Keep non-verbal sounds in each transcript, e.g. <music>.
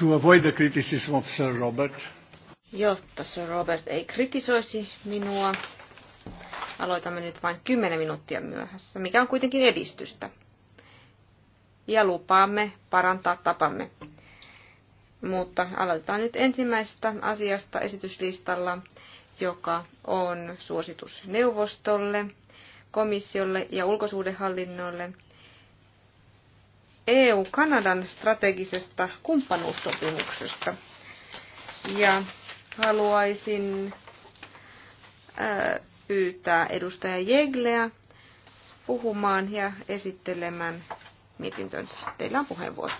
to avoid the criticism of Sir Robert. Jotta Sir Robert ei kritisoisi minua, aloitamme nyt vain kymmenen minuuttia myöhässä, mikä on kuitenkin edistystä. Ja lupaamme parantaa tapamme. Mutta aloitetaan nyt ensimmäisestä asiasta esityslistalla, joka on suositus neuvostolle, komissiolle ja ulkosuudenhallinnolle – EU-Kanadan strategisesta kumppanuussopimuksesta. Ja haluaisin pyytää edustaja Jegleä puhumaan ja esittelemään mietintönsä. Teillä on puheenvuoro.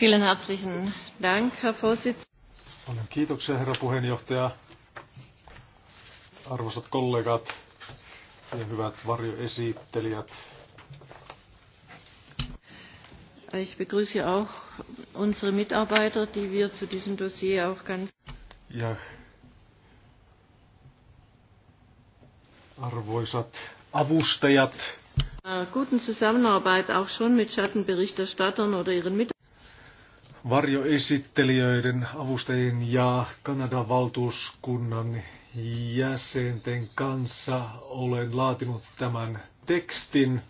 Vielen herzlichen Dank, Herr Vorsitz. kiitoksia, herra puheenjohtaja. Arvoisat kollegat, ja hyvät varjoesittelijät. Ich begrüße auch unsere Mitarbeiter, die wir zu diesem Dossier auch ganz. Ja. Arvoisat avustajat. Äh, guten Zusammenarbeit auch schon mit Schattenberichterstattern oder ihren Mitarbeitern varjoesittelijöiden, avustajien ja Kanadan valtuuskunnan jäsenten kanssa olen laatinut tämän tekstin.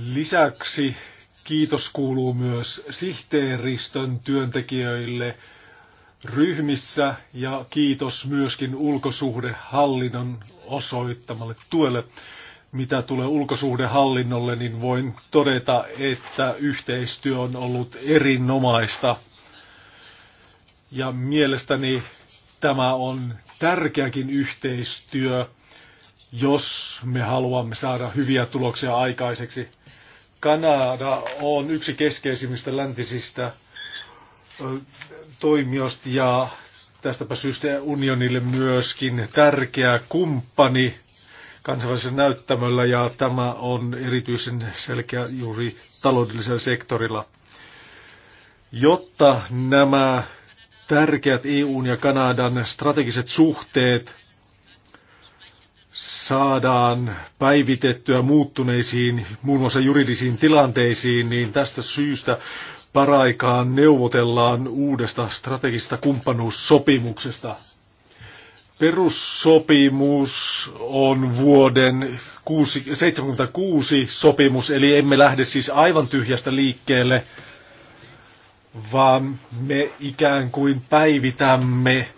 Lisäksi kiitos kuuluu myös sihteeristön työntekijöille ryhmissä ja kiitos myöskin ulkosuhdehallinnon osoittamalle tuelle. Mitä tulee ulkosuhdehallinnolle, niin voin todeta, että yhteistyö on ollut erinomaista ja mielestäni tämä on tärkeäkin yhteistyö, jos me haluamme saada hyviä tuloksia aikaiseksi. Kanada on yksi keskeisimmistä läntisistä toimijoista ja tästäpä syystä unionille myöskin tärkeä kumppani kansainvälisellä näyttämöllä ja tämä on erityisen selkeä juuri taloudellisella sektorilla. Jotta nämä tärkeät EUn ja Kanadan strategiset suhteet saadaan päivitettyä muuttuneisiin, muun muassa juridisiin tilanteisiin, niin tästä syystä paraikaan neuvotellaan uudesta strategista kumppanuussopimuksesta. Perussopimus on vuoden 76 sopimus, eli emme lähde siis aivan tyhjästä liikkeelle – vaan me ikään kuin päivitämme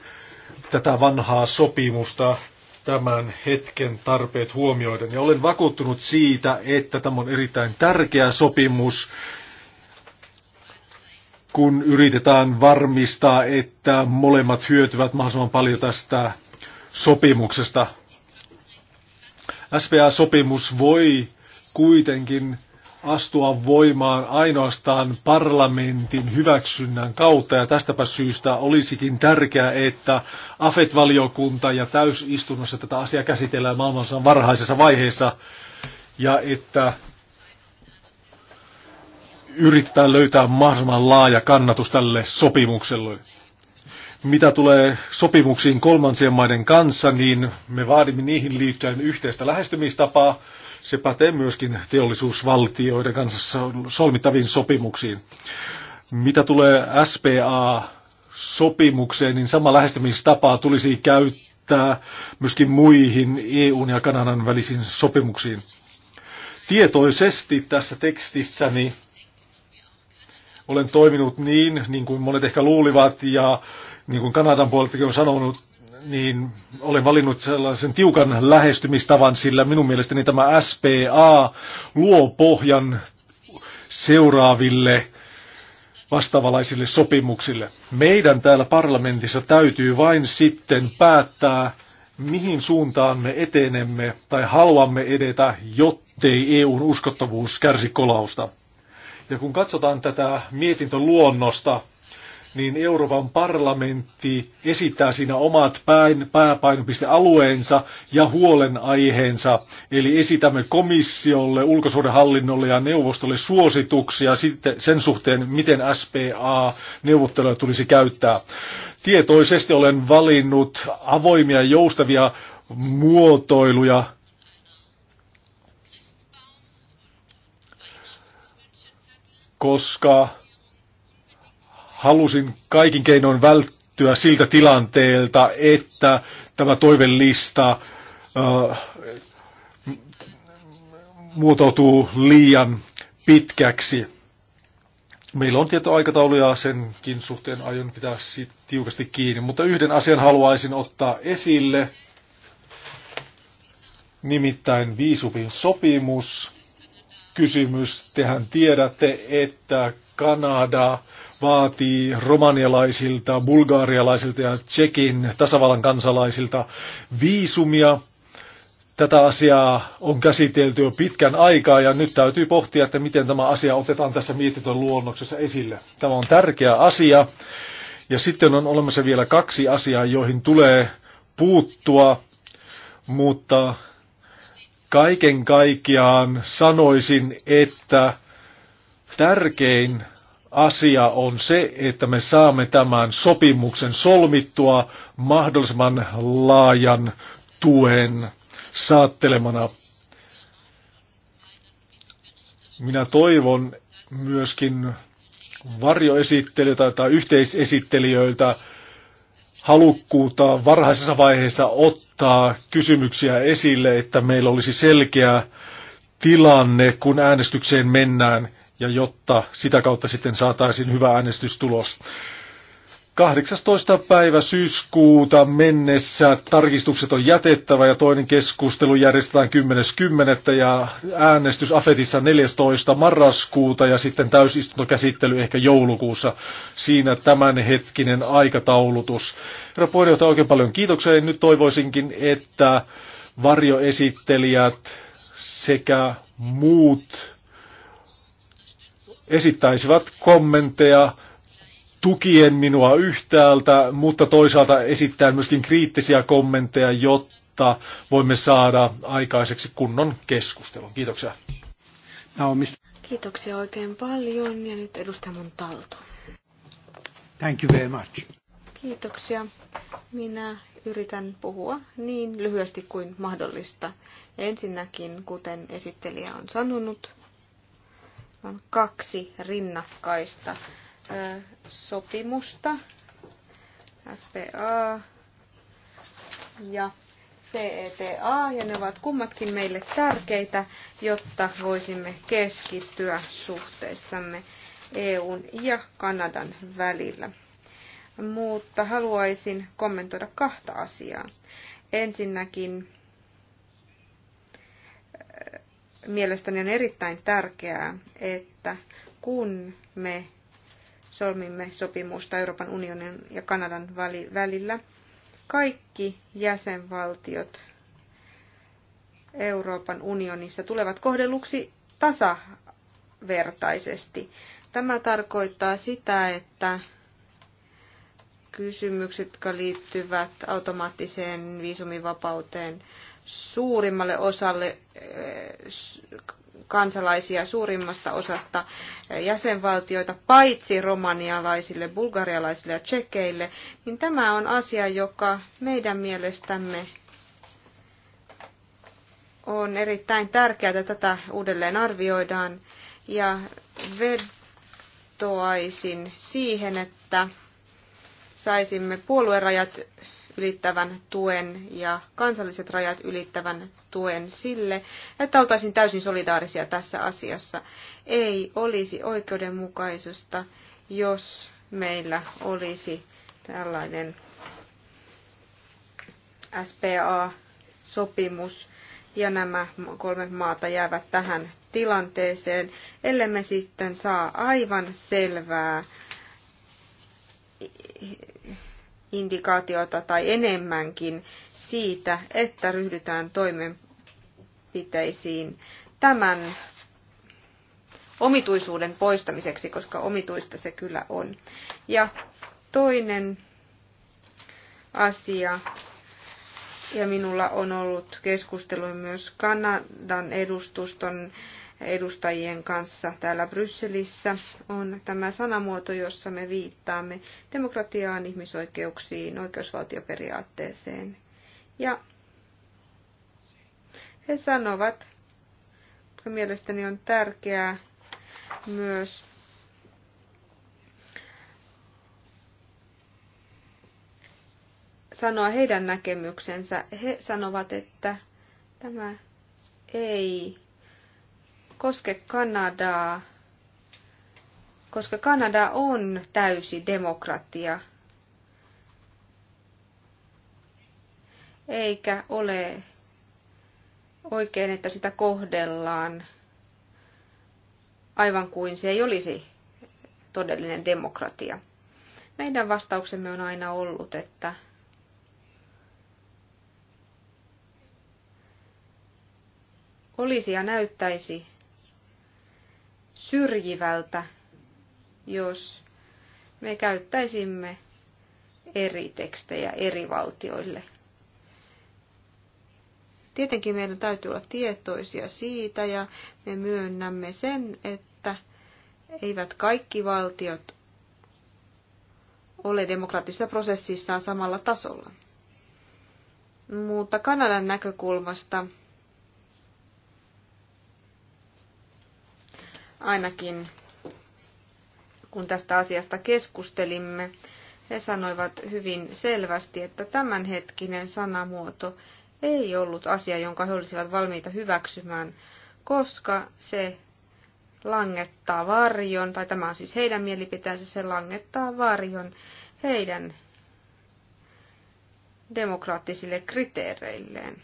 tätä vanhaa sopimusta tämän hetken tarpeet huomioiden. Ja olen vakuuttunut siitä, että tämä on erittäin tärkeä sopimus, kun yritetään varmistaa, että molemmat hyötyvät mahdollisimman paljon tästä sopimuksesta. SPA-sopimus voi kuitenkin astua voimaan ainoastaan parlamentin hyväksynnän kautta ja tästäpä syystä olisikin tärkeää, että AFET-valiokunta ja täysistunnossa tätä asiaa käsitellään maailmansa varhaisessa vaiheessa ja että yritetään löytää mahdollisimman laaja kannatus tälle sopimukselle. Mitä tulee sopimuksiin kolmansien maiden kanssa, niin me vaadimme niihin liittyen yhteistä lähestymistapaa, se pätee myöskin teollisuusvaltioiden kanssa solmittaviin sopimuksiin. Mitä tulee SPA-sopimukseen, niin sama lähestymistapa tulisi käyttää myöskin muihin EUn ja Kanadan välisiin sopimuksiin. Tietoisesti tässä tekstissäni olen toiminut niin, niin kuin monet ehkä luulivat ja niin kuin Kanadan puoleltakin on sanonut, niin olen valinnut sellaisen tiukan lähestymistavan, sillä minun mielestäni tämä SPA luo pohjan seuraaville vastaavalaisille sopimuksille. Meidän täällä parlamentissa täytyy vain sitten päättää, mihin suuntaan me etenemme tai haluamme edetä, jottei EUn uskottavuus kärsi kolausta. Ja kun katsotaan tätä mietintöluonnosta, niin Euroopan parlamentti esittää siinä omat päin, pääpainopistealueensa ja huolenaiheensa. Eli esitämme komissiolle, ulkosuhdehallinnolle ja neuvostolle suosituksia sitten sen suhteen, miten SPA-neuvotteluja tulisi käyttää. Tietoisesti olen valinnut avoimia joustavia muotoiluja koska Halusin kaikin keinoin välttyä siltä tilanteelta, että tämä toivelista äh, muotoutuu liian pitkäksi. Meillä on tietoaikatauluja senkin suhteen aion pitää siitä tiukasti kiinni, mutta yhden asian haluaisin ottaa esille, nimittäin viisupin sopimus. Kysymys, tehän tiedätte, että Kanada vaatii romanialaisilta, bulgaarialaisilta ja Tsekin tasavallan kansalaisilta viisumia. Tätä asiaa on käsitelty jo pitkän aikaa ja nyt täytyy pohtia, että miten tämä asia otetaan tässä mietitön luonnoksessa esille. Tämä on tärkeä asia. Ja sitten on olemassa vielä kaksi asiaa, joihin tulee puuttua, mutta kaiken kaikkiaan sanoisin, että tärkein asia on se, että me saamme tämän sopimuksen solmittua mahdollisimman laajan tuen saattelemana. Minä toivon myöskin varjoesittelijöiltä tai yhteisesittelijöiltä halukkuutta varhaisessa vaiheessa ottaa kysymyksiä esille, että meillä olisi selkeä tilanne, kun äänestykseen mennään – ja jotta sitä kautta sitten saataisiin hyvä äänestystulos. 18. päivä syyskuuta mennessä tarkistukset on jätettävä ja toinen keskustelu järjestetään 10.10. ja äänestys Afetissa 14. marraskuuta ja sitten täysistuntokäsittely ehkä joulukuussa. Siinä tämänhetkinen aikataulutus. Herra puheenjohtaja, oikein paljon kiitoksia nyt toivoisinkin, että varjoesittelijät sekä muut esittäisivät kommentteja tukien minua yhtäältä, mutta toisaalta esittää myöskin kriittisiä kommentteja, jotta voimme saada aikaiseksi kunnon keskustelun. Kiitoksia. Kiitoksia oikein paljon ja nyt edustamon talto. Thank you very much. Kiitoksia. Minä yritän puhua niin lyhyesti kuin mahdollista. Ensinnäkin, kuten esittelijä on sanonut, on kaksi rinnakkaista sopimusta, SPA ja CETA, ja ne ovat kummatkin meille tärkeitä, jotta voisimme keskittyä suhteissamme EUn ja Kanadan välillä. Mutta haluaisin kommentoida kahta asiaa. Ensinnäkin mielestäni on erittäin tärkeää, että kun me solmimme sopimusta Euroopan unionin ja Kanadan välillä, kaikki jäsenvaltiot Euroopan unionissa tulevat kohdelluksi tasavertaisesti. Tämä tarkoittaa sitä, että kysymykset, jotka liittyvät automaattiseen viisumivapauteen, suurimmalle osalle eh, kansalaisia suurimmasta osasta eh, jäsenvaltioita, paitsi romanialaisille, bulgarialaisille ja tsekeille, niin tämä on asia, joka meidän mielestämme on erittäin tärkeää, että tätä uudelleen arvioidaan. Ja vetoaisin siihen, että saisimme puoluerajat ylittävän tuen ja kansalliset rajat ylittävän tuen sille, että oltaisiin täysin solidaarisia tässä asiassa. Ei olisi oikeudenmukaisuutta, jos meillä olisi tällainen SPA-sopimus ja nämä kolme maata jäävät tähän tilanteeseen, ellei me sitten saa aivan selvää indikaatiota tai enemmänkin siitä, että ryhdytään toimenpiteisiin tämän omituisuuden poistamiseksi, koska omituista se kyllä on. Ja toinen asia, ja minulla on ollut keskustelu myös Kanadan edustuston edustajien kanssa täällä Brysselissä, on tämä sanamuoto, jossa me viittaamme demokratiaan, ihmisoikeuksiin, oikeusvaltioperiaatteeseen. Ja he sanovat, että mielestäni on tärkeää myös sanoa heidän näkemyksensä. He sanovat, että tämä ei koske Kanadaa, koska Kanada on täysi demokratia, eikä ole oikein, että sitä kohdellaan aivan kuin se ei olisi todellinen demokratia. Meidän vastauksemme on aina ollut, että olisi ja näyttäisi syrjivältä, jos me käyttäisimme eri tekstejä eri valtioille. Tietenkin meidän täytyy olla tietoisia siitä ja me myönnämme sen, että eivät kaikki valtiot ole demokraattisessa prosessissaan samalla tasolla. Mutta Kanadan näkökulmasta ainakin kun tästä asiasta keskustelimme, he sanoivat hyvin selvästi, että tämänhetkinen sanamuoto ei ollut asia, jonka he olisivat valmiita hyväksymään, koska se langettaa varjon, tai tämä on siis heidän mielipiteensä, se langettaa varjon heidän demokraattisille kriteereilleen.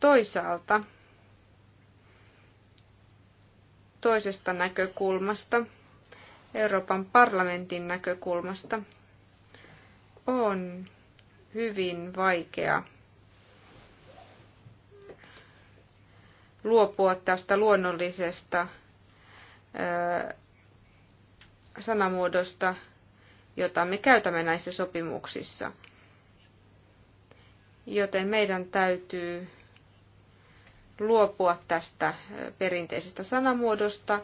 Toisaalta toisesta näkökulmasta, Euroopan parlamentin näkökulmasta, on hyvin vaikea luopua tästä luonnollisesta sanamuodosta, jota me käytämme näissä sopimuksissa. Joten meidän täytyy luopua tästä perinteisestä sanamuodosta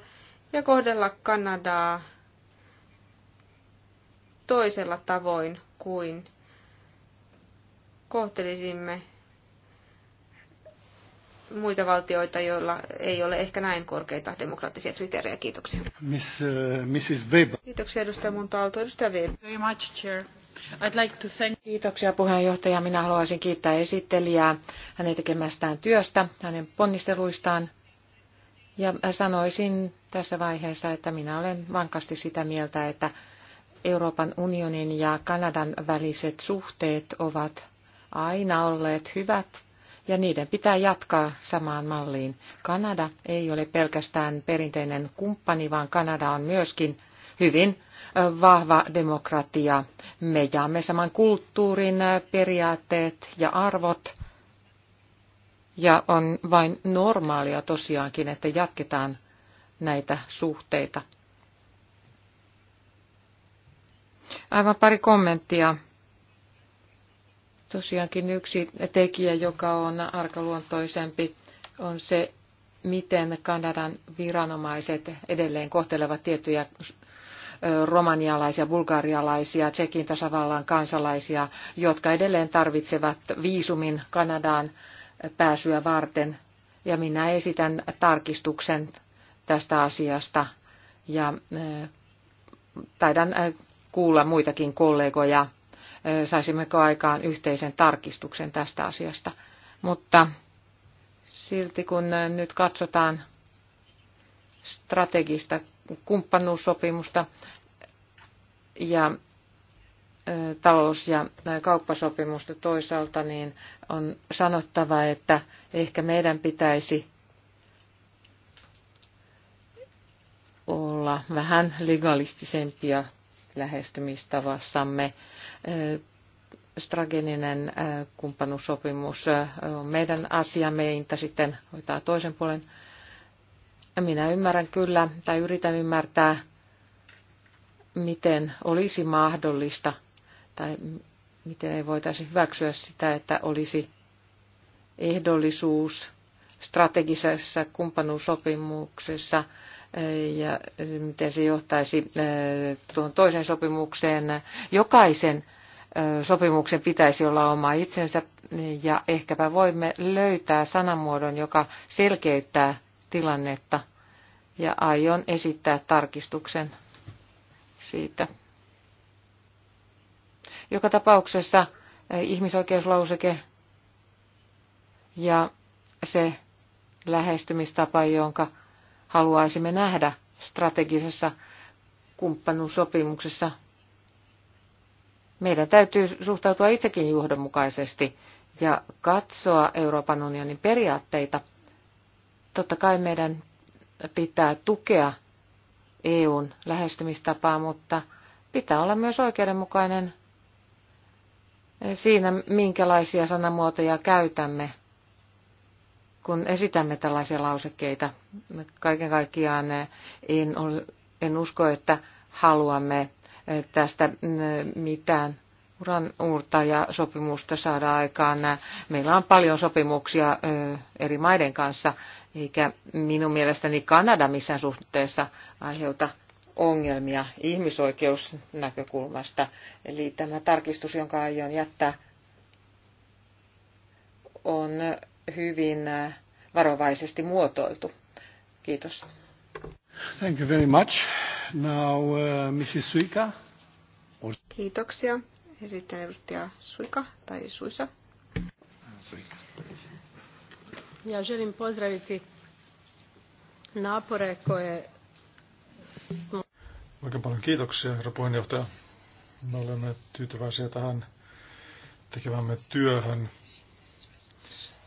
ja kohdella Kanadaa toisella tavoin kuin kohtelisimme muita valtioita, joilla ei ole ehkä näin korkeita demokraattisia kriteerejä. Kiitoksia. Miss, uh, eh, Mrs. Weber. Kiitoksia edustaja Montalto. Edustaja Weber. Very much, chair. I'd like Kiitoksia puheenjohtaja. Minä haluaisin kiittää esittelijää hänen tekemästään työstä, hänen ponnisteluistaan. Ja sanoisin tässä vaiheessa, että minä olen vankasti sitä mieltä, että Euroopan unionin ja Kanadan väliset suhteet ovat aina olleet hyvät ja niiden pitää jatkaa samaan malliin. Kanada ei ole pelkästään perinteinen kumppani, vaan Kanada on myöskin hyvin vahva demokratia. Me jaamme saman kulttuurin periaatteet ja arvot. Ja on vain normaalia tosiaankin, että jatketaan näitä suhteita. Aivan pari kommenttia. Tosiaankin yksi tekijä, joka on arkaluontoisempi, on se, miten Kanadan viranomaiset edelleen kohtelevat tiettyjä romanialaisia, bulgarialaisia, Tsekin tasavallan kansalaisia, jotka edelleen tarvitsevat viisumin Kanadaan pääsyä varten. Ja minä esitän tarkistuksen tästä asiasta ja eh, taidan eh, kuulla muitakin kollegoja. Eh, saisimmeko aikaan yhteisen tarkistuksen tästä asiasta? Mutta silti kun nyt katsotaan strategista kumppanuussopimusta ja talous- ja kauppasopimusta toisaalta, niin on sanottava, että ehkä meidän pitäisi olla vähän legalistisempia lähestymistavassamme. Strageninen kumppanuussopimus on meidän asiamme, sitten hoitaa toisen puolen minä ymmärrän kyllä tai yritän ymmärtää, miten olisi mahdollista tai miten ei voitaisi hyväksyä sitä, että olisi ehdollisuus strategisessa kumppanuussopimuksessa ja miten se johtaisi tuohon toiseen sopimukseen. Jokaisen sopimuksen pitäisi olla oma itsensä ja ehkäpä voimme löytää sanamuodon, joka selkeyttää tilannetta ja aion esittää tarkistuksen siitä. Joka tapauksessa eh, ihmisoikeuslauseke ja se lähestymistapa, jonka haluaisimme nähdä strategisessa kumppanuussopimuksessa. Meidän täytyy suhtautua itsekin johdonmukaisesti ja katsoa Euroopan unionin periaatteita. Totta kai meidän pitää tukea EUn lähestymistapaa, mutta pitää olla myös oikeudenmukainen siinä, minkälaisia sanamuotoja käytämme, kun esitämme tällaisia lausekkeita. Kaiken kaikkiaan eh, en, en usko, että haluamme eh, tästä mm, eh, mitään uran uurta ja sopimusta saada aikaan. Meillä on paljon sopimuksia eri maiden kanssa, eikä minun mielestäni Kanada missään suhteessa aiheuta ongelmia ihmisoikeusnäkökulmasta. Eli tämä tarkistus, jonka aion jättää, on hyvin varovaisesti muotoiltu. Kiitos. Thank you very much. Now, uh, Mrs. Suika. Kiitoksia. Ja sitten edustaja Suika tai Suisa. Ja želim pozdraviti napore koje smo... Oikein paljon kiitoksia, herra puheenjohtaja. Me olemme tyytyväisiä tähän tekevämme työhön,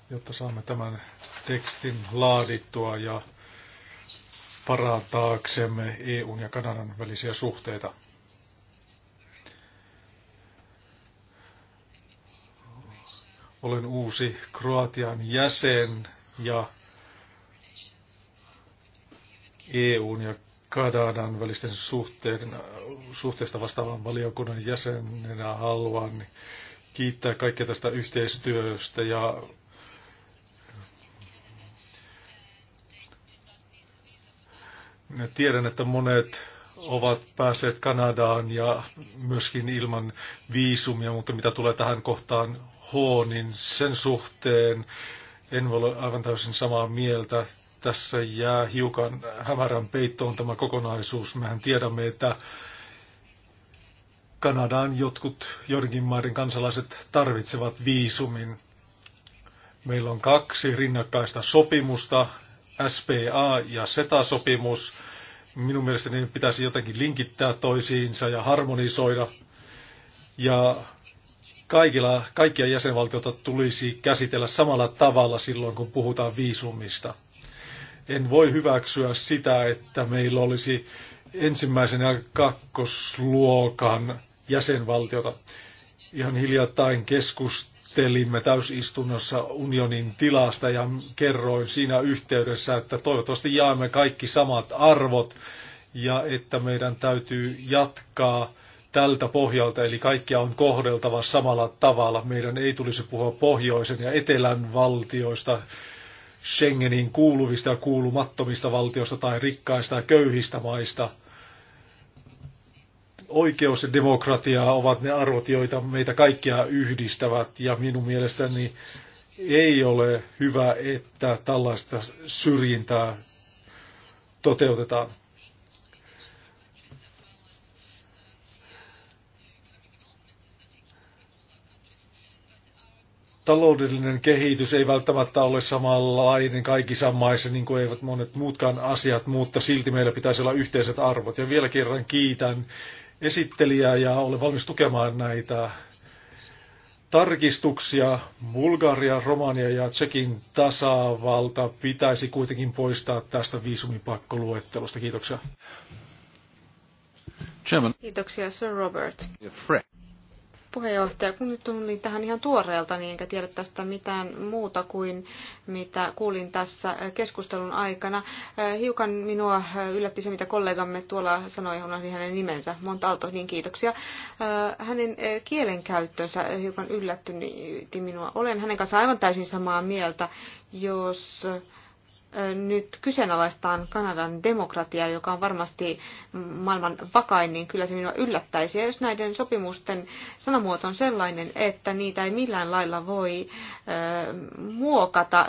jotta saamme tämän tekstin laadittua ja parantaaksemme EUn ja Kanadan välisiä suhteita. Olen uusi Kroatian jäsen ja EUn ja Kanadan välisten suhteen, suhteesta vastaavan valiokunnan jäsenenä haluan kiittää kaikkea tästä yhteistyöstä ja tiedän, että monet ovat päässeet Kanadaan ja myöskin ilman viisumia, mutta mitä tulee tähän kohtaan hoonin sen suhteen en ole aivan täysin samaa mieltä. Tässä jää hiukan hämärän peittoon tämä kokonaisuus. Mehän tiedämme, että Kanadaan jotkut joidenkin maiden kansalaiset tarvitsevat viisumin. Meillä on kaksi rinnakkaista sopimusta, SPA ja SETA-sopimus. Minun mielestäni ne pitäisi jotenkin linkittää toisiinsa ja harmonisoida. Ja kaikilla, kaikkia jäsenvaltioita tulisi käsitellä samalla tavalla silloin, kun puhutaan viisumista. En voi hyväksyä sitä, että meillä olisi ensimmäisen ja kakkosluokan jäsenvaltiota. Ihan hiljattain keskustelimme täysistunnossa unionin tilasta ja kerroin siinä yhteydessä, että toivottavasti jaamme kaikki samat arvot ja että meidän täytyy jatkaa – tältä pohjalta, eli kaikkia on kohdeltava samalla tavalla. Meidän ei tulisi puhua pohjoisen ja etelän valtioista, Schengenin kuuluvista ja kuulumattomista valtioista tai rikkaista ja köyhistä maista. Oikeus ja demokratia ovat ne arvot, joita meitä kaikkia yhdistävät ja minun mielestäni ei ole hyvä, että tällaista syrjintää toteutetaan. taloudellinen kehitys ei välttämättä ole samanlainen kaikissa maissa, niin kuin eivät monet muutkaan asiat, mutta silti meillä pitäisi olla yhteiset arvot. Ja vielä kerran kiitän esittelijää ja olen valmis tukemaan näitä tarkistuksia. Bulgaria, Romania ja Tsekin tasavalta pitäisi kuitenkin poistaa tästä viisumipakkoluettelosta. Kiitoksia. Chairman. Kiitoksia, Sir Robert puheenjohtaja, kun nyt tulin niin tähän ihan tuoreelta, niin enkä tiedä tästä mitään muuta kuin mitä kuulin tässä keskustelun aikana. Äh, hiukan minua yllätti se, mitä kollegamme tuolla sanoi, unohdin hänen nimensä, Montalto, niin kiitoksia. Äh, hänen äh, kielenkäyttönsä hiukan yllätti minua. Olen hänen kanssaan aivan täysin samaa mieltä, jos nyt kyseenalaistaan Kanadan demokratia, joka on varmasti maailman vakain, niin kyllä se minua yllättäisi. Ja jos näiden sopimusten sanamuoto on sellainen, että niitä ei millään lailla voi muokata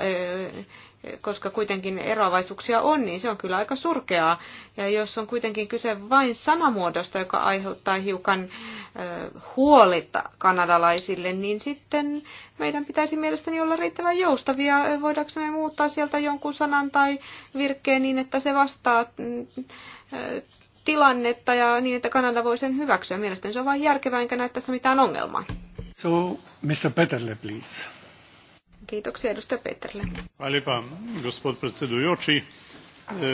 koska kuitenkin eroavaisuuksia on, niin se on kyllä aika surkeaa. Ja jos on kuitenkin kyse vain sanamuodosta, joka aiheuttaa hiukan huolita kanadalaisille, niin sitten meidän pitäisi mielestäni olla riittävän joustavia. voidaksemme muuttaa sieltä jonkun sanan tai virkkeen niin, että se vastaa mm, tilannetta ja niin, että Kanada voi sen hyväksyä. Mielestäni se on vain järkevää, enkä näe tässä mitään ongelmaa. So, Mr. Peterle, please. Kiitoksia edustaja Peterille. Alipa, gospod predsedujoči. E,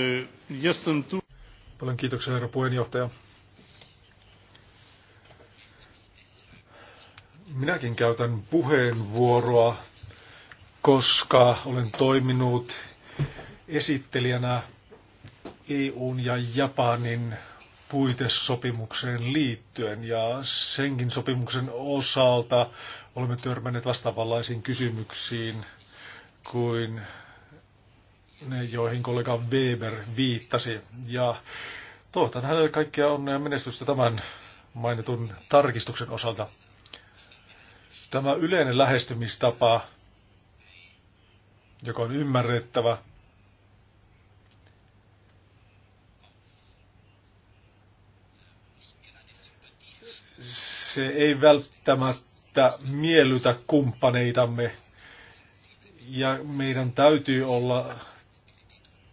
Jestem tu. Paljon kiitoksia, herra puheenjohtaja. Minäkin käytän puheenvuoroa, koska olen toiminut esittelijänä EUn ja Japanin puitesopimukseen liittyen ja senkin sopimuksen osalta Olemme törmänneet vastaavanlaisiin kysymyksiin kuin ne, joihin kollega Weber viittasi. Ja toivotan hänelle kaikkia onnea ja menestystä tämän mainitun tarkistuksen osalta. Tämä yleinen lähestymistapa, joka on ymmärrettävä, se ei välttämättä että miellytä kumppaneitamme. Ja meidän täytyy olla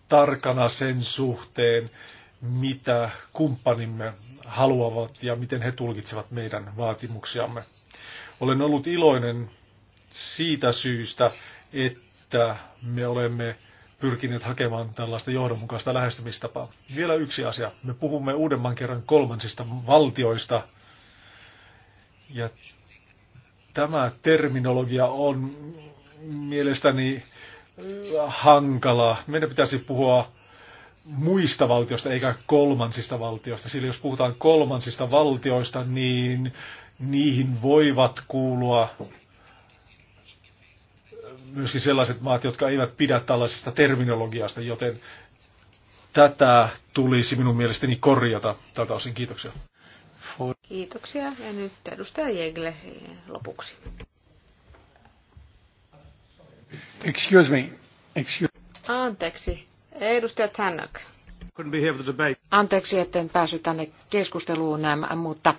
tarkana sen suhteen, mitä kumppanimme haluavat ja miten he tulkitsevat meidän vaatimuksiamme. Olen ollut iloinen siitä syystä, että me olemme pyrkineet hakemaan tällaista johdonmukaista lähestymistapaa. Vielä yksi asia. Me puhumme uudemman kerran kolmansista valtioista ja Tämä terminologia on mielestäni hankala. Meidän pitäisi puhua muista valtioista eikä kolmansista valtioista, sillä jos puhutaan kolmansista valtioista, niin niihin voivat kuulua myöskin sellaiset maat, jotka eivät pidä tällaisesta terminologiasta, joten tätä tulisi minun mielestäni korjata tältä osin. Kiitoksia for... Kiitoksia. Ja nyt edustaja Jegle lopuksi. Excuse me. Excuse... Anteeksi. Edustaja Tannock. Anteeksi, etten päässyt tänne keskusteluun, ähm, mutta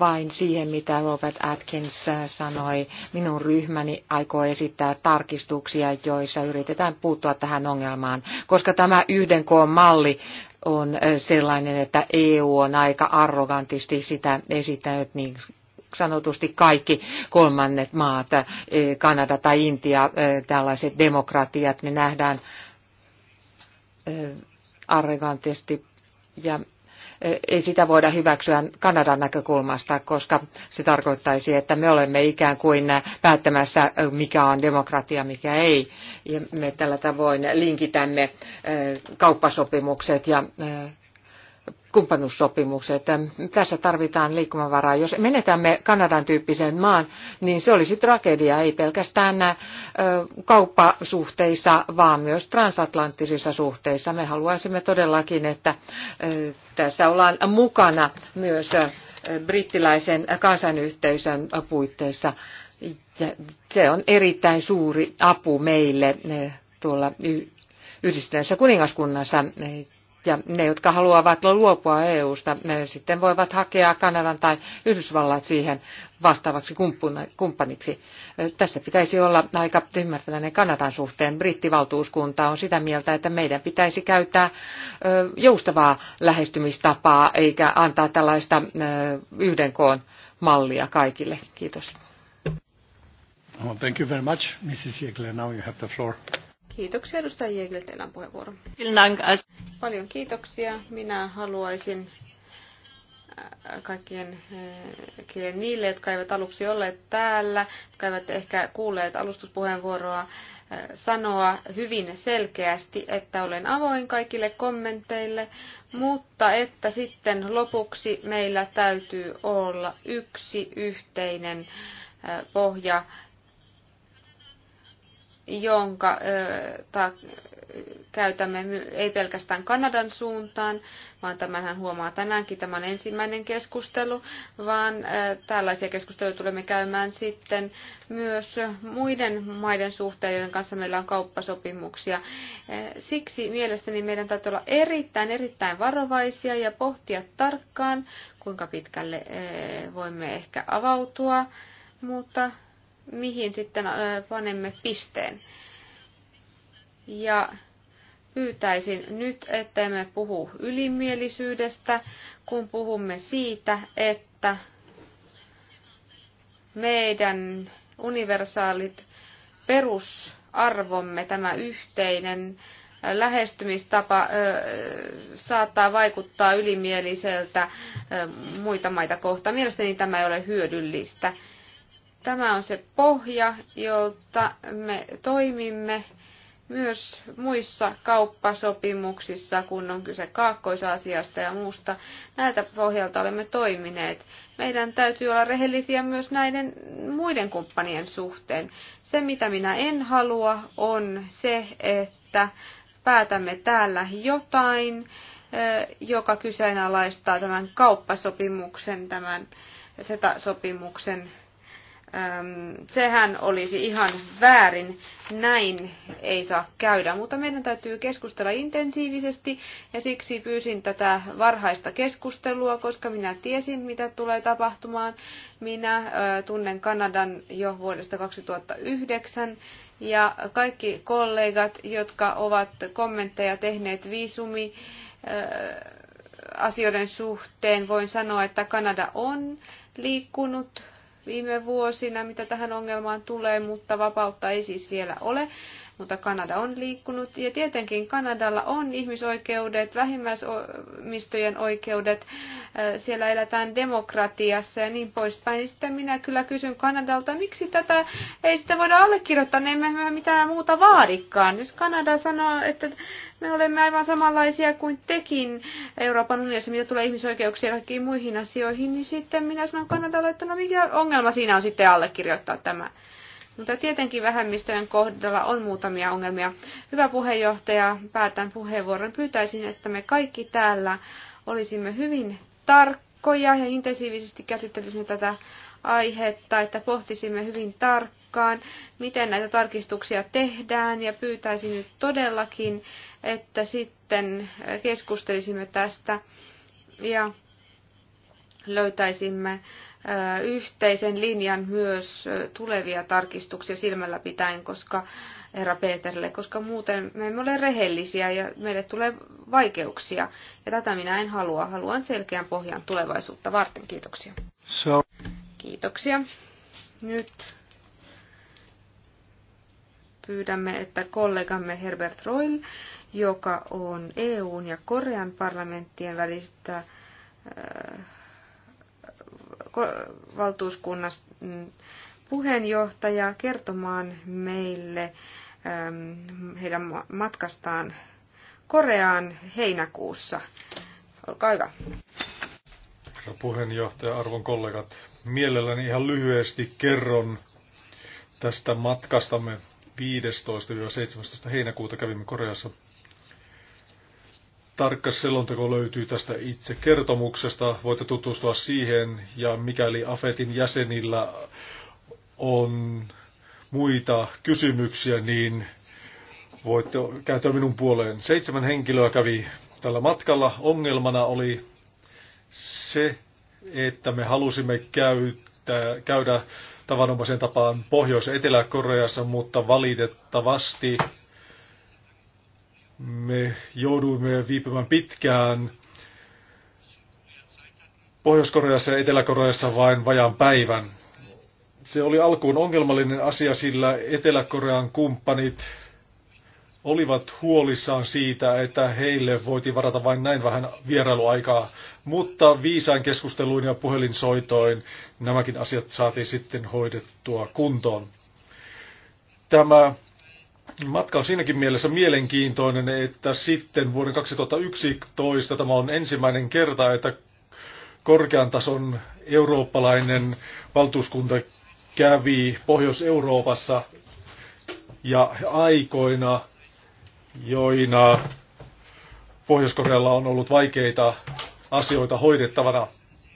vain siihen, mitä Robert Atkins äh, sanoi. Minun ryhmäni aikoo esittää tarkistuksia, joissa yritetään puuttua tähän ongelmaan, koska tämä yhden koon malli on äh, sellainen, että EU on aika arrogantisti sitä esittänyt niin sanotusti kaikki kolmannet maat, äh, Kanada tai Intia, tällaiset demokratiat, niin nähdään arrogantisti ja ei sitä voida hyväksyä Kanadan näkökulmasta, koska se tarkoittaisi, että me olemme ikään kuin päättämässä, mikä on demokratia, mikä ei. Ja me tällä tavoin linkitämme eh, kauppasopimukset ja eh, kumppanuussopimukset. Tässä tarvitaan liikkumavaraa. Jos menetämme Kanadan tyyppisen maan, niin se olisi tragedia, ei pelkästään kauppasuhteissa, vaan myös transatlanttisissa suhteissa. Me haluaisimme todellakin, että tässä ollaan mukana myös brittiläisen kansanyhteisön puitteissa. Se on erittäin suuri apu meille tuolla yhdistyneessä kuningaskunnassa ja ne, jotka haluavat luopua EU-sta, sitten voivat hakea Kanadan tai Yhdysvallat siihen vastaavaksi kumppaniksi. Tässä pitäisi olla aika ymmärtäväinen Kanadan suhteen. Brittivaltuuskunta on sitä mieltä, että meidän pitäisi käyttää joustavaa lähestymistapaa eikä antaa tällaista yhdenkoon mallia kaikille. Kiitos. thank you very much, Mrs. Now you have the floor. Kiitoksia edustaja Jägel, teillä on puheenvuoro. Paljon kiitoksia. Minä haluaisin äh, kaikkien äh, niille, jotka eivät aluksi olleet täällä, jotka eivät ehkä kuulleet alustuspuheenvuoroa, äh, sanoa hyvin selkeästi, että olen avoin kaikille kommenteille, mutta että sitten lopuksi meillä täytyy olla yksi yhteinen pohja jonka ta, käytämme ei pelkästään Kanadan suuntaan, vaan tämähän huomaa tänäänkin tämän ensimmäinen keskustelu, vaan tällaisia keskusteluja tulemme käymään sitten myös muiden maiden suhteen, joiden kanssa meillä on kauppasopimuksia. Siksi mielestäni meidän täytyy olla erittäin, erittäin varovaisia ja pohtia tarkkaan, kuinka pitkälle voimme ehkä avautua, mutta mihin sitten panemme pisteen. Ja pyytäisin nyt, että me puhu ylimielisyydestä, kun puhumme siitä, että meidän universaalit perusarvomme, tämä yhteinen lähestymistapa saattaa vaikuttaa ylimieliseltä muita maita kohtaan. Mielestäni tämä ei ole hyödyllistä. Tämä on se pohja, jolta me toimimme myös muissa kauppasopimuksissa, kun on kyse kaakkoisasiasta ja muusta. Näiltä pohjalta olemme toimineet. Meidän täytyy olla rehellisiä myös näiden muiden kumppanien suhteen. Se, mitä minä en halua, on se, että päätämme täällä jotain, eh, joka kyseenalaistaa tämän kauppasopimuksen, tämän SETA-sopimuksen sehän olisi ihan väärin. Näin ei saa käydä, mutta meidän täytyy keskustella intensiivisesti ja siksi pyysin tätä varhaista keskustelua, koska minä tiesin, mitä tulee tapahtumaan. Minä tunnen Kanadan jo vuodesta 2009 ja kaikki kollegat, jotka ovat kommentteja tehneet viisumi asioiden suhteen, voin sanoa, että Kanada on liikkunut viime vuosina, mitä tähän ongelmaan tulee, mutta vapautta ei siis vielä ole mutta Kanada on liikkunut. Ja tietenkin Kanadalla on ihmisoikeudet, vähimmäismistojen oikeudet, siellä eletään demokratiassa ja niin poispäin. Sitten minä kyllä kysyn Kanadalta, miksi tätä ei sitä voida allekirjoittaa, niin emme me mitään muuta vaadikaan. Jos Kanada sanoo, että me olemme aivan samanlaisia kuin tekin Euroopan unionissa, mitä tulee ihmisoikeuksiin ja kaikkiin muihin asioihin, niin sitten minä sanon Kanadalle, että no mikä ongelma siinä on sitten allekirjoittaa tämä. Mutta tietenkin vähemmistöjen kohdalla on muutamia ongelmia. Hyvä puheenjohtaja, päätän puheenvuoron. Pyytäisin, että me kaikki täällä olisimme hyvin tarkkoja ja intensiivisesti käsittelisimme tätä aihetta, että pohtisimme hyvin tarkkaan, miten näitä tarkistuksia tehdään ja pyytäisin nyt todellakin, että sitten keskustelisimme tästä ja löytäisimme yhteisen linjan myös tulevia tarkistuksia silmällä pitäen, koska herra Peterille, koska muuten me emme ole rehellisiä ja meille tulee vaikeuksia. Ja tätä minä en halua. Haluan selkeän pohjan tulevaisuutta varten. Kiitoksia. So. Kiitoksia. Nyt pyydämme, että kollegamme Herbert Roil, joka on EUn ja Korean parlamenttien välistä äh, valtuuskunnan mm, puheenjohtaja kertomaan meille heidän matkastaan Koreaan heinäkuussa. Olkaa hyvä. Herra puheenjohtaja, arvon kollegat, mielelläni ihan lyhyesti kerron tästä matkastamme 15-17 heinäkuuta kävimme Koreassa Tarkka selonteko löytyy tästä itse kertomuksesta. Voitte tutustua siihen ja mikäli AFETin jäsenillä on muita kysymyksiä, niin voitte kääntyä minun puoleen. Seitsemän henkilöä kävi tällä matkalla. Ongelmana oli se, että me halusimme käyttää, käydä tavanomaisen tapaan Pohjois- ja Etelä-Koreassa, mutta valitettavasti me jouduimme viipymään pitkään Pohjois-Koreassa ja Etelä-Koreassa vain vajaan päivän. Se oli alkuun ongelmallinen asia, sillä Etelä-Korean kumppanit olivat huolissaan siitä, että heille voitiin varata vain näin vähän vierailuaikaa, mutta viisaan keskusteluin ja puhelinsoitoin nämäkin asiat saatiin sitten hoidettua kuntoon. Tämä Matka on siinäkin mielessä mielenkiintoinen, että sitten vuoden 2011 tämä on ensimmäinen kerta, että korkean tason eurooppalainen valtuuskunta kävi Pohjois-Euroopassa ja aikoina, joina Pohjois-Korealla on ollut vaikeita asioita hoidettavana.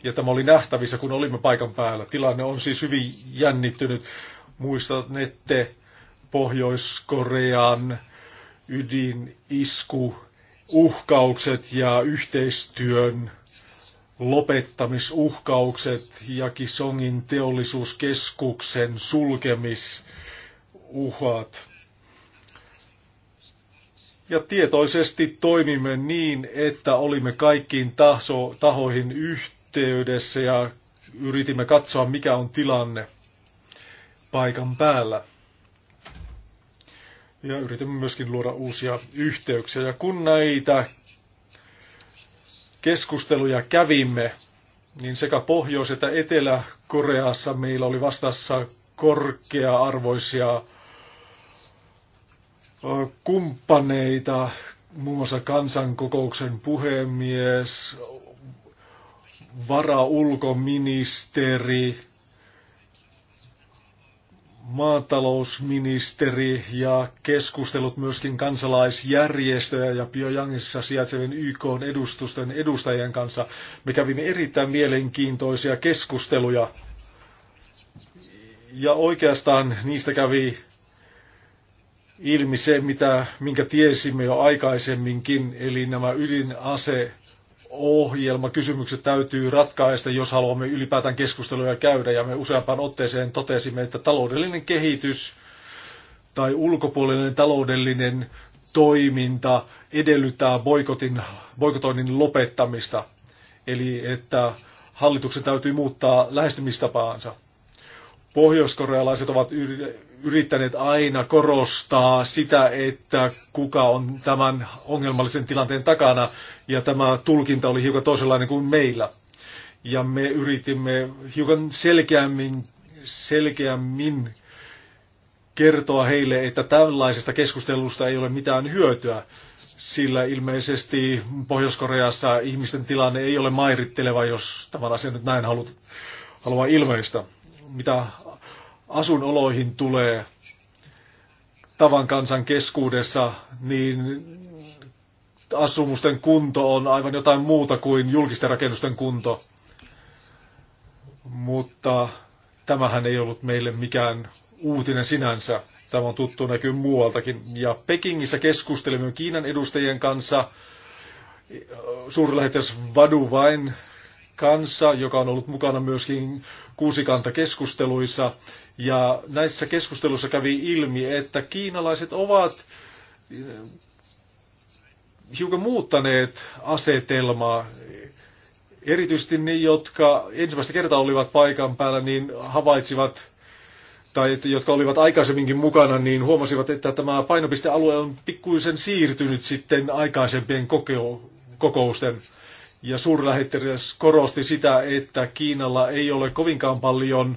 Ja tämä oli nähtävissä, kun olimme paikan päällä. Tilanne on siis hyvin jännittynyt. Muistatte, Pohjois-Korean ydinisku, uhkaukset ja yhteistyön lopettamisuhkaukset ja Kisongin teollisuuskeskuksen sulkemisuhat. Ja tietoisesti toimimme niin, että olimme kaikkiin taso, tahoihin yhteydessä ja yritimme katsoa, mikä on tilanne paikan päällä ja yritämme myöskin luoda uusia yhteyksiä. Ja kun näitä keskusteluja kävimme, niin sekä Pohjois- että Etelä-Koreassa meillä oli vastassa korkea-arvoisia kumppaneita, muun muassa kansankokouksen puhemies, varaulkoministeri, maatalousministeri ja keskustelut myöskin kansalaisjärjestöjä ja Pyongyangissa sijaitsevien YK-edustusten edustajien kanssa. Me kävimme erittäin mielenkiintoisia keskusteluja ja oikeastaan niistä kävi ilmi se, mitä, minkä tiesimme jo aikaisemminkin, eli nämä ydinase ohjelmakysymykset täytyy ratkaista, jos haluamme ylipäätään keskusteluja käydä. Ja me useampaan otteeseen totesimme, että taloudellinen kehitys tai ulkopuolinen taloudellinen toiminta edellyttää boikotin, boikotoinnin lopettamista. Eli että hallituksen täytyy muuttaa lähestymistapaansa. Pohjoiskorealaiset ovat yrittäneet aina korostaa sitä, että kuka on tämän ongelmallisen tilanteen takana, ja tämä tulkinta oli hiukan toisenlainen kuin meillä. Ja me yritimme hiukan selkeämmin, selkeämmin kertoa heille, että tällaisesta keskustelusta ei ole mitään hyötyä, sillä ilmeisesti Pohjois-Koreassa ihmisten tilanne ei ole mairitteleva, jos tämän asian nyt näin haluat, haluaa ilmeistä. Mitä asunoloihin tulee tavan kansan keskuudessa, niin asumusten kunto on aivan jotain muuta kuin julkisten rakennusten kunto. Mutta tämähän ei ollut meille mikään uutinen sinänsä. Tämä on tuttu näkyy muualtakin. Ja Pekingissä keskustelimme Kiinan edustajien kanssa. Suurlähetys Vadu Vain kanssa, joka on ollut mukana myöskin kuusikantakeskusteluissa. Ja näissä keskusteluissa kävi ilmi, että kiinalaiset ovat eh, hiukan muuttaneet asetelmaa. Erityisesti ne, jotka ensimmäistä kertaa olivat paikan päällä, niin havaitsivat, tai jotka olivat aikaisemminkin mukana, niin huomasivat, että tämä painopistealue on pikkuisen siirtynyt sitten aikaisempien kokousten ja suurlähettiläs korosti sitä, että Kiinalla ei ole kovinkaan paljon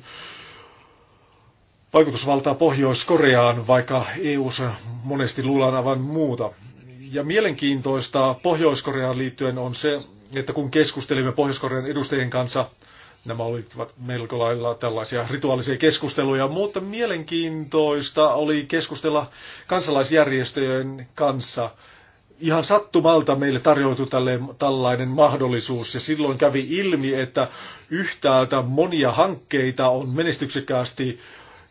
vaikutusvaltaa Pohjois-Koreaan, vaikka eu monesti luullaan aivan muuta. Ja mielenkiintoista Pohjois-Koreaan liittyen on se, että kun keskustelimme Pohjois-Korean edustajien kanssa, nämä olivat melko lailla tällaisia rituaalisia keskusteluja, mutta mielenkiintoista oli keskustella kansalaisjärjestöjen kanssa ihan sattumalta meille tarjoutui tälle, tällainen mahdollisuus ja silloin kävi ilmi, että yhtäältä monia hankkeita on menestyksekkäästi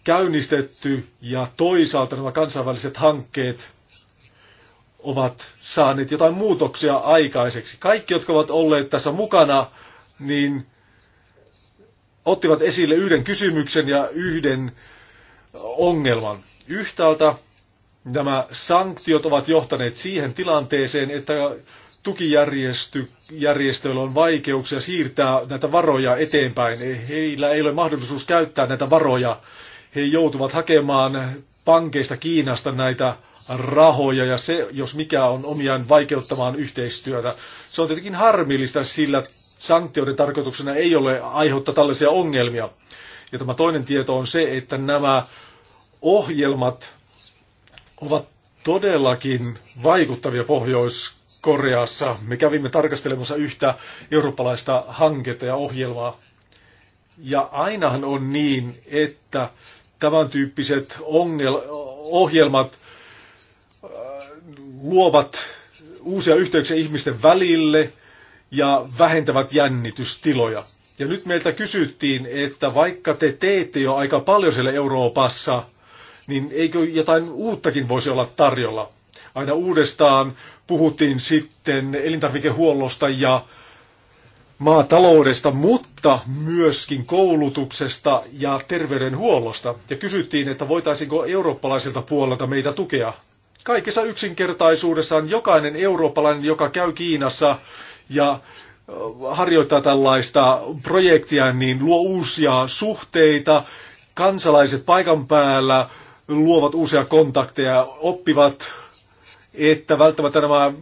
käynnistetty ja toisaalta nämä kansainväliset hankkeet ovat saaneet jotain muutoksia aikaiseksi. Kaikki, jotka ovat olleet tässä mukana, niin ottivat esille yhden kysymyksen ja yhden ongelman. Yhtäältä nämä sanktiot ovat johtaneet siihen tilanteeseen, että tukijärjestöillä on vaikeuksia siirtää näitä varoja eteenpäin. Heillä ei ole mahdollisuus käyttää näitä varoja. He joutuvat hakemaan pankeista Kiinasta näitä rahoja ja se, jos mikä on omiaan vaikeuttamaan yhteistyötä. Se on tietenkin harmillista, sillä sanktioiden tarkoituksena ei ole aiheuttaa tällaisia ongelmia. Ja tämä toinen tieto on se, että nämä ohjelmat ovat todellakin vaikuttavia Pohjois-Koreassa. Me kävimme tarkastelemassa yhtä eurooppalaista hanketta ja ohjelmaa. Ja ainahan on niin, että tämän tyyppiset ongel- ohjelmat äh, luovat uusia yhteyksiä ihmisten välille ja vähentävät jännitystiloja. Ja nyt meiltä kysyttiin, että vaikka te teette jo aika paljon siellä Euroopassa, niin eikö jotain uuttakin voisi olla tarjolla? Aina uudestaan puhuttiin sitten elintarvikehuollosta ja maataloudesta, mutta myöskin koulutuksesta ja terveydenhuollosta. Ja kysyttiin, että voitaisiinko eurooppalaiselta puolelta meitä tukea. Kaikessa yksinkertaisuudessaan jokainen eurooppalainen, joka käy Kiinassa ja harjoittaa tällaista projektia, niin luo uusia suhteita, kansalaiset paikan päällä luovat uusia kontakteja, oppivat, että välttämättä nämä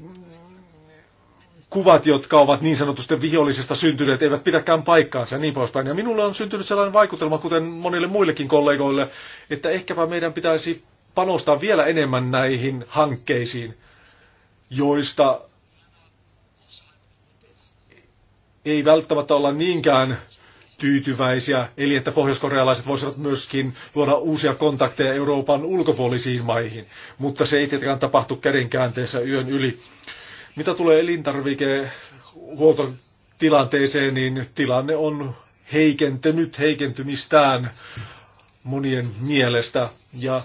kuvat, jotka ovat niin sanotusti vihollisista syntyneet, eivät pidäkään paikkaansa ja niin poispäin. Ja minulle on syntynyt sellainen vaikutelma, kuten monille muillekin kollegoille, että ehkäpä meidän pitäisi panostaa vielä enemmän näihin hankkeisiin, joista ei välttämättä olla niinkään tyytyväisiä, eli että pohjoiskorealaiset voisivat myöskin luoda uusia kontakteja Euroopan ulkopuolisiin maihin, mutta se ei tietenkään tapahtu kädenkäänteessä yön yli. Mitä tulee elintarvikehuoltotilanteeseen, niin tilanne on heikentynyt heikentymistään monien mielestä, ja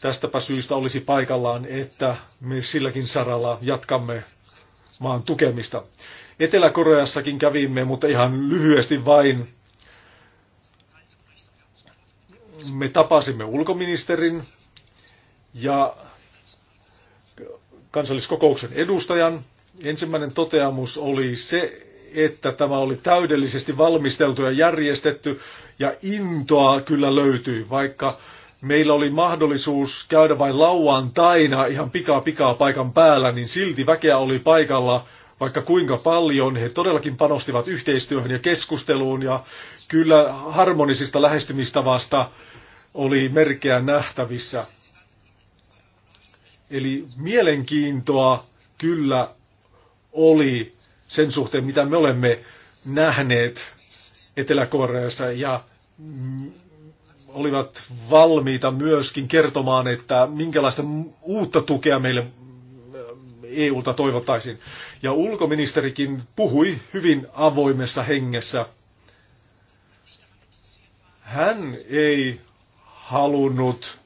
tästäpä syystä olisi paikallaan, että me silläkin saralla jatkamme maan tukemista. Etelä-Koreassakin kävimme, mutta ihan lyhyesti vain me tapasimme ulkoministerin ja kansalliskokouksen edustajan. Ensimmäinen toteamus oli se, että tämä oli täydellisesti valmisteltu ja järjestetty ja intoa kyllä löytyi, vaikka meillä oli mahdollisuus käydä vain lauantaina ihan pikaa pikaa paikan päällä, niin silti väkeä oli paikalla vaikka kuinka paljon. He todellakin panostivat yhteistyöhön ja keskusteluun ja kyllä harmonisista lähestymistavasta oli merkeä nähtävissä. Eli mielenkiintoa kyllä oli sen suhteen, mitä me olemme nähneet Etelä-Koreassa ja mm, olivat valmiita myöskin kertomaan, että minkälaista uutta tukea meille EUlta toivottaisiin. Ja ulkoministerikin puhui hyvin avoimessa hengessä. Hän ei halunnut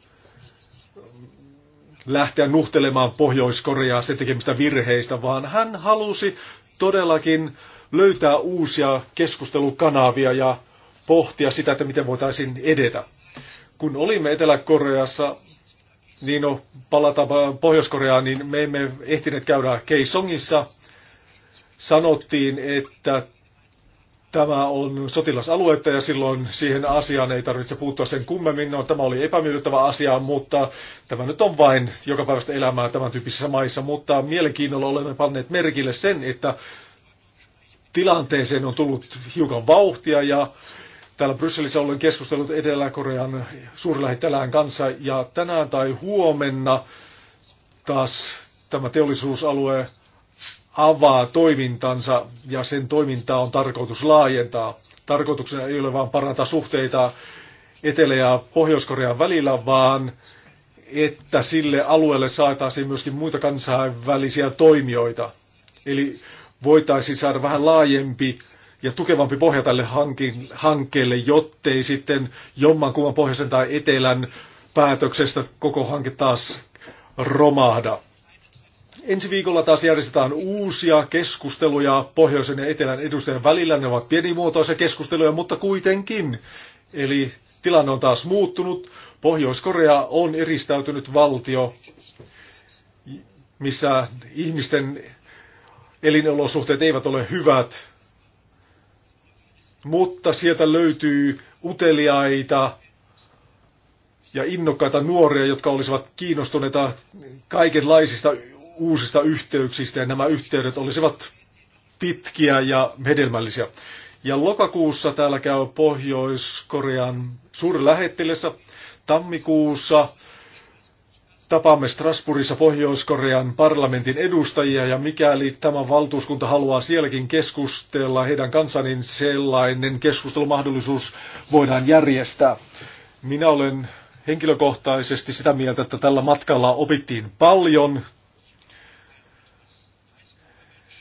lähteä nuhtelemaan Pohjois-Koreaa sen tekemistä virheistä, vaan hän halusi todellakin löytää uusia keskustelukanavia ja pohtia sitä, että miten voitaisiin edetä. Kun olimme Etelä-Koreassa, niin no, palata Pohjois-Koreaan, niin me emme ehtineet käydä Keisongissa. Sanottiin, että tämä on sotilasaluetta ja silloin siihen asiaan ei tarvitse puuttua sen kummemmin. No, tämä oli epämiellyttävä asia, mutta tämä nyt on vain joka päivästä elämää tämän tyyppisissä maissa. Mutta mielenkiinnolla olemme panneet merkille sen, että tilanteeseen on tullut hiukan vauhtia ja Täällä Brysselissä olen keskustellut Etelä-Korean suurlähettilään kanssa ja tänään tai huomenna taas tämä teollisuusalue avaa toimintansa ja sen toimintaa on tarkoitus laajentaa. Tarkoituksena ei ole vain parantaa suhteita Etelä- ja Pohjois-Korean välillä, vaan että sille alueelle saataisiin myöskin muita kansainvälisiä toimijoita. Eli voitaisiin saada vähän laajempi ja tukevampi pohja tälle hankkeelle, jottei sitten jommankumman pohjoisen tai etelän päätöksestä koko hanke taas romahda. Ensi viikolla taas järjestetään uusia keskusteluja pohjoisen ja etelän edustajien välillä. Ne ovat pienimuotoisia keskusteluja, mutta kuitenkin. Eli tilanne on taas muuttunut. Pohjois-Korea on eristäytynyt valtio, missä ihmisten elinolosuhteet eivät ole hyvät mutta sieltä löytyy uteliaita ja innokkaita nuoria, jotka olisivat kiinnostuneita kaikenlaisista uusista yhteyksistä ja nämä yhteydet olisivat pitkiä ja hedelmällisiä. Ja lokakuussa täällä käy Pohjois-Korean suurlähettilässä, tammikuussa tapaamme Strasbourgissa Pohjois-Korean parlamentin edustajia ja mikäli tämä valtuuskunta haluaa sielläkin keskustella heidän kanssaan, niin sellainen keskustelumahdollisuus voidaan järjestää. Minä olen henkilökohtaisesti sitä mieltä, että tällä matkalla opittiin paljon.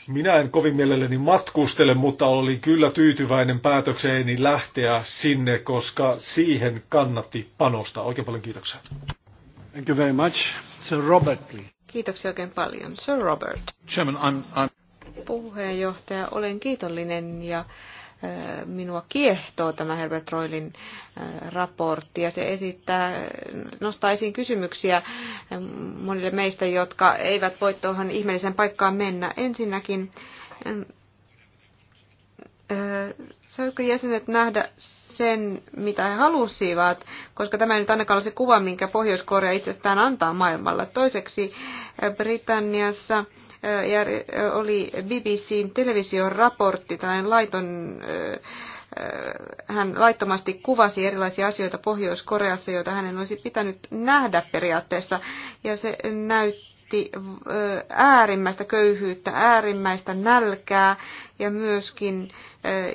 Minä en kovin mielelläni matkustele, mutta olin kyllä tyytyväinen päätökseeni lähteä sinne, koska siihen kannatti panostaa. Oikein paljon kiitoksia. Thank you very much. Sir Robert, please. Kiitoksia oikein paljon. Sir Robert. Chairman, I'm, I'm... Puheenjohtaja, olen kiitollinen ja äh, minua kiehtoo tämä Herbert Roilin äh, raportti ja se esittää, nostaa esiin kysymyksiä äh, monille meistä, jotka eivät voi tuohon ihmeelliseen paikkaan mennä. Ensinnäkin ähm, saiko jäsenet nähdä sen, mitä he halusivat, koska tämä ei nyt ainakaan ole se kuva, minkä Pohjois-Korea itsestään antaa maailmalla. Toiseksi Britanniassa oli BBCn televisioraportti, tai laiton, hän laittomasti kuvasi erilaisia asioita Pohjois-Koreassa, joita hänen olisi pitänyt nähdä periaatteessa, ja se näytti lähetti äärimmäistä köyhyyttä, äärimmäistä nälkää ja myöskin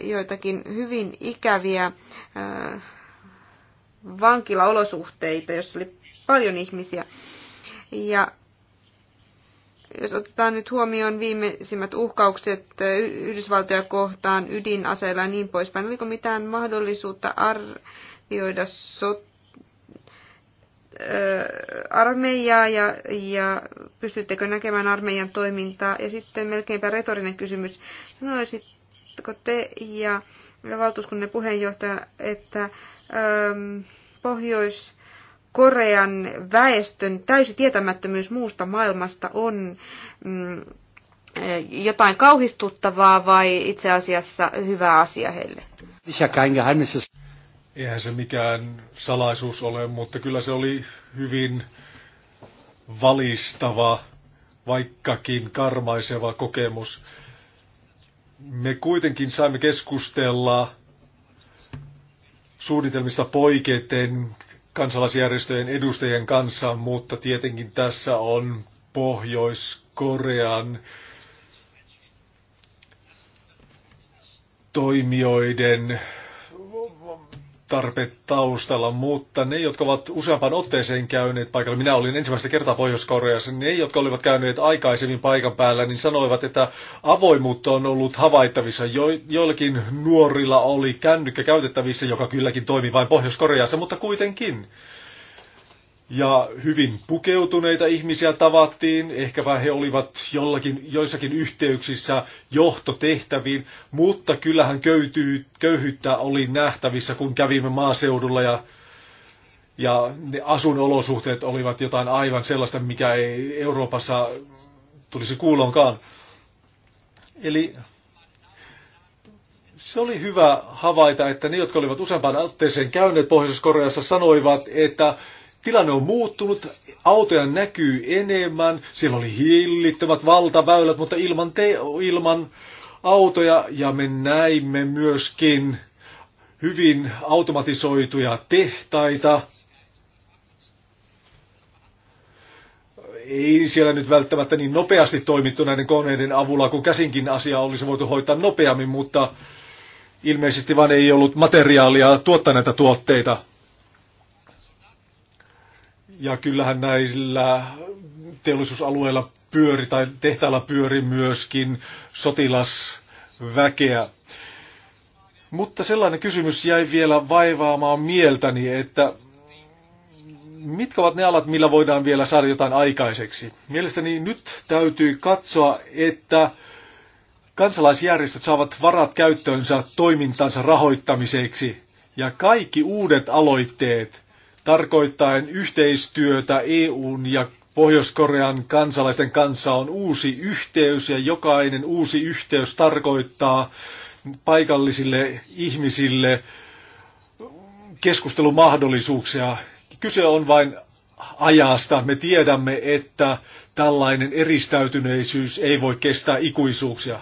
joitakin hyvin ikäviä vankilaolosuhteita, jossa oli paljon ihmisiä. Ja jos otetaan nyt huomioon viimeisimmät uhkaukset Yhdysvaltoja kohtaan, ydinaseilla ja niin poispäin, oliko mitään mahdollisuutta arvioida sot armeijaa ja, ja pystyttekö näkemään armeijan toimintaa? Ja sitten melkeinpä retorinen kysymys. Sanoisitko te ja valtuuskunnan puheenjohtaja, että äm, Pohjois- Korean väestön täysi tietämättömyys muusta maailmasta on mm, jotain kauhistuttavaa vai itse asiassa hyvä asia heille? Eihän se mikään salaisuus ole, mutta kyllä se oli hyvin valistava, vaikkakin karmaiseva kokemus. Me kuitenkin saimme keskustella suunnitelmista poiketen kansalaisjärjestöjen edustajien kanssa, mutta tietenkin tässä on Pohjois-Korean toimijoiden tarpe taustalla, mutta ne, jotka ovat useampaan otteeseen käyneet paikalla, minä olin ensimmäistä kertaa Pohjois-Koreassa, ne, jotka olivat käyneet aikaisemmin paikan päällä, niin sanoivat, että avoimuutta on ollut havaittavissa. Jo, joillakin nuorilla oli kännykkä käytettävissä, joka kylläkin toimi vain Pohjois-Koreassa, mutta kuitenkin ja hyvin pukeutuneita ihmisiä tavattiin, ehkäpä he olivat jollakin, joissakin yhteyksissä johtotehtäviin, mutta kyllähän köytyy, köyhyyttä oli nähtävissä, kun kävimme maaseudulla ja, ja ne asuinolosuhteet olivat jotain aivan sellaista, mikä ei Euroopassa tulisi kuulonkaan. Eli se oli hyvä havaita, että ne, jotka olivat useampaan otteeseen käyneet Pohjois-Koreassa, sanoivat, että tilanne on muuttunut, autoja näkyy enemmän, siellä oli hillittömät valtaväylät, mutta ilman, te, ilman autoja ja me näimme myöskin hyvin automatisoituja tehtaita. Ei siellä nyt välttämättä niin nopeasti toimittu näiden koneiden avulla, kun käsinkin asia olisi voitu hoitaa nopeammin, mutta ilmeisesti vaan ei ollut materiaalia tuottaa näitä tuotteita. Ja kyllähän näillä teollisuusalueilla pyöri tai tehtailla pyöri myöskin sotilasväkeä. Mutta sellainen kysymys jäi vielä vaivaamaan mieltäni, että mitkä ovat ne alat, millä voidaan vielä saada jotain aikaiseksi? Mielestäni nyt täytyy katsoa, että kansalaisjärjestöt saavat varat käyttöönsä toimintansa rahoittamiseksi. Ja kaikki uudet aloitteet, tarkoittaen yhteistyötä EUn ja Pohjois-Korean kansalaisten kanssa on uusi yhteys ja jokainen uusi yhteys tarkoittaa paikallisille ihmisille keskustelumahdollisuuksia. Kyse on vain ajasta. Me tiedämme, että tällainen eristäytyneisyys ei voi kestää ikuisuuksia.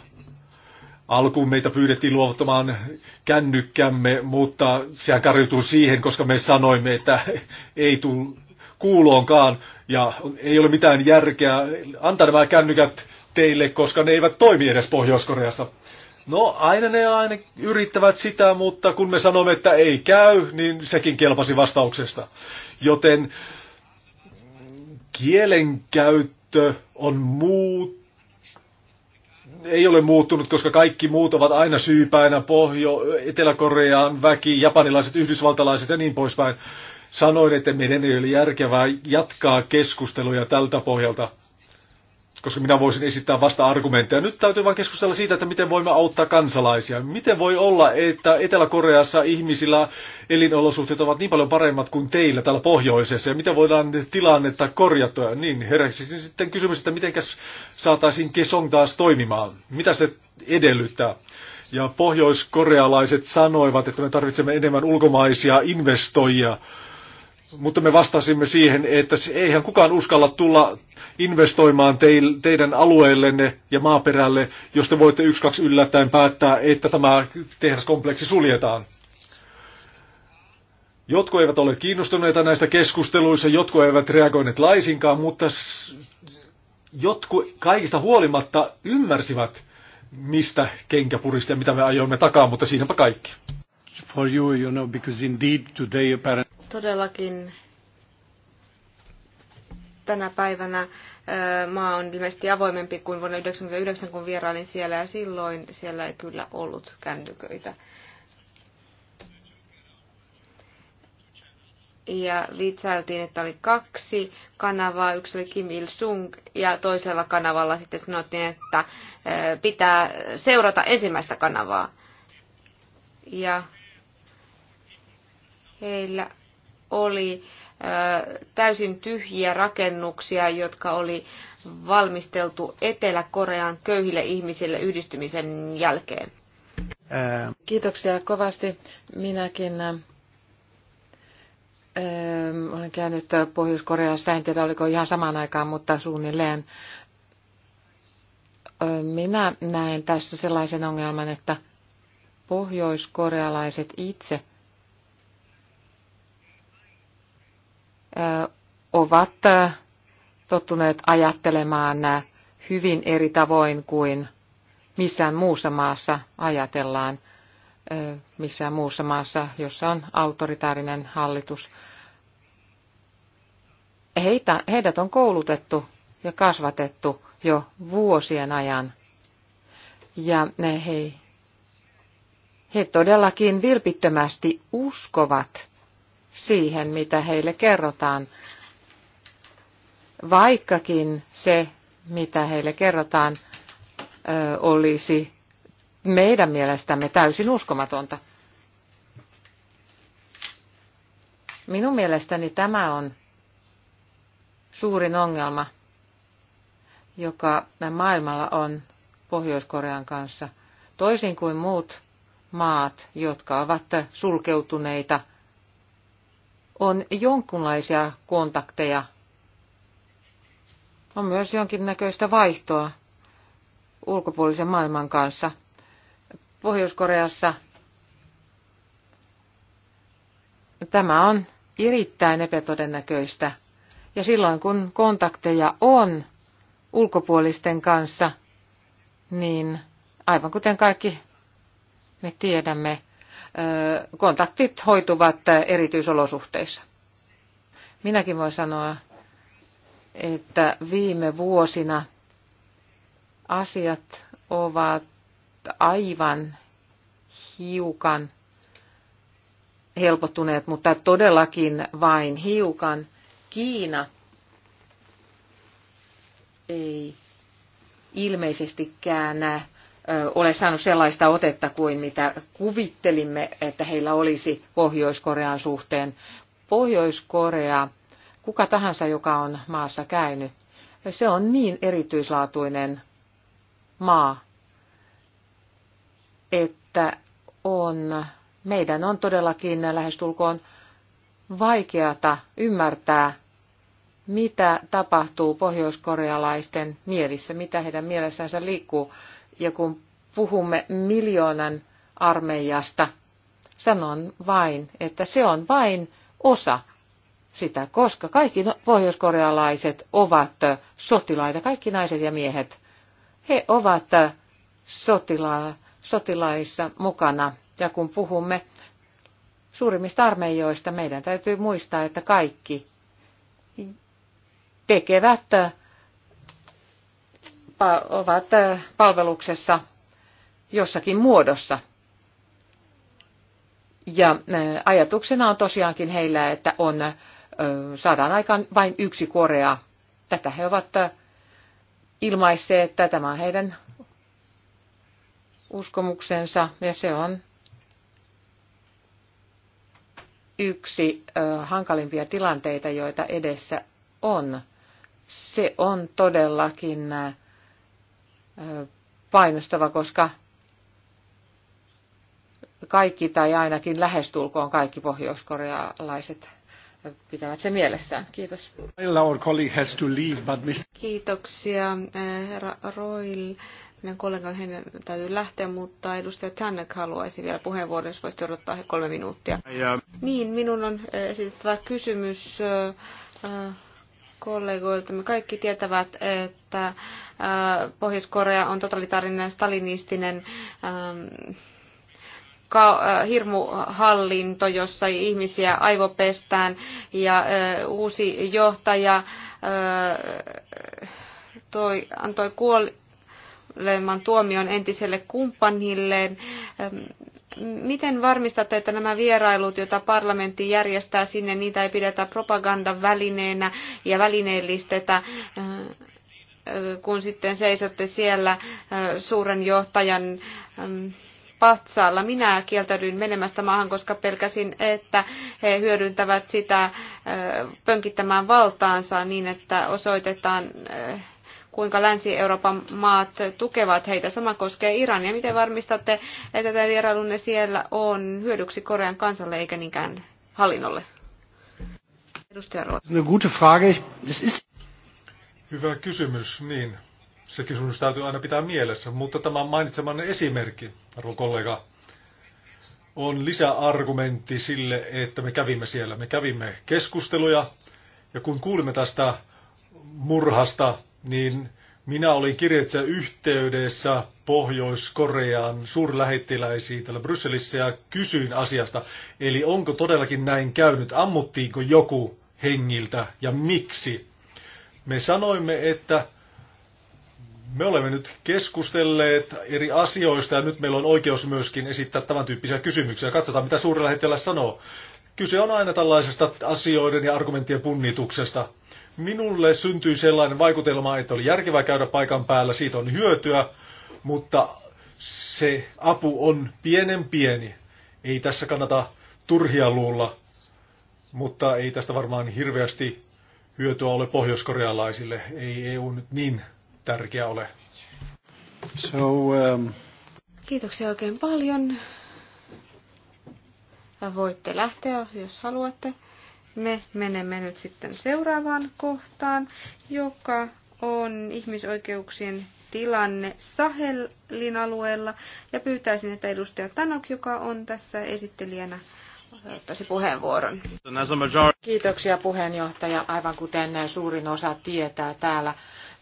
Alkuun meitä pyydettiin luovuttamaan kännykkämme, mutta sehän karjutui siihen, koska me sanoimme, että ei tule kuuloonkaan ja ei ole mitään järkeä antaa nämä kännykät teille, koska ne eivät toimi edes Pohjois-Koreassa. No aina ne aina yrittävät sitä, mutta kun me sanomme, että ei käy, niin sekin kelpasi vastauksesta. Joten kielenkäyttö on muut ei ole muuttunut, koska kaikki muut ovat aina syypäinä, Pohjo, Etelä-Korean väki, japanilaiset, yhdysvaltalaiset ja niin poispäin. Sanoin, että meidän ei ole järkevää jatkaa keskusteluja tältä pohjalta koska minä voisin esittää vasta-argumentteja. Nyt täytyy vain keskustella siitä, että miten voimme auttaa kansalaisia. Miten voi olla, että Etelä-Koreassa ihmisillä elinolosuhteet ovat niin paljon paremmat kuin teillä täällä pohjoisessa, ja miten voidaan tilannetta korjata? Niin heräksi siis sitten kysymys, että miten saataisiin Kesong taas toimimaan. Mitä se edellyttää? Ja pohjoiskorealaiset sanoivat, että me tarvitsemme enemmän ulkomaisia investoijia mutta me vastasimme siihen, että eihän kukaan uskalla tulla investoimaan teil, teidän alueellenne ja maaperälle, jos te voitte yksi kaksi yllättäen päättää, että tämä tehdaskompleksi suljetaan. Jotkut eivät ole kiinnostuneita näistä keskusteluissa, jotkut eivät reagoineet laisinkaan, mutta jotkut kaikista huolimatta ymmärsivät, mistä kenkä puristi ja mitä me ajoimme takaa, mutta siinäpä kaikki. For you, you know, because indeed today apparently Todellakin tänä päivänä maa on ilmeisesti avoimempi kuin vuonna 1999, kun vierailin siellä, ja silloin siellä ei kyllä ollut kännyköitä. Ja vitsailtiin, että oli kaksi kanavaa, yksi oli Kim Il-sung ja toisella kanavalla sitten sanottiin, että pitää seurata ensimmäistä kanavaa. Ja heillä oli täysin tyhjiä rakennuksia, jotka oli valmisteltu Etelä-Korean köyhille ihmisille yhdistymisen jälkeen. Ähm. Kiitoksia kovasti. Minäkin ähm, olen käynyt Pohjois-Koreassa, en tiedä oliko ihan samaan aikaan, mutta suunnilleen. Minä näen tässä sellaisen ongelman, että pohjoiskorealaiset itse – ovat tottuneet ajattelemaan hyvin eri tavoin kuin missään muussa maassa ajatellaan, missään muussa maassa, jossa on autoritaarinen hallitus. Heitä, heidät on koulutettu ja kasvatettu jo vuosien ajan. Ja ne, he, he todellakin vilpittömästi uskovat siihen, mitä heille kerrotaan. Vaikkakin se, mitä heille kerrotaan, olisi meidän mielestämme täysin uskomatonta. Minun mielestäni tämä on suurin ongelma, joka maailmalla on Pohjois-Korean kanssa, toisin kuin muut maat, jotka ovat sulkeutuneita – on jonkunlaisia kontakteja. On myös jonkinnäköistä vaihtoa ulkopuolisen maailman kanssa. Pohjois-Koreassa tämä on erittäin epätodennäköistä. Ja silloin kun kontakteja on ulkopuolisten kanssa, niin aivan kuten kaikki me tiedämme, kontaktit hoituvat erityisolosuhteissa. Minäkin voin sanoa, että viime vuosina asiat ovat aivan hiukan helpottuneet, mutta todellakin vain hiukan. Kiina ei ilmeisestikään ole saanut sellaista otetta kuin mitä kuvittelimme, että heillä olisi Pohjois-Korean suhteen. Pohjois-Korea, kuka tahansa, joka on maassa käynyt, se on niin erityislaatuinen maa, että on, meidän on todellakin lähestulkoon vaikeata ymmärtää, mitä tapahtuu pohjoiskorealaisten mielissä, mitä heidän mielessänsä liikkuu ja kun puhumme miljoonan armeijasta, sanon vain, että se on vain osa sitä, koska kaikki no- pohjoiskorealaiset ovat sotilaita, kaikki naiset ja miehet, he ovat sotila, sotilaissa mukana. Ja kun puhumme suurimmista armeijoista, meidän täytyy muistaa, että kaikki tekevät ovat eh, palveluksessa jossakin muodossa. Ja eh, ajatuksena on tosiaankin heillä, että on, eh, saadaan aikaan vain yksi Korea. Tätä he ovat ilmaisseet, että tämä on heidän uskomuksensa ja se on yksi hankalimpia tilanteita, joita edessä on. Se on todellakin painostava, koska kaikki tai ainakin lähestulkoon kaikki pohjoiskorealaiset pitävät se mielessään. Kiitos. Kiitoksia, eh, herra Roil. Meidän kollega hänen täytyy lähteä, mutta edustaja Tannek haluaisi vielä puheenvuoron, jos voisi odottaa kolme minuuttia. Niin, minun on eh, esitettävä kysymys. Äh, kollegoilta. Me kaikki tietävät, että äh, Pohjois-Korea on totalitaarinen stalinistinen ähm, äh, hirmuhallinto, jossa ihmisiä aivopestään ja äh, uusi johtaja toi, antoi kuoleman tuomion entiselle kumppanilleen. Ähm, Miten varmistatte, että nämä vierailut, joita parlamentti järjestää sinne, niitä ei pidetä propagandan välineenä ja välineellistetä, äh, kun sitten seisotte siellä äh, suuren johtajan ähm, patsaalla. Minä kieltäydyin menemästä maahan, koska pelkäsin, että he hyödyntävät sitä äh, pönkittämään valtaansa niin, että osoitetaan kuinka Länsi-Euroopan maat tukevat heitä. Sama koskee Irania. Miten varmistatte, että tämä vierailunne siellä on hyödyksi Korean kansalle eikä niinkään hallinnolle? Edustaja Ruotsi. Hyvä kysymys, niin. Se kysymys täytyy aina pitää mielessä, mutta tämä mainitseman esimerkki, arvon kollega, on lisäargumentti sille, että me kävimme siellä. Me kävimme keskusteluja ja kun kuulimme tästä murhasta, niin minä olin kirjeessä yhteydessä Pohjois-Korean suurlähettiläisiin täällä Brysselissä ja kysyin asiasta. Eli onko todellakin näin käynyt? Ammuttiinko joku hengiltä ja miksi? Me sanoimme, että me olemme nyt keskustelleet eri asioista ja nyt meillä on oikeus myöskin esittää tämän tyyppisiä kysymyksiä. Katsotaan, mitä suurlähettiläs sanoo. Kyse on aina tällaisesta asioiden ja argumenttien punnituksesta. Minulle syntyi sellainen vaikutelma, että oli järkevää käydä paikan päällä, siitä on hyötyä, mutta se apu on pienen pieni. Ei tässä kannata turhia luulla, mutta ei tästä varmaan hirveästi hyötyä ole pohjoiskorealaisille. Ei EU nyt niin tärkeä ole. So, um... Kiitoksia oikein paljon. Voitte lähteä, jos haluatte me menemme nyt sitten seuraavaan kohtaan, joka on ihmisoikeuksien tilanne Sahelin alueella. Ja pyytäisin, että edustaja Tanok, joka on tässä esittelijänä, ottaisi puheenvuoron. Kiitoksia puheenjohtaja. Aivan kuten suurin osa tietää täällä,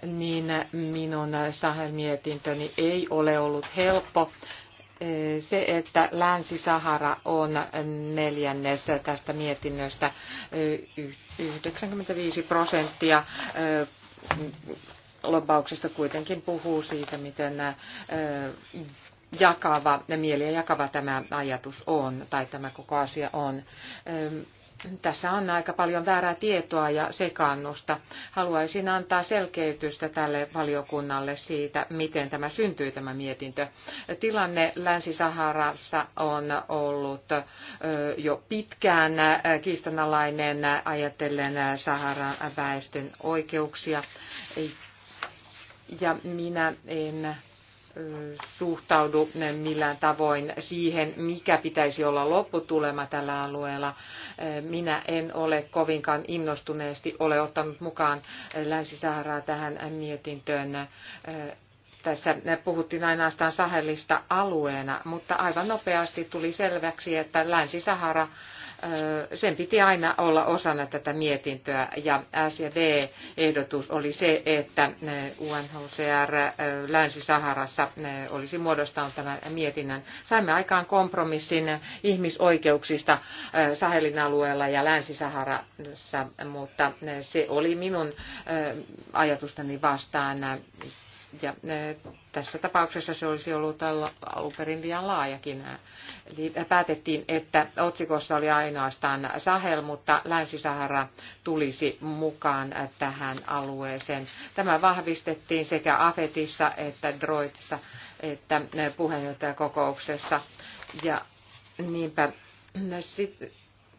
niin minun Sahel-mietintöni ei ole ollut helppo se, että Länsi-Sahara on neljännes tästä mietinnöstä 95 prosenttia lobbauksesta kuitenkin puhuu siitä, miten jakava, mieliä jakava tämä ajatus on, tai tämä koko asia on. Tässä on aika paljon väärää tietoa ja sekaannusta. Haluaisin antaa selkeytystä tälle valiokunnalle siitä, miten tämä syntyi tämä mietintö. Tilanne Länsi-Saharassa on ollut jo pitkään kiistanalainen ajatellen Saharan väestön oikeuksia. Ja minä en suhtaudu millään tavoin siihen, mikä pitäisi olla lopputulema tällä alueella. Minä en ole kovinkaan innostuneesti ole ottanut mukaan länsi tähän mietintöön. Tässä puhuttiin ainoastaan Sahelista alueena, mutta aivan nopeasti tuli selväksi, että Länsi-Sahara sen piti aina olla osana tätä mietintöä ja d ehdotus oli se, että UNHCR Länsi-Saharassa olisi muodostanut tämän mietinnän. Saimme aikaan kompromissin ihmisoikeuksista Sahelin alueella ja Länsi-Saharassa, mutta se oli minun ajatustani vastaan ja tässä tapauksessa se olisi ollut alun perin liian laajakin. Eli päätettiin, että otsikossa oli ainoastaan Sahel, mutta Länsi-Sahara tulisi mukaan tähän alueeseen. Tämä vahvistettiin sekä Afetissa että Droitissa että puheenjohtajakokouksessa. Ja niinpä sitten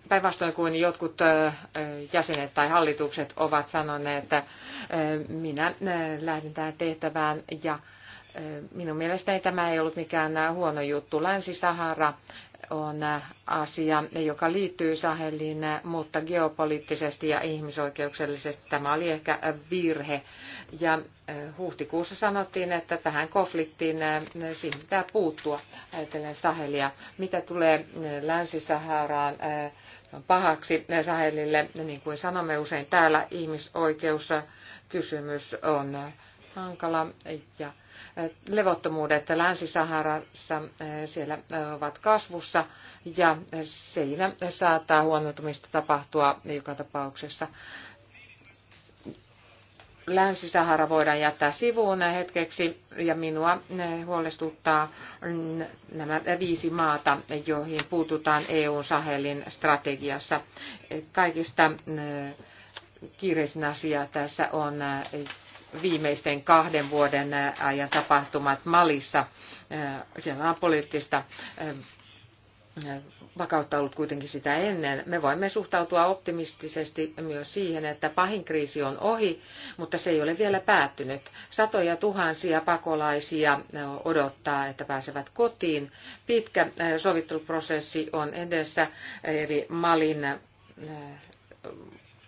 päinvastoin kuin jotkut jäsenet tai hallitukset ovat sanoneet, että minä lähden tähän tehtävään ja minun mielestäni tämä ei ollut mikään huono juttu. Länsi-Sahara on asia, joka liittyy Saheliin, mutta geopoliittisesti ja ihmisoikeuksellisesti tämä oli ehkä virhe. Ja huhtikuussa sanottiin, että tähän konfliktiin siihen pitää puuttua, ajatellen Sahelia. Mitä tulee Länsi-Saharaan, pahaksi Sahelille. Niin kuin sanomme usein täällä, ihmisoikeuskysymys on hankala ja levottomuudet Länsi-Saharassa eh, siellä eh, ovat kasvussa ja siinä saattaa huonontumista tapahtua joka tapauksessa. Länsi-Sahara voidaan jättää sivuun hetkeksi ja minua eh, huolestuttaa nämä viisi maata, joihin puututaan EUn Sahelin strategiassa. Kaikista eh, kiireisin asia tässä on eh, viimeisten kahden vuoden ajan tapahtumat Malissa. Siellä on poliittista vakautta ollut kuitenkin sitä ennen. Me voimme suhtautua optimistisesti myös siihen, että pahin kriisi on ohi, mutta se ei ole vielä päättynyt. Satoja tuhansia pakolaisia odottaa, että pääsevät kotiin. Pitkä äh, sovitteluprosessi on edessä eri Malin äh,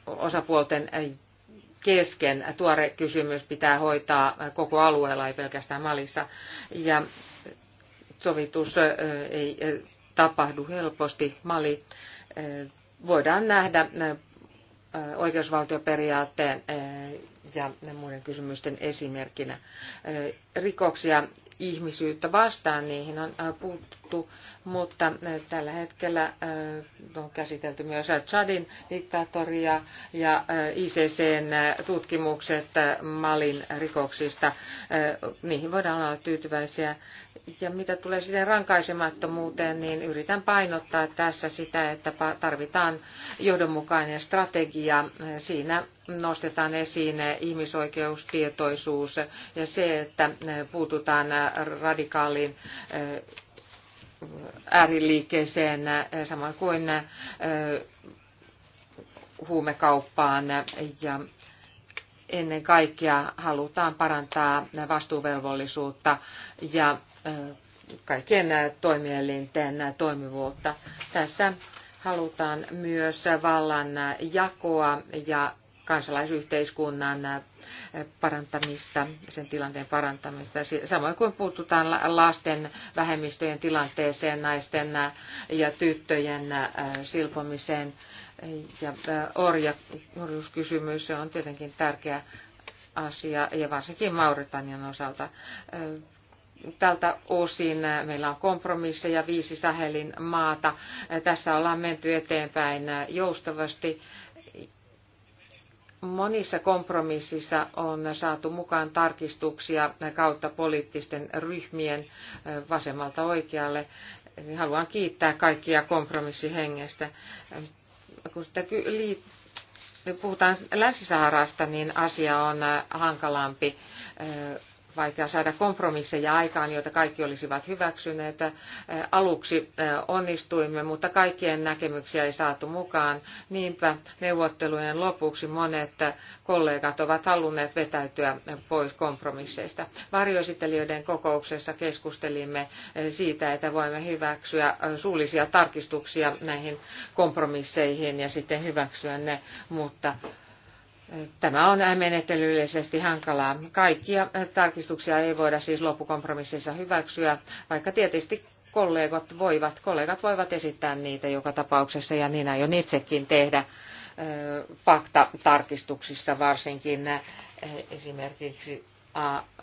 osapuolten äh, kesken. Tuore kysymys pitää hoitaa koko alueella, ei pelkästään Malissa. Ja sovitus ei tapahdu helposti. Mali eh, voidaan nähdä eh, eh, oikeusvaltioperiaatteen ja muiden kysymysten esimerkkinä. Rikoksia ihmisyyttä vastaan, niihin on puututtu mutta eh, tällä hetkellä eh, on käsitelty myös Chadin diktaattoria ja eh, ICCn tutkimukset Malin rikoksista. Niihin voidaan olla tyytyväisiä. Ja mitä tulee sitten rankaisemattomuuteen, niin yritän painottaa tässä sitä, että tarvitaan johdonmukainen strategia. Siinä nostetaan esiin ihmisoikeustietoisuus ja se, että puututaan radikaaliin ääriliikkeeseen, samoin kuin huumekauppaan ja ennen kaikkea halutaan parantaa vastuuvelvollisuutta ja kaikkien toimielinten toimivuutta. Tässä halutaan myös vallan jakoa ja kansalaisyhteiskunnan äh, parantamista, sen tilanteen parantamista, samoin kuin puututaan lasten vähemmistöjen tilanteeseen, naisten äh, ja tyttöjen äh, silpomiseen. Ja orjuuskysymys on tietenkin tärkeä asia, ja varsinkin Mauritanian osalta. Tältä osin meillä on kompromisseja viisi Sahelin maata. Tässä ollaan menty eteenpäin joustavasti Monissa kompromississa on saatu mukaan tarkistuksia kautta poliittisten ryhmien vasemmalta oikealle. Haluan kiittää kaikkia kompromissihengestä. Kun puhutaan Länsi-Saharasta, niin asia on hankalampi vaikea saada kompromisseja aikaan, joita kaikki olisivat hyväksyneet. Aluksi onnistuimme, mutta kaikkien näkemyksiä ei saatu mukaan. Niinpä neuvottelujen lopuksi monet kollegat ovat halunneet vetäytyä pois kompromisseista. Varjoesittelijöiden kokouksessa keskustelimme siitä, että voimme hyväksyä suullisia tarkistuksia näihin kompromisseihin ja sitten hyväksyä ne, mutta Tämä on menettelyllisesti hankalaa. Kaikkia tarkistuksia ei voida siis loppukompromississa hyväksyä, vaikka tietysti kollegat voivat, kollegat voivat esittää niitä joka tapauksessa ja niin aion itsekin tehdä faktatarkistuksissa varsinkin esimerkiksi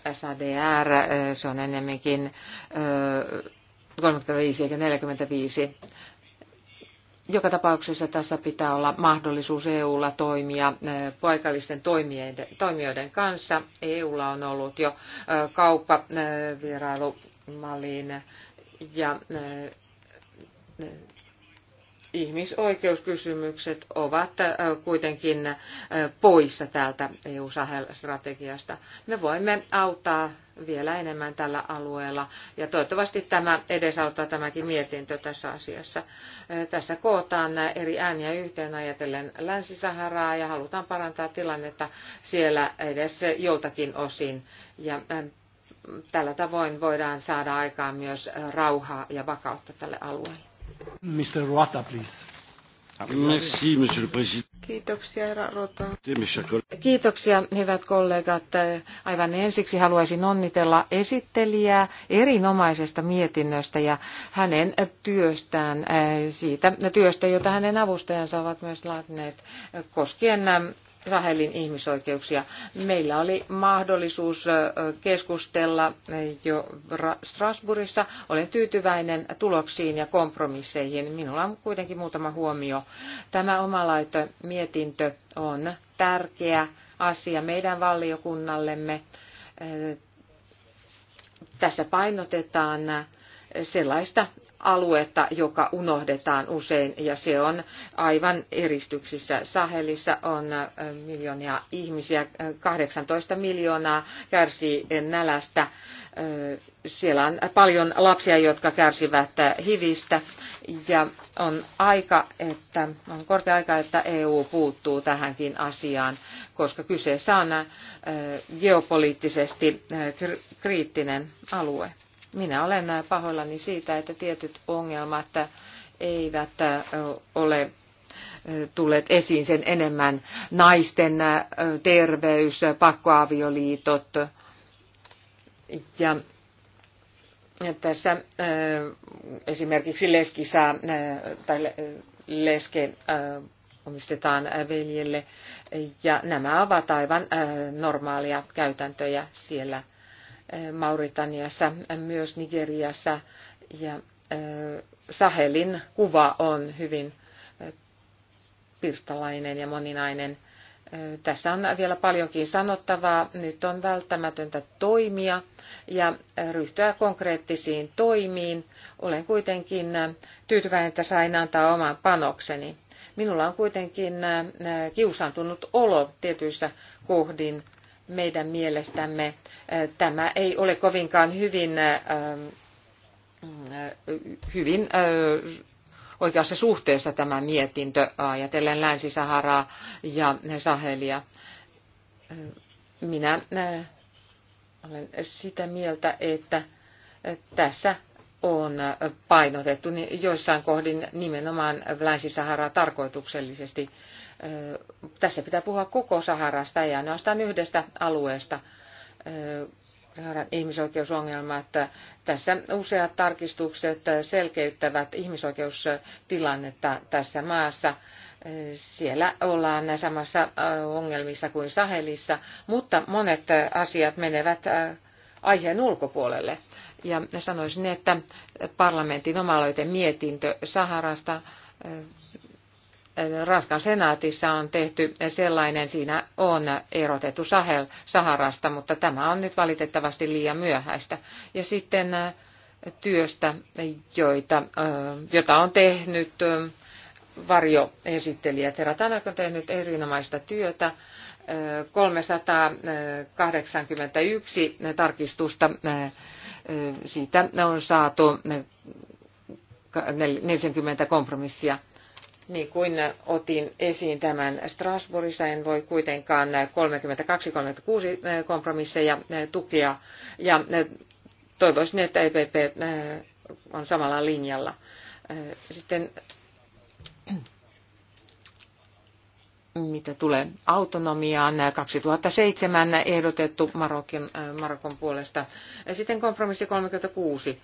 ASADR, se on enemmänkin 35 eikä 45 joka tapauksessa tässä pitää olla mahdollisuus EUlla toimia eh, paikallisten toimijoiden kanssa. EUlla on ollut jo eh, kauppavierailumalliin ja eh, ihmisoikeuskysymykset ovat äh, kuitenkin äh, poissa täältä EU-Sahel-strategiasta. Me voimme auttaa vielä enemmän tällä alueella ja toivottavasti tämä edesauttaa tämäkin mietintö tässä asiassa. Äh, tässä kootaan nämä eri ääniä yhteen ajatellen Länsi-Saharaa ja halutaan parantaa tilannetta siellä edes joltakin osin. Ja ähm, tällä tavoin voidaan saada aikaan myös rauhaa ja vakautta tälle alueelle. Mr. Ruata, please. Merci, monsieur le président. Kiitoksia, herra Rota. Kiitoksia, hyvät kollegat. Aivan ensiksi haluaisin onnitella esittelijää erinomaisesta mietinnöstä ja hänen työstään, eh, siitä työstä, jota hänen avustajansa ovat myös laatineet koskien eh, Sahelin ihmisoikeuksia. Meillä oli mahdollisuus keskustella jo Strasbourgissa. Olen tyytyväinen tuloksiin ja kompromisseihin. Minulla on kuitenkin muutama huomio. Tämä omalaito mietintö on tärkeä asia meidän valiokunnallemme. Tässä painotetaan sellaista aluetta, joka unohdetaan usein ja se on aivan eristyksissä. Sahelissa on äh, miljoonia ihmisiä, 18 äh, miljoonaa kärsii nälästä. Äh, siellä on paljon lapsia, jotka kärsivät hivistä ja on aika, että on korkea aika, että EU puuttuu tähänkin asiaan, koska kyseessä on geopoliittisesti kriittinen alue. Minä olen pahoillani siitä, että tietyt ongelmat eivät ole tulleet esiin sen enemmän. Naisten terveys, pakkoavioliitot ja tässä esimerkiksi leski saa, tai leske omistetaan veljelle ja nämä ovat aivan normaaleja käytäntöjä siellä Eh, Mauritaniassa, myös Nigeriassa ja eh, Sahelin kuva on hyvin eh, pirstalainen ja moninainen. Tässä on vielä paljonkin sanottavaa. Nyt on välttämätöntä toimia ja ryhtyä konkreettisiin toimiin. Olen kuitenkin tyytyväinen, että sain antaa oman panokseni. Minulla on kuitenkin kiusaantunut olo tietyissä kohdin meidän mielestämme tämä ei ole kovinkaan hyvin, hyvin oikeassa suhteessa tämä mietintö ajatellen Länsi-Saharaa ja Sahelia. Minä olen sitä mieltä, että tässä on painotettu niin joissain kohdin nimenomaan Länsi-Saharaa tarkoituksellisesti tässä pitää puhua koko Saharasta, ei ainoastaan yhdestä alueesta. Saharan ihmisoikeusongelmat. Tässä useat tarkistukset selkeyttävät ihmisoikeustilannetta tässä maassa. Siellä ollaan samassa ongelmissa kuin Sahelissa, mutta monet asiat menevät aiheen ulkopuolelle. Ja sanoisin, että parlamentin oma mietintö Saharasta Ranskan senaatissa on tehty sellainen, siinä on erotettu Sahel Saharasta, mutta tämä on nyt valitettavasti liian myöhäistä. Ja sitten äh, työstä, joita, äh, jota on tehnyt äh, varjoesittelijä Herra Tanak on tehnyt erinomaista työtä. 381 tarkistusta siitä on saatu 40 kompromissia niin kuin otin esiin tämän Strasbourgissa, en voi kuitenkaan 32-36 kompromisseja tukea ja toivoisin, että EPP on samalla linjalla. Sitten mitä tulee autonomiaan, 2007 ehdotettu Marokin, Marokon puolesta. Sitten kompromissi 36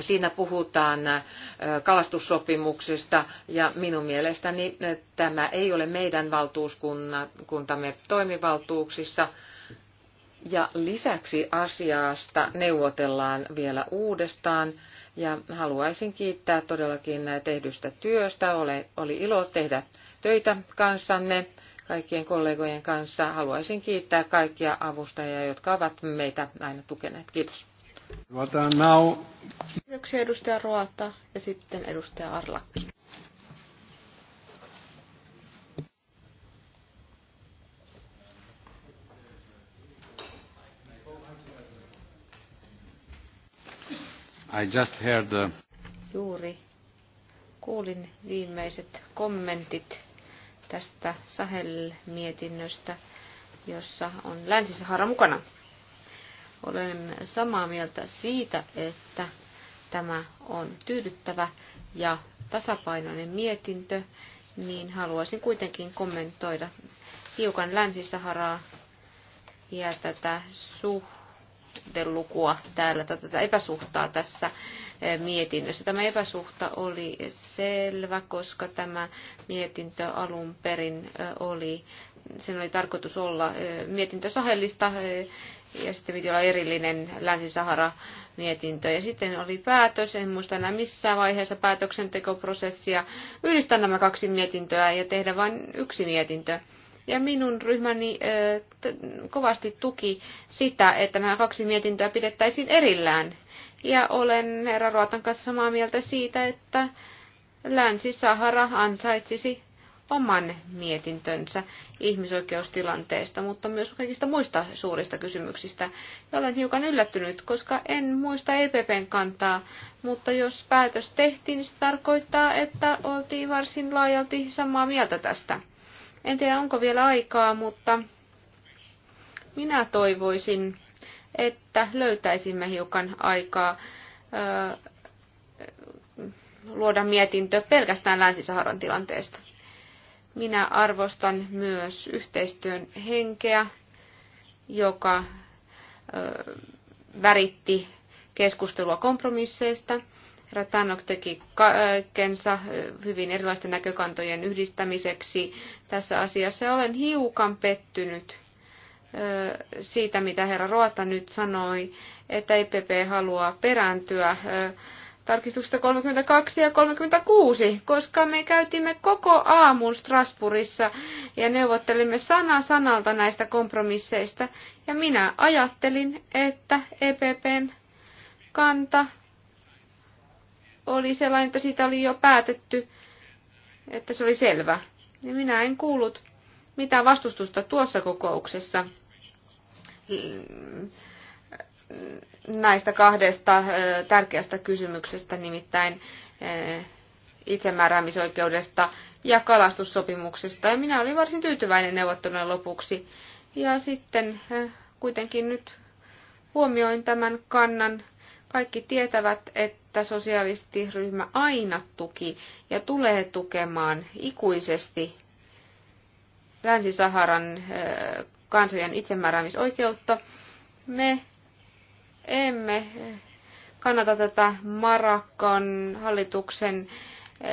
Siinä puhutaan kalastussopimuksesta ja minun mielestäni tämä ei ole meidän valtuuskuntamme toimivaltuuksissa. Ja lisäksi asiasta neuvotellaan vielä uudestaan ja haluaisin kiittää todellakin tehdystä työstä. oli ilo tehdä töitä kanssanne, kaikkien kollegojen kanssa. Haluaisin kiittää kaikkia avustajia, jotka ovat meitä aina tukeneet. Kiitos. Ruota now. Kiitoksia edustaja Ruota ja sitten edustaja Arlakki. I just heard the... Juuri kuulin viimeiset kommentit tästä Sahel-mietinnöstä, jossa on Länsi-Sahara mukana. Olen samaa mieltä siitä, että tämä on tyydyttävä ja tasapainoinen mietintö, niin haluaisin kuitenkin kommentoida hiukan Länsi-Saharaa ja tätä suhdelukua täällä, tätä epäsuhtaa tässä eh, mietinnössä. Tämä epäsuhta oli selvä, koska tämä mietintö alun perin eh, oli, sen oli tarkoitus olla eh, mietintö Sahellista ja sitten piti olla erillinen Länsi-Sahara-mietintö. Ja sitten oli päätös, en muista enää missään vaiheessa päätöksentekoprosessia, yhdistää nämä kaksi mietintöä ja tehdä vain yksi mietintö. Ja minun ryhmäni kovasti tuki sitä, että nämä kaksi mietintöä pidettäisiin erillään. Ja olen herra Ruotan kanssa samaa mieltä siitä, että Länsi-Sahara ansaitsisi oman mietintönsä ihmisoikeustilanteesta, mutta myös kaikista muista suurista kysymyksistä. Ja olen hiukan yllättynyt, koska en muista EPPn kantaa, mutta jos päätös tehtiin, niin se tarkoittaa, että oltiin varsin laajalti samaa mieltä tästä. En tiedä, onko vielä aikaa, mutta minä toivoisin, että löytäisimme hiukan aikaa luoda mietintö pelkästään Länsi-Saharan tilanteesta. Minä arvostan myös yhteistyön henkeä, joka väritti keskustelua kompromisseista. Ratanok teki kaikkensa hyvin erilaisten näkökantojen yhdistämiseksi tässä asiassa. Olen hiukan pettynyt siitä, mitä herra Ruota nyt sanoi, että EPP haluaa perääntyä tarkistusta 32 ja 36, koska me käytimme koko aamun Strasbourgissa ja neuvottelimme sana sanalta näistä kompromisseista. Ja minä ajattelin, että EPPn kanta oli sellainen, että siitä oli jo päätetty, että se oli selvä. Ja minä en kuullut mitään vastustusta tuossa kokouksessa näistä kahdesta tärkeästä kysymyksestä, nimittäin itsemääräämisoikeudesta ja kalastussopimuksesta. Ja minä olin varsin tyytyväinen neuvottelujen lopuksi. Ja sitten kuitenkin nyt huomioin tämän kannan. Kaikki tietävät, että sosialistiryhmä aina tuki ja tulee tukemaan ikuisesti Länsi-Saharan kansojen itsemääräämisoikeutta. Me emme kannata tätä Marakon hallituksen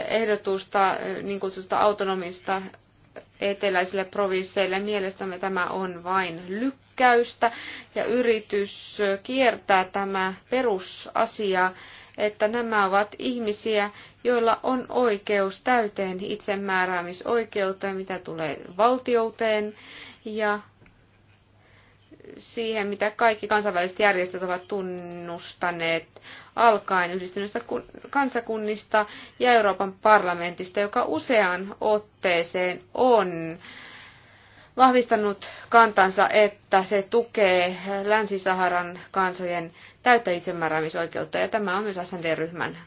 ehdotusta eh, niin kutsutusta autonomista eteläisille provinsseille. Mielestämme tämä on vain lykkäystä ja yritys kiertää tämä perusasia, että nämä ovat ihmisiä, joilla on oikeus täyteen itsemääräämisoikeuteen, mitä tulee valtiouteen, ja siihen, mitä kaikki kansainväliset järjestöt ovat tunnustaneet alkaen yhdistyneistä kansakunnista ja Euroopan parlamentista, joka useaan otteeseen on vahvistanut kantansa, että se tukee Länsi-Saharan kansojen täyttä itsemääräämisoikeutta, ja tämä on myös SND-ryhmän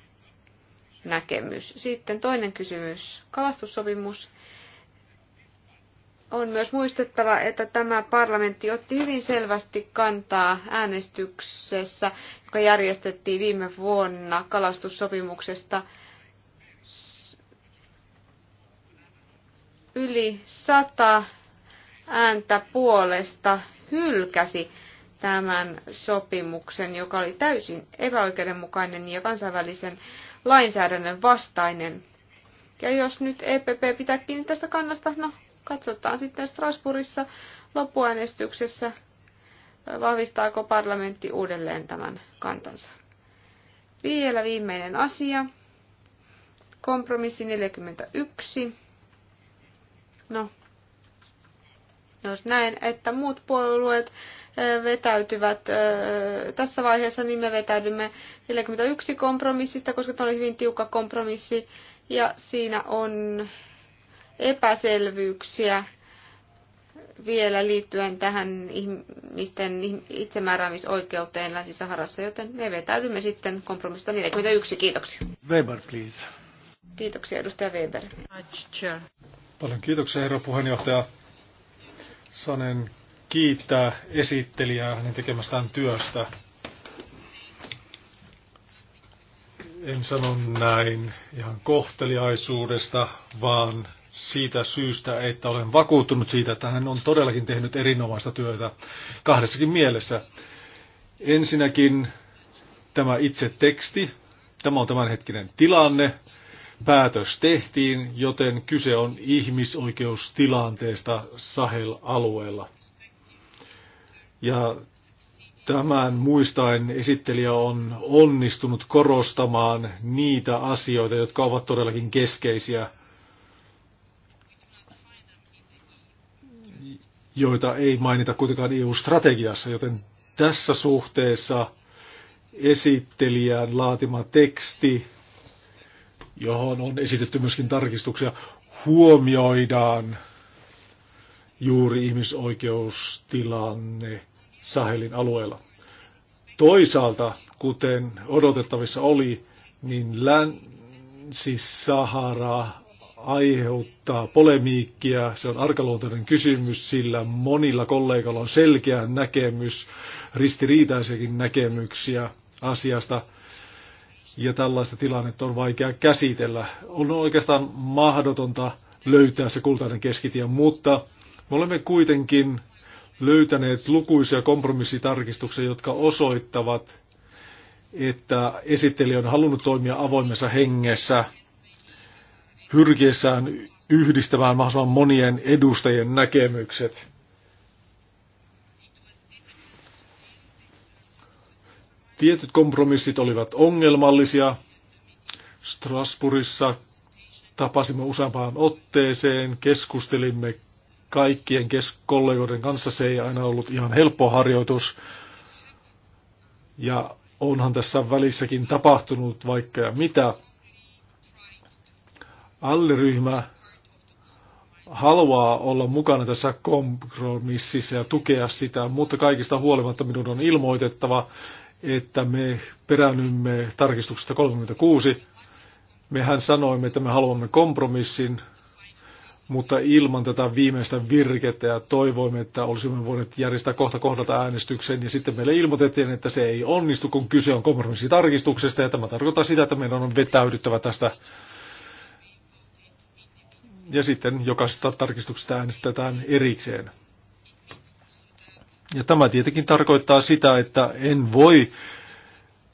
näkemys. Sitten toinen kysymys, kalastussopimus. On myös muistettava, että tämä parlamentti otti hyvin selvästi kantaa äänestyksessä, joka järjestettiin viime vuonna kalastussopimuksesta. Yli sata ääntä puolesta hylkäsi tämän sopimuksen, joka oli täysin epäoikeudenmukainen ja kansainvälisen lainsäädännön vastainen. Ja jos nyt EPP pitää kiinni tästä kannasta, no Katsotaan sitten Strasbourgissa loppuäänestyksessä, vahvistaako parlamentti uudelleen tämän kantansa. Vielä viimeinen asia. Kompromissi 41. No, jos näen, että muut puolueet vetäytyvät tässä vaiheessa, niin me vetäydymme 41 kompromissista, koska tämä oli hyvin tiukka kompromissi ja siinä on epäselvyyksiä vielä liittyen tähän ihmisten itsemääräämisoikeuteen Länsi-Saharassa, joten me vetäydymme sitten kompromissista 41. Kiitoksia. Weber, please. Kiitoksia, edustaja Weber. Paljon kiitoksia, herra puheenjohtaja. Sanen kiittää esittelijää hänen tekemästään työstä. En sano näin ihan kohteliaisuudesta, vaan siitä syystä, että olen vakuuttunut siitä, että hän on todellakin tehnyt erinomaista työtä kahdessakin mielessä. Ensinnäkin tämä itse teksti, tämä on tämänhetkinen tilanne, päätös tehtiin, joten kyse on ihmisoikeustilanteesta Sahel-alueella. Ja tämän muistaen esittelijä on onnistunut korostamaan niitä asioita, jotka ovat todellakin keskeisiä – joita ei mainita kuitenkaan EU-strategiassa, joten tässä suhteessa esittelijän laatima teksti, johon on esitetty myöskin tarkistuksia, huomioidaan juuri ihmisoikeustilanne Sahelin alueella. Toisaalta, kuten odotettavissa oli, niin Länsi-Sahara aiheuttaa polemiikkia. Se on arkaluontoinen kysymys, sillä monilla kollegoilla on selkeä näkemys, ristiriitaisiakin näkemyksiä asiasta. Ja tällaista tilannetta on vaikea käsitellä. On oikeastaan mahdotonta löytää se kultainen keskitie, mutta me olemme kuitenkin löytäneet lukuisia kompromissitarkistuksia, jotka osoittavat, että esittelijä on halunnut toimia avoimessa hengessä – pyrkiessään yhdistämään mahdollisimman monien edustajien näkemykset. Tietyt kompromissit olivat ongelmallisia. Strasbourgissa tapasimme useampaan otteeseen, keskustelimme kaikkien kes- kollegoiden kanssa. Se ei aina ollut ihan helppo harjoitus. Ja onhan tässä välissäkin tapahtunut vaikka ja mitä. Alliryhmä haluaa olla mukana tässä kompromississa ja tukea sitä, mutta kaikista huolimatta minun on ilmoitettava, että me peräännymme tarkistuksesta 36. Mehän sanoimme, että me haluamme kompromissin, mutta ilman tätä viimeistä virkettä ja toivoimme, että olisimme voineet järjestää kohta kohdalta äänestyksen ja sitten meille ilmoitettiin, että se ei onnistu, kun kyse on kompromissitarkistuksesta ja tämä tarkoittaa sitä, että meidän on vetäydyttävä tästä ja sitten jokaisesta tarkistuksesta äänestetään erikseen. Ja tämä tietenkin tarkoittaa sitä, että en voi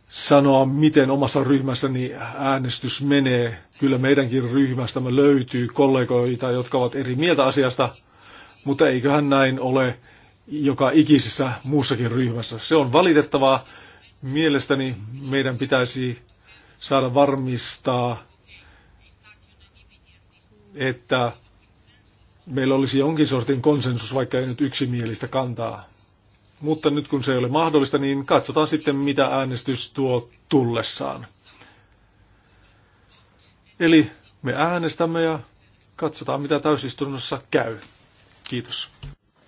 sanoa, miten omassa ryhmässäni äänestys menee. Kyllä meidänkin ryhmästämme löytyy kollegoita, jotka ovat eri mieltä asiasta, mutta eiköhän näin ole joka ikisessä muussakin ryhmässä. Se on valitettavaa. Mielestäni meidän pitäisi saada varmistaa että meillä olisi jonkin sortin konsensus, vaikka ei nyt yksimielistä kantaa. Mutta nyt kun se ei ole mahdollista, niin katsotaan sitten, mitä äänestys tuo tullessaan. Eli me äänestämme ja katsotaan, mitä täysistunnossa käy. Kiitos.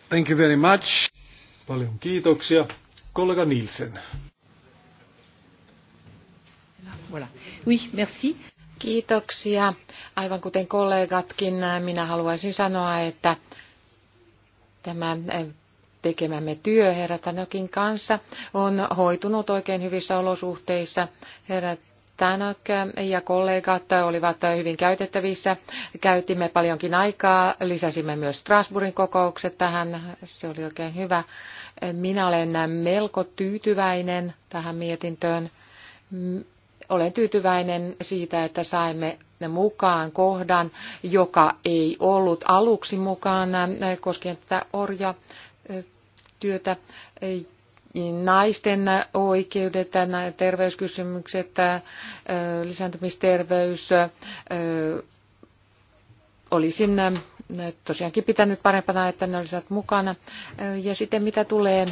Thank you very much. Paljon kiitoksia. Kollega Nielsen. Voilà. Oui, merci. Kiitoksia. Aivan kuten kollegatkin, minä haluaisin sanoa, että tämä eh, tekemämme työ herra Tanokin kanssa on hoitunut oikein hyvissä olosuhteissa. Herra Tanok ja kollegat olivat hyvin käytettävissä. Käytimme paljonkin aikaa, lisäsimme myös Strasbourgin kokoukset tähän. Se oli oikein hyvä. Minä olen melko tyytyväinen tähän mietintöön. Olen tyytyväinen siitä, että saimme mukaan kohdan, joka ei ollut aluksi mukana koskien tätä orjatyötä. Naisten oikeudet, terveyskysymykset, lisääntymisterveys, olisin tosiaankin pitänyt parempana, että ne olisivat mukana. Ja sitten mitä tulee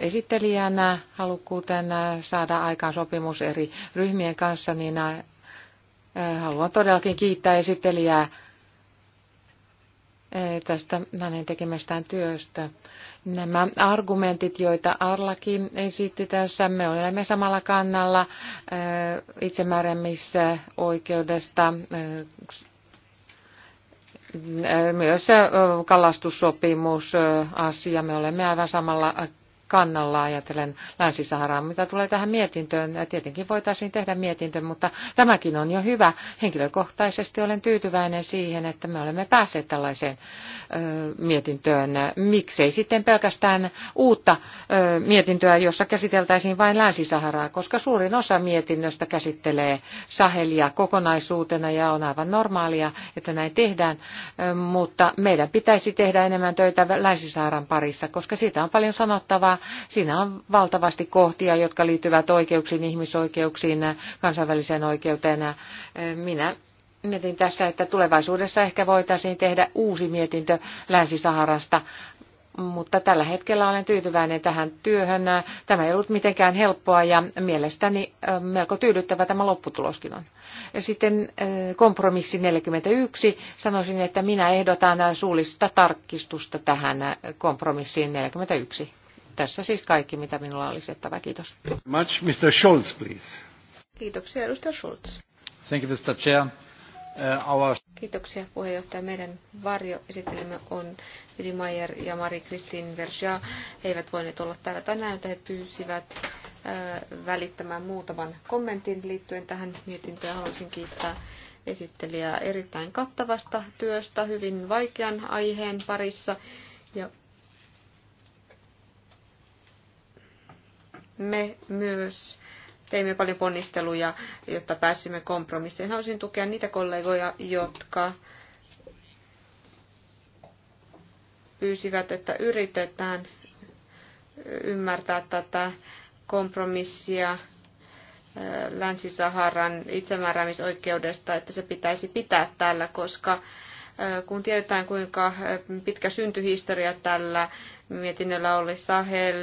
Esittelijänä halukkuuteen äh, saada aikaan sopimus eri ryhmien kanssa, niin äh, haluan todellakin kiittää esittelijää äh, tästä hänen tekemästään työstä. Nämä argumentit, joita Arlakin esitti tässä, me olemme samalla kannalla oikeudesta. myös kalastussopimusasia, me olemme aivan samalla kannalla ajatellen Länsi-Saharaa. Mitä tulee tähän mietintöön, äh, tietenkin voitaisiin tehdä mietintö, mutta tämäkin on jo hyvä. Henkilökohtaisesti olen tyytyväinen siihen, että me olemme päässeet tällaiseen ö, äh, mietintöön. Miksei sitten pelkästään uutta ö, äh, mietintöä, jossa käsiteltäisiin vain Länsi-Saharaa, koska suurin osa mietinnöstä käsittelee Sahelia kokonaisuutena ja on aivan normaalia, että näin tehdään, mutta meidän pitäisi tehdä enemmän töitä länsi parissa, koska siitä on paljon sanottavaa Siinä on valtavasti kohtia, jotka liittyvät oikeuksiin, ihmisoikeuksiin, kansainväliseen oikeuteen. Minä mietin tässä, että tulevaisuudessa ehkä voitaisiin tehdä uusi mietintö Länsi-Saharasta, mutta tällä hetkellä olen tyytyväinen tähän työhön. Tämä ei ollut mitenkään helppoa ja mielestäni melko tyydyttävä tämä lopputuloskin on. Sitten kompromissi 41. Sanoisin, että minä ehdotan suullista tarkistusta tähän kompromissiin 41. Tässä siis kaikki, mitä minulla on lisättävä. Kiitos. Much, Mr. Schulz, please. Kiitoksia, edustaja Schulz. Thank you, Mr. Chair. Uh, our... Kiitoksia puheenjohtaja. Meidän esittelemme on Vili Mayer ja Mari-Kristin Verja. He eivät voineet olla täällä tänään, joten he pyysivät uh, välittämään muutaman kommentin liittyen tähän mietintöön. Haluaisin kiittää esittelijää erittäin kattavasta työstä hyvin vaikean aiheen parissa ja me myös teimme paljon ponnisteluja, jotta pääsimme kompromissiin. Haluaisin tukea niitä kollegoja, jotka pyysivät, että yritetään ymmärtää tätä kompromissia Länsi-Saharan itsemääräämisoikeudesta, että se pitäisi pitää täällä, koska Äh, kun tiedetään kuinka äh, pitkä syntyhistoria tällä mietinnöllä oli Sahel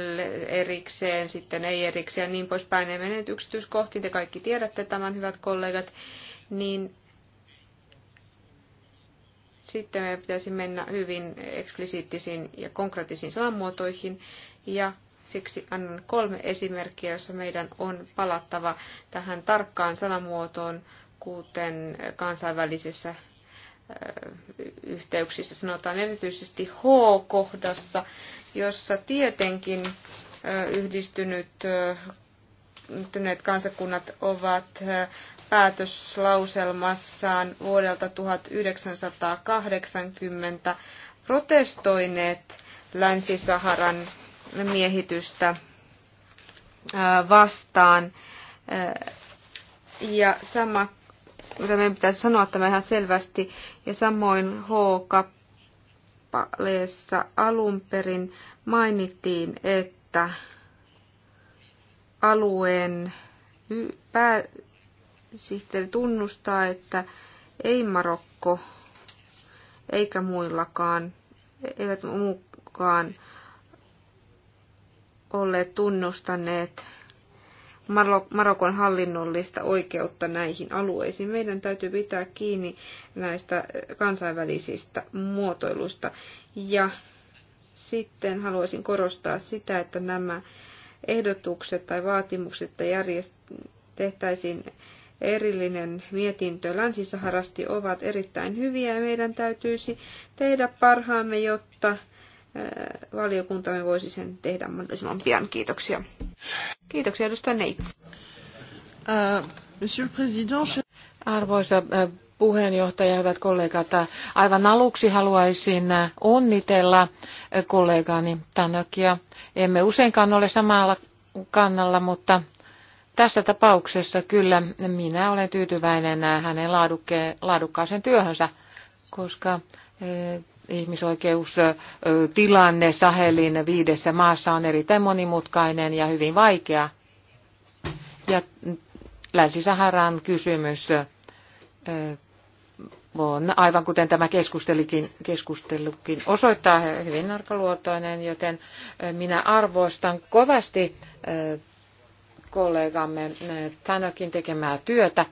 erikseen, sitten ei erikseen ja niin poispäin. En mene nyt yksityiskohtiin, te kaikki tiedätte tämän, hyvät kollegat, niin sitten meidän pitäisi mennä hyvin eksplisiittisiin ja konkreettisiin sanamuotoihin. Ja siksi annan kolme esimerkkiä, joissa meidän on palattava tähän tarkkaan sanamuotoon, kuten kansainvälisessä yhteyksissä, sanotaan erityisesti H-kohdassa, jossa tietenkin yhdistynyt yhdistyneet kansakunnat ovat päätöslauselmassaan vuodelta 1980 protestoineet Länsi-Saharan miehitystä vastaan. Ja sama mutta meidän pitäisi sanoa tämä ihan selvästi. Ja samoin H-kappaleessa alun perin mainittiin, että alueen pääsihteeri tunnustaa, että ei Marokko eikä muillakaan, eivät muukaan olleet tunnustaneet Marokon hallinnollista oikeutta näihin alueisiin. Meidän täytyy pitää kiinni näistä kansainvälisistä muotoiluista. Ja sitten haluaisin korostaa sitä, että nämä ehdotukset tai vaatimukset, että tehtäisiin erillinen mietintö Länsi-Saharasti ovat erittäin hyviä ja meidän täytyisi tehdä parhaamme, jotta valiokuntamme voisi sen tehdä mahdollisimman pian. Kiitoksia. Kiitoksia edustaja Neits. Uh, Arvoisa puheenjohtaja, hyvät kollegat, aivan aluksi haluaisin onnitella kollegani Tanokia. Emme useinkaan ole samalla kannalla, mutta tässä tapauksessa kyllä minä olen tyytyväinen hänen laadukkaaseen työhönsä, koska ihmisoikeustilanne Sahelin viidessä maassa on erittäin monimutkainen ja hyvin vaikea. Ja Länsi-Saharan kysymys on, aivan kuten tämä keskustelukin, keskustelukin osoittaa, hyvin arkaluotoinen, joten minä arvostan kovasti kollegamme Tanokin tekemää työtä.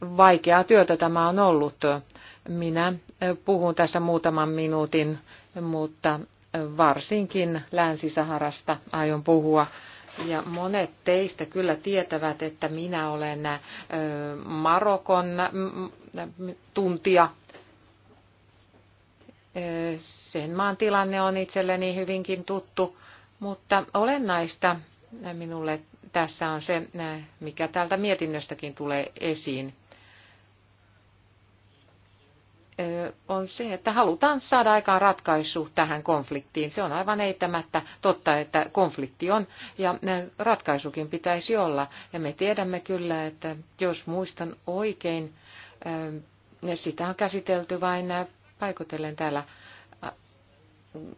Vaikeaa työtä tämä on ollut minä puhun tässä muutaman minuutin, mutta varsinkin Länsi-Saharasta aion puhua. Ja monet teistä kyllä tietävät, että minä olen Marokon tuntija. Sen maan tilanne on itselleni hyvinkin tuttu, mutta olennaista minulle tässä on se, mikä täältä mietinnöstäkin tulee esiin on se, että halutaan saada aikaan ratkaisu tähän konfliktiin. Se on aivan eittämättä totta, että konflikti on ja ratkaisukin pitäisi olla. Ja me tiedämme kyllä, että jos muistan oikein, sitä on käsitelty vain paikotellen täällä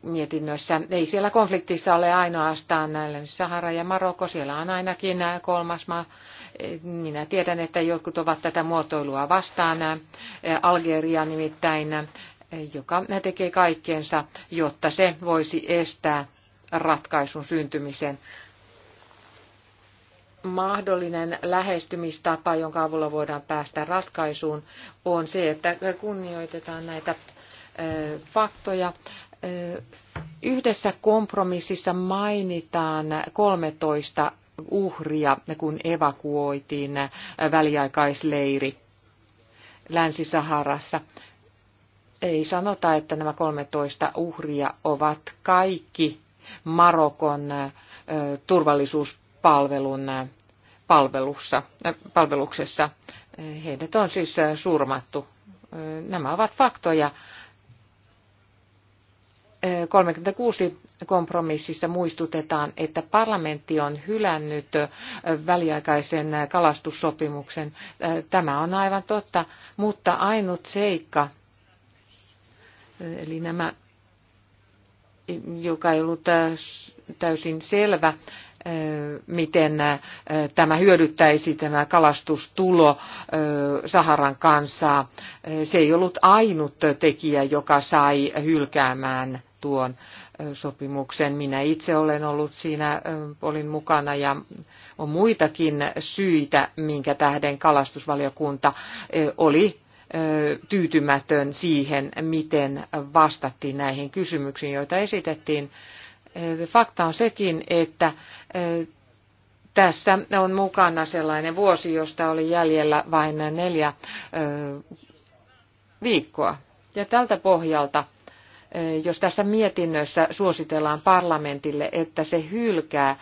mietinnössä. Ei siellä konfliktissa ole ainoastaan näillä Sahara ja Marokko, siellä on ainakin kolmas maa minä tiedän, että jotkut ovat tätä muotoilua vastaan. Algeria nimittäin, joka tekee kaikkeensa, jotta se voisi estää ratkaisun syntymisen. Mahdollinen lähestymistapa, jonka avulla voidaan päästä ratkaisuun, on se, että kunnioitetaan näitä faktoja. Yhdessä kompromississa mainitaan 13 uhria, kun evakuoitiin väliaikaisleiri Länsi-Saharassa. Ei sanota, että nämä 13 uhria ovat kaikki Marokon turvallisuuspalvelun palvelussa, palveluksessa. Heidät on siis surmattu. Nämä ovat faktoja 36 kompromississa muistutetaan, että parlamentti on hylännyt väliaikaisen kalastussopimuksen. Tämä on aivan totta, mutta ainut seikka, eli nämä, joka ei ollut täysin selvä, miten tämä hyödyttäisi tämä kalastustulo Saharan kansaa. Se ei ollut ainut tekijä, joka sai hylkäämään tuon sopimuksen. Minä itse olen ollut siinä, olin mukana ja on muitakin syitä, minkä tähden kalastusvaliokunta oli tyytymätön siihen, miten vastattiin näihin kysymyksiin, joita esitettiin. Fakta on sekin, että tässä on mukana sellainen vuosi, josta oli jäljellä vain neljä viikkoa. Ja tältä pohjalta jos tässä mietinnössä suositellaan parlamentille, että se hylkää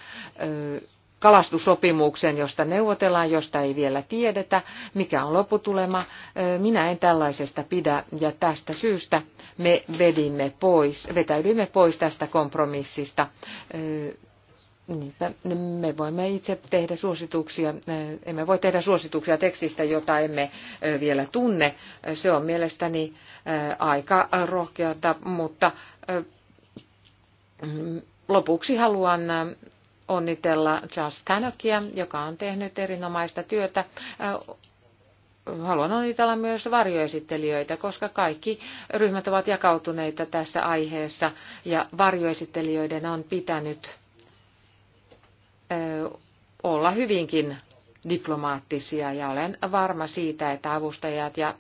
kalastussopimuksen, josta neuvotellaan, josta ei vielä tiedetä, mikä on lopputulema. Minä en tällaisesta pidä ja tästä syystä me vedimme pois, vetäydyimme pois tästä kompromissista. Niinpä me voimme itse tehdä suosituksia, eh, emme voi tehdä suosituksia tekstistä, jota emme eh, vielä tunne. Se on mielestäni eh, aika rohkeata, mutta lopuksi haluan onnitella Charles Tanokia, joka on tehnyt erinomaista työtä. Haluan onnitella myös varjoesittelijöitä, koska kaikki ryhmät ovat jakautuneita tässä aiheessa ja varjoesittelijöiden on pitänyt olla hyvinkin diplomaattisia ja olen varma siitä, että avustajat ja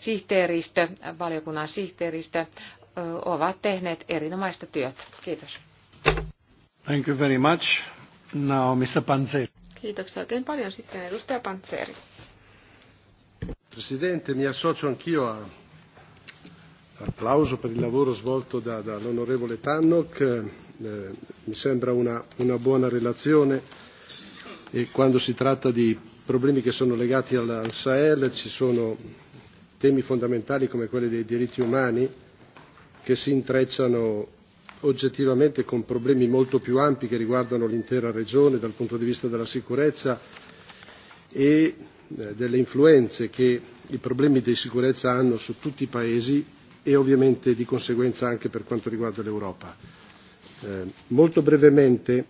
sihteeristö, valiokunnan sihteeristö ovat tehneet erinomaista työtä. Kiitos. Thank you very much. Now, Mr. Panzeri. Kiitoksia oikein paljon sitten edustaja Panzeri. Presidente, mi associo anch'io a applauso per il lavoro svolto da, da Tannock Eh, mi sembra una, una buona relazione e quando si tratta di problemi che sono legati al, al Sahel ci sono temi fondamentali come quelli dei diritti umani che si intrecciano oggettivamente con problemi molto più ampi che riguardano l'intera regione dal punto di vista della sicurezza e eh, delle influenze che i problemi di sicurezza hanno su tutti i paesi e ovviamente di conseguenza anche per quanto riguarda l'Europa. Eh, molto brevemente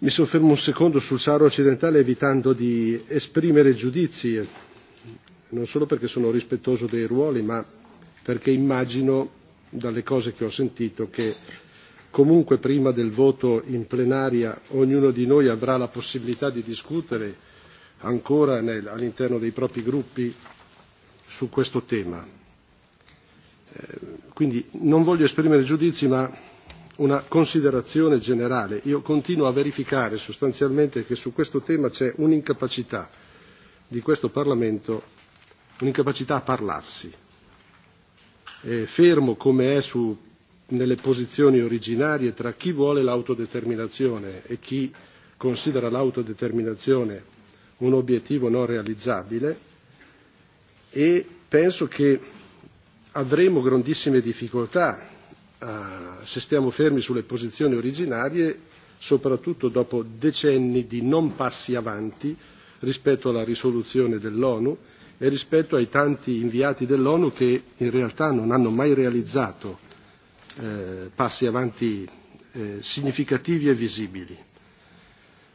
mi soffermo un secondo sul Sahara occidentale evitando di esprimere giudizi, non solo perché sono rispettoso dei ruoli, ma perché immagino dalle cose che ho sentito che comunque prima del voto in plenaria ognuno di noi avrà la possibilità di discutere ancora nel, all'interno dei propri gruppi su questo tema. Eh, quindi non voglio esprimere giudizi, ma una considerazione generale. Io continuo a verificare sostanzialmente che su questo tema c'è un'incapacità di questo Parlamento, un'incapacità a parlarsi. E fermo come è su, nelle posizioni originarie tra chi vuole l'autodeterminazione e chi considera l'autodeterminazione un obiettivo non realizzabile e penso che avremo grandissime difficoltà se eh, stiamo fermi sulle posizioni originarie, soprattutto dopo decenni di non passi avanti rispetto alla risoluzione dell'ONU e rispetto ai tanti inviati dell'ONU che in realtà non hanno mai realizzato eh, passi avanti eh, significativi e visibili.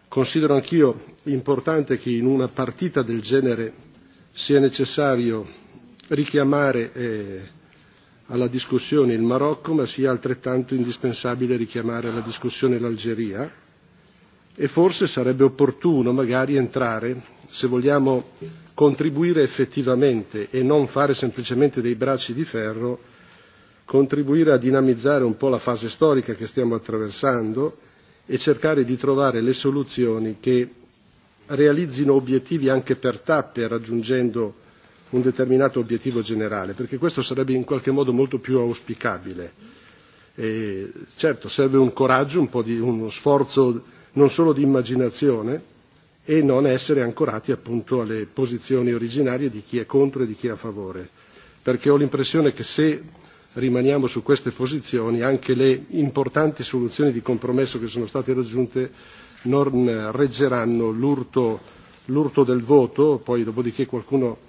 Considero anch'io importante che in una partita del genere sia necessario richiamare eh, alla discussione il Marocco, ma sia altrettanto indispensabile richiamare alla discussione l'Algeria e forse sarebbe opportuno magari entrare, se vogliamo contribuire effettivamente e non fare semplicemente dei bracci di ferro, contribuire a dinamizzare un po' la fase storica che stiamo attraversando e cercare di trovare le soluzioni che realizzino obiettivi anche per tappe, raggiungendo un determinato obiettivo generale, perché questo sarebbe in qualche modo molto più auspicabile. E certo, serve un coraggio, un po di, uno sforzo non solo di immaginazione e non essere ancorati appunto alle posizioni originarie di chi è contro e di chi è a favore, perché ho l'impressione che se rimaniamo su queste posizioni anche le importanti soluzioni di compromesso che sono state raggiunte non reggeranno l'urto, l'urto del voto, poi dopodiché qualcuno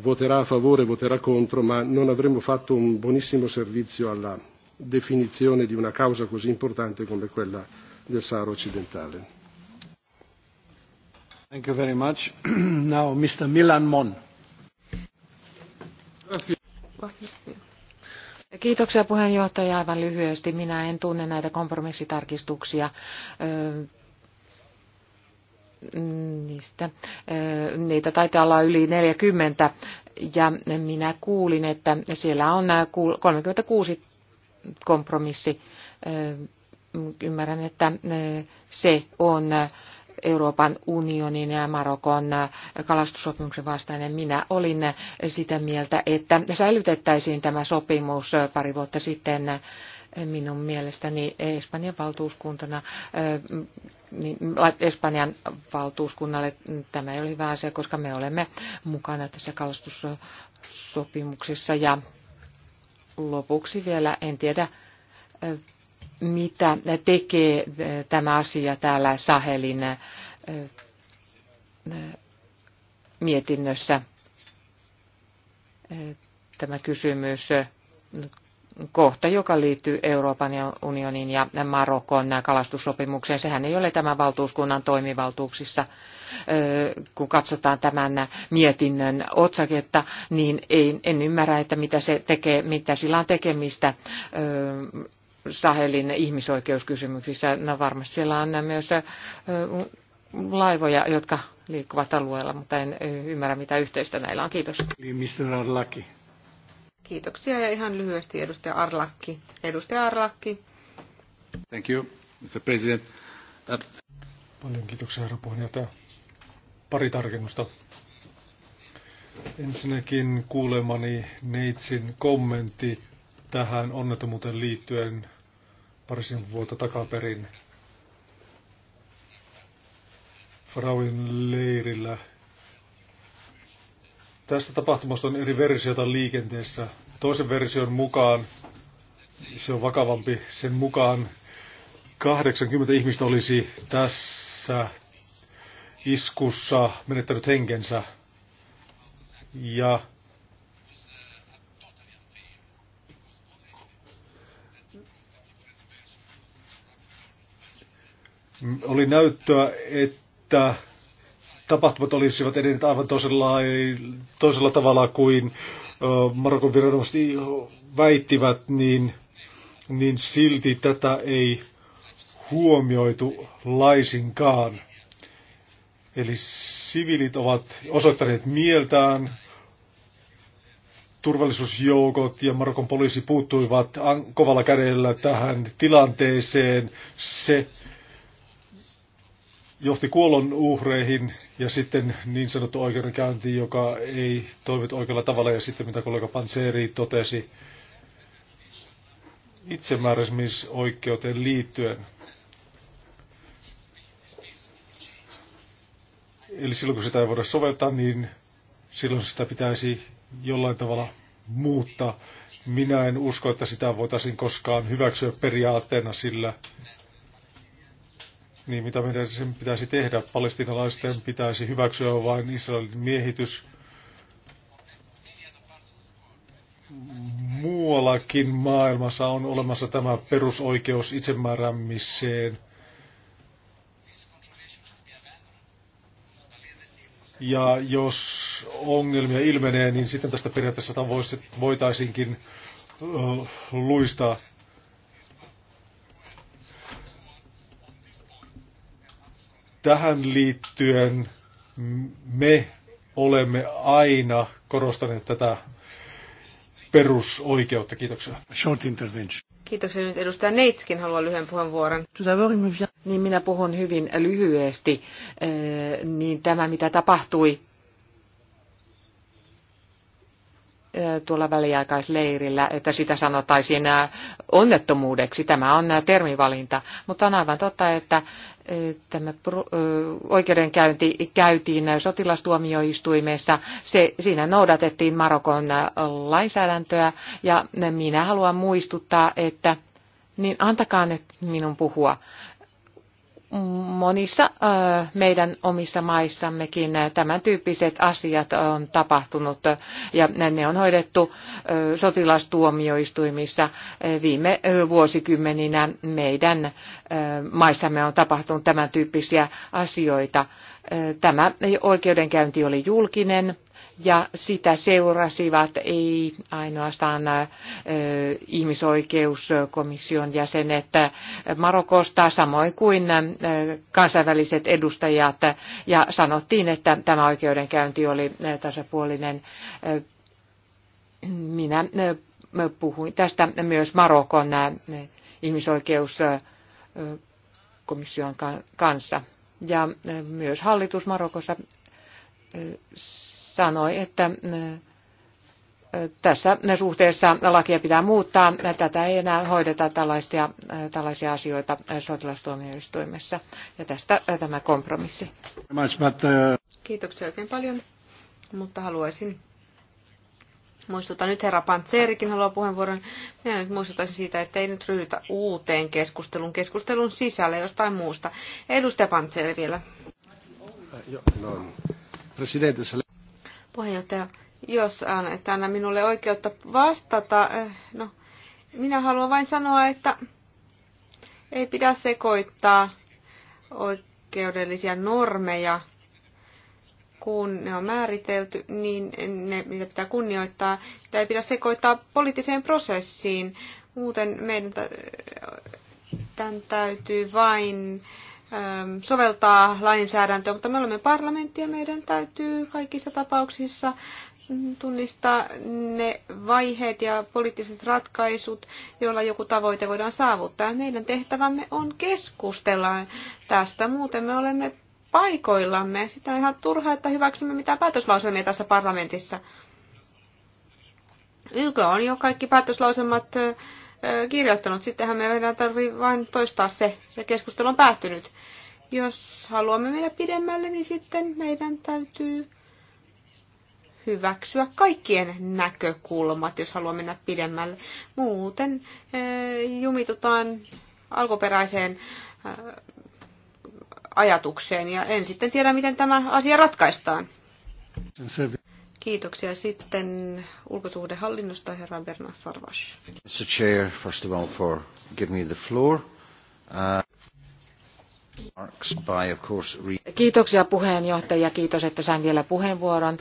voterà a favore, voterà contro, ma non avremo fatto un buonissimo servizio alla definizione di una causa così importante come quella del Sahara occidentale. Thank you very much. <clears throat> Now, Mr. Milan Mon. Kiitoksia puheenjohtaja. Aivan lyhyesti. Minä en tunne näitä kompromissitarkistuksia niistä. Eh, niitä taitaa olla yli 40 ja minä kuulin, että siellä on 36 eh, kompromissi. Eh, ymmärrän, että se on Euroopan unionin ja Marokon kalastussopimuksen vastainen. Minä olin sitä mieltä, että säilytettäisiin tämä sopimus pari vuotta sitten minun mielestäni Espanjan valtuuskuntana niin, Espanjan valtuuskunnalle tämä ei ole hyvä asia, koska me olemme mukana tässä kalastussopimuksessa. Ja lopuksi vielä, en tiedä mitä tekee tämä asia täällä Sahelin mietinnössä. Tämä kysymys kohta, joka liittyy Euroopan unionin ja Marokon kalastussopimukseen. Sehän ei ole tämän valtuuskunnan toimivaltuuksissa. Kun katsotaan tämän mietinnön otsaketta, niin en ymmärrä, että mitä, se tekee, mitä sillä on tekemistä Sahelin ihmisoikeuskysymyksissä. No varmasti siellä on myös laivoja, jotka liikkuvat alueella, mutta en ymmärrä, mitä yhteistä näillä on. Kiitos. Kiitoksia ja ihan lyhyesti edustaja Arlakki. Edustaja Arlakki. Thank you, Mr. President. Uh... Paljon kiitoksia, herra puheenjohtaja. Pari tarkennusta. Ensinnäkin kuulemani Neitsin kommentti tähän onnettomuuteen liittyen parisin vuotta takaperin Farawin leirillä Tästä tapahtumasta on eri versioita liikenteessä. Toisen version mukaan, se on vakavampi, sen mukaan 80 ihmistä olisi tässä iskussa menettänyt henkensä. Ja oli näyttöä, että tapahtumat olisivat edenneet aivan toisella, toisella tavalla kuin Marokon viranomaiset väittivät, niin, niin silti tätä ei huomioitu laisinkaan. Eli sivilit ovat osoittaneet mieltään, turvallisuusjoukot ja Marokon poliisi puuttuivat kovalla kädellä tähän tilanteeseen. Se johti kuolon uhreihin ja sitten niin sanottu oikeudenkäynti, joka ei toiminut oikealla tavalla ja sitten mitä kollega Panseri totesi itsemääräämisoikeuteen liittyen. Eli silloin kun sitä ei voida soveltaa, niin silloin sitä pitäisi jollain tavalla muuttaa. Minä en usko, että sitä voitaisiin koskaan hyväksyä periaatteena, sillä niin mitä meidän sen pitäisi tehdä? Palestinalaisten pitäisi hyväksyä vain Israelin miehitys. Muuallakin maailmassa on olemassa tämä perusoikeus itsemääräämiseen. Ja jos ongelmia ilmenee, niin sitten tästä periaatteessa voitaisiinkin luistaa Tähän liittyen me olemme aina korostaneet tätä perusoikeutta. Kiitoksia. Short intervention. Kiitos. Ja nyt edustaja Neitskin haluaa lyhyen puheenvuoron. Niin minä puhun hyvin lyhyesti. Niin tämä, mitä tapahtui tuolla väliaikaisleirillä, että sitä sanotaisiin onnettomuudeksi. Tämä on termivalinta, mutta on aivan totta, että tämä oikeudenkäynti käytiin sotilastuomioistuimessa. Se, siinä noudatettiin Marokon lainsäädäntöä ja minä haluan muistuttaa, että niin antakaa nyt minun puhua monissa meidän omissa maissammekin tämän tyyppiset asiat on tapahtunut ja ne on hoidettu sotilastuomioistuimissa viime vuosikymmeninä meidän maissamme on tapahtunut tämän tyyppisiä asioita. Tämä oikeudenkäynti oli julkinen ja sitä seurasivat ei ainoastaan ihmisoikeuskomission jäsenet Marokosta, samoin kuin kansainväliset edustajat, ja sanottiin, että tämä oikeudenkäynti oli tasapuolinen. Minä puhuin tästä myös Marokon ihmisoikeuskomission kanssa. Ja myös hallitus Marokossa sanoi, että tässä suhteessa lakia pitää muuttaa. Tätä ei enää hoideta tällaisia, tällaisia asioita sotilastuomioistuimessa. Ja tästä tämä kompromissi. Kiitoksia oikein paljon, mutta haluaisin muistuttaa nyt herra Pantseerikin haluaa puheenvuoron. Minä nyt muistuttaisin siitä, että ei nyt ryhdytä uuteen keskustelun keskustelun sisälle jostain muusta. Edustaja Pantseeri vielä. Äh, no, niin. Puheenjohtaja, jos että anna minulle oikeutta vastata, eh, no, minä haluan vain sanoa, että ei pidä sekoittaa oikeudellisia normeja, kun ne on määritelty, niin ne, niitä pitää kunnioittaa. Sitä ei pidä sekoittaa poliittiseen prosessiin, muuten meidän tämän täytyy vain äh, Ähm, soveltaa lainsäädäntöä, mutta me olemme parlamentti ja meidän täytyy kaikissa tapauksissa tunnistaa ne vaiheet ja poliittiset ratkaisut, joilla joku tavoite voidaan saavuttaa. Meidän tehtävämme on keskustella tästä, muuten me olemme paikoillamme. Sitä on ihan turhaa, että hyväksymme mitään päätöslauselmia tässä parlamentissa. YK on jo kaikki päätöslauselmat kirjoittanut. Sittenhän meidän tarvii vain toistaa se Se keskustelu on päättynyt. Jos haluamme mennä pidemmälle, niin sitten meidän täytyy hyväksyä kaikkien näkökulmat, jos haluamme mennä pidemmälle. Muuten jumitutaan alkuperäiseen ajatukseen ja en sitten tiedä, miten tämä asia ratkaistaan. Kiitoksia sitten ulkosuhdehallinnosta herra Bernard Sarvash. Mr. Chair, first of all for giving me the floor. Uh... Kiitoksia puheenjohtaja. Kiitos, että sain vielä puheenvuoron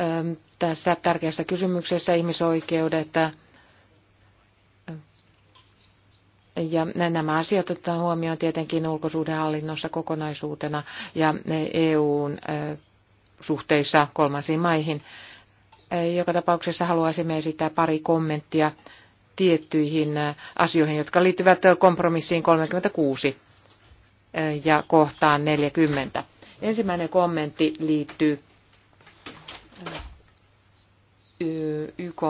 ähm, tässä tärkeässä kysymyksessä ihmisoikeudet äh, ja nämä asiat otetaan huomioon tietenkin ulkosuhdehallinnossa kokonaisuutena ja äh, EUn äh, suhteissa kolmansiin maihin. Joka tapauksessa haluaisimme esittää pari kommenttia tiettyihin asioihin, jotka liittyvät kompromissiin 36 ja kohtaan 40. Ensimmäinen kommentti liittyy YK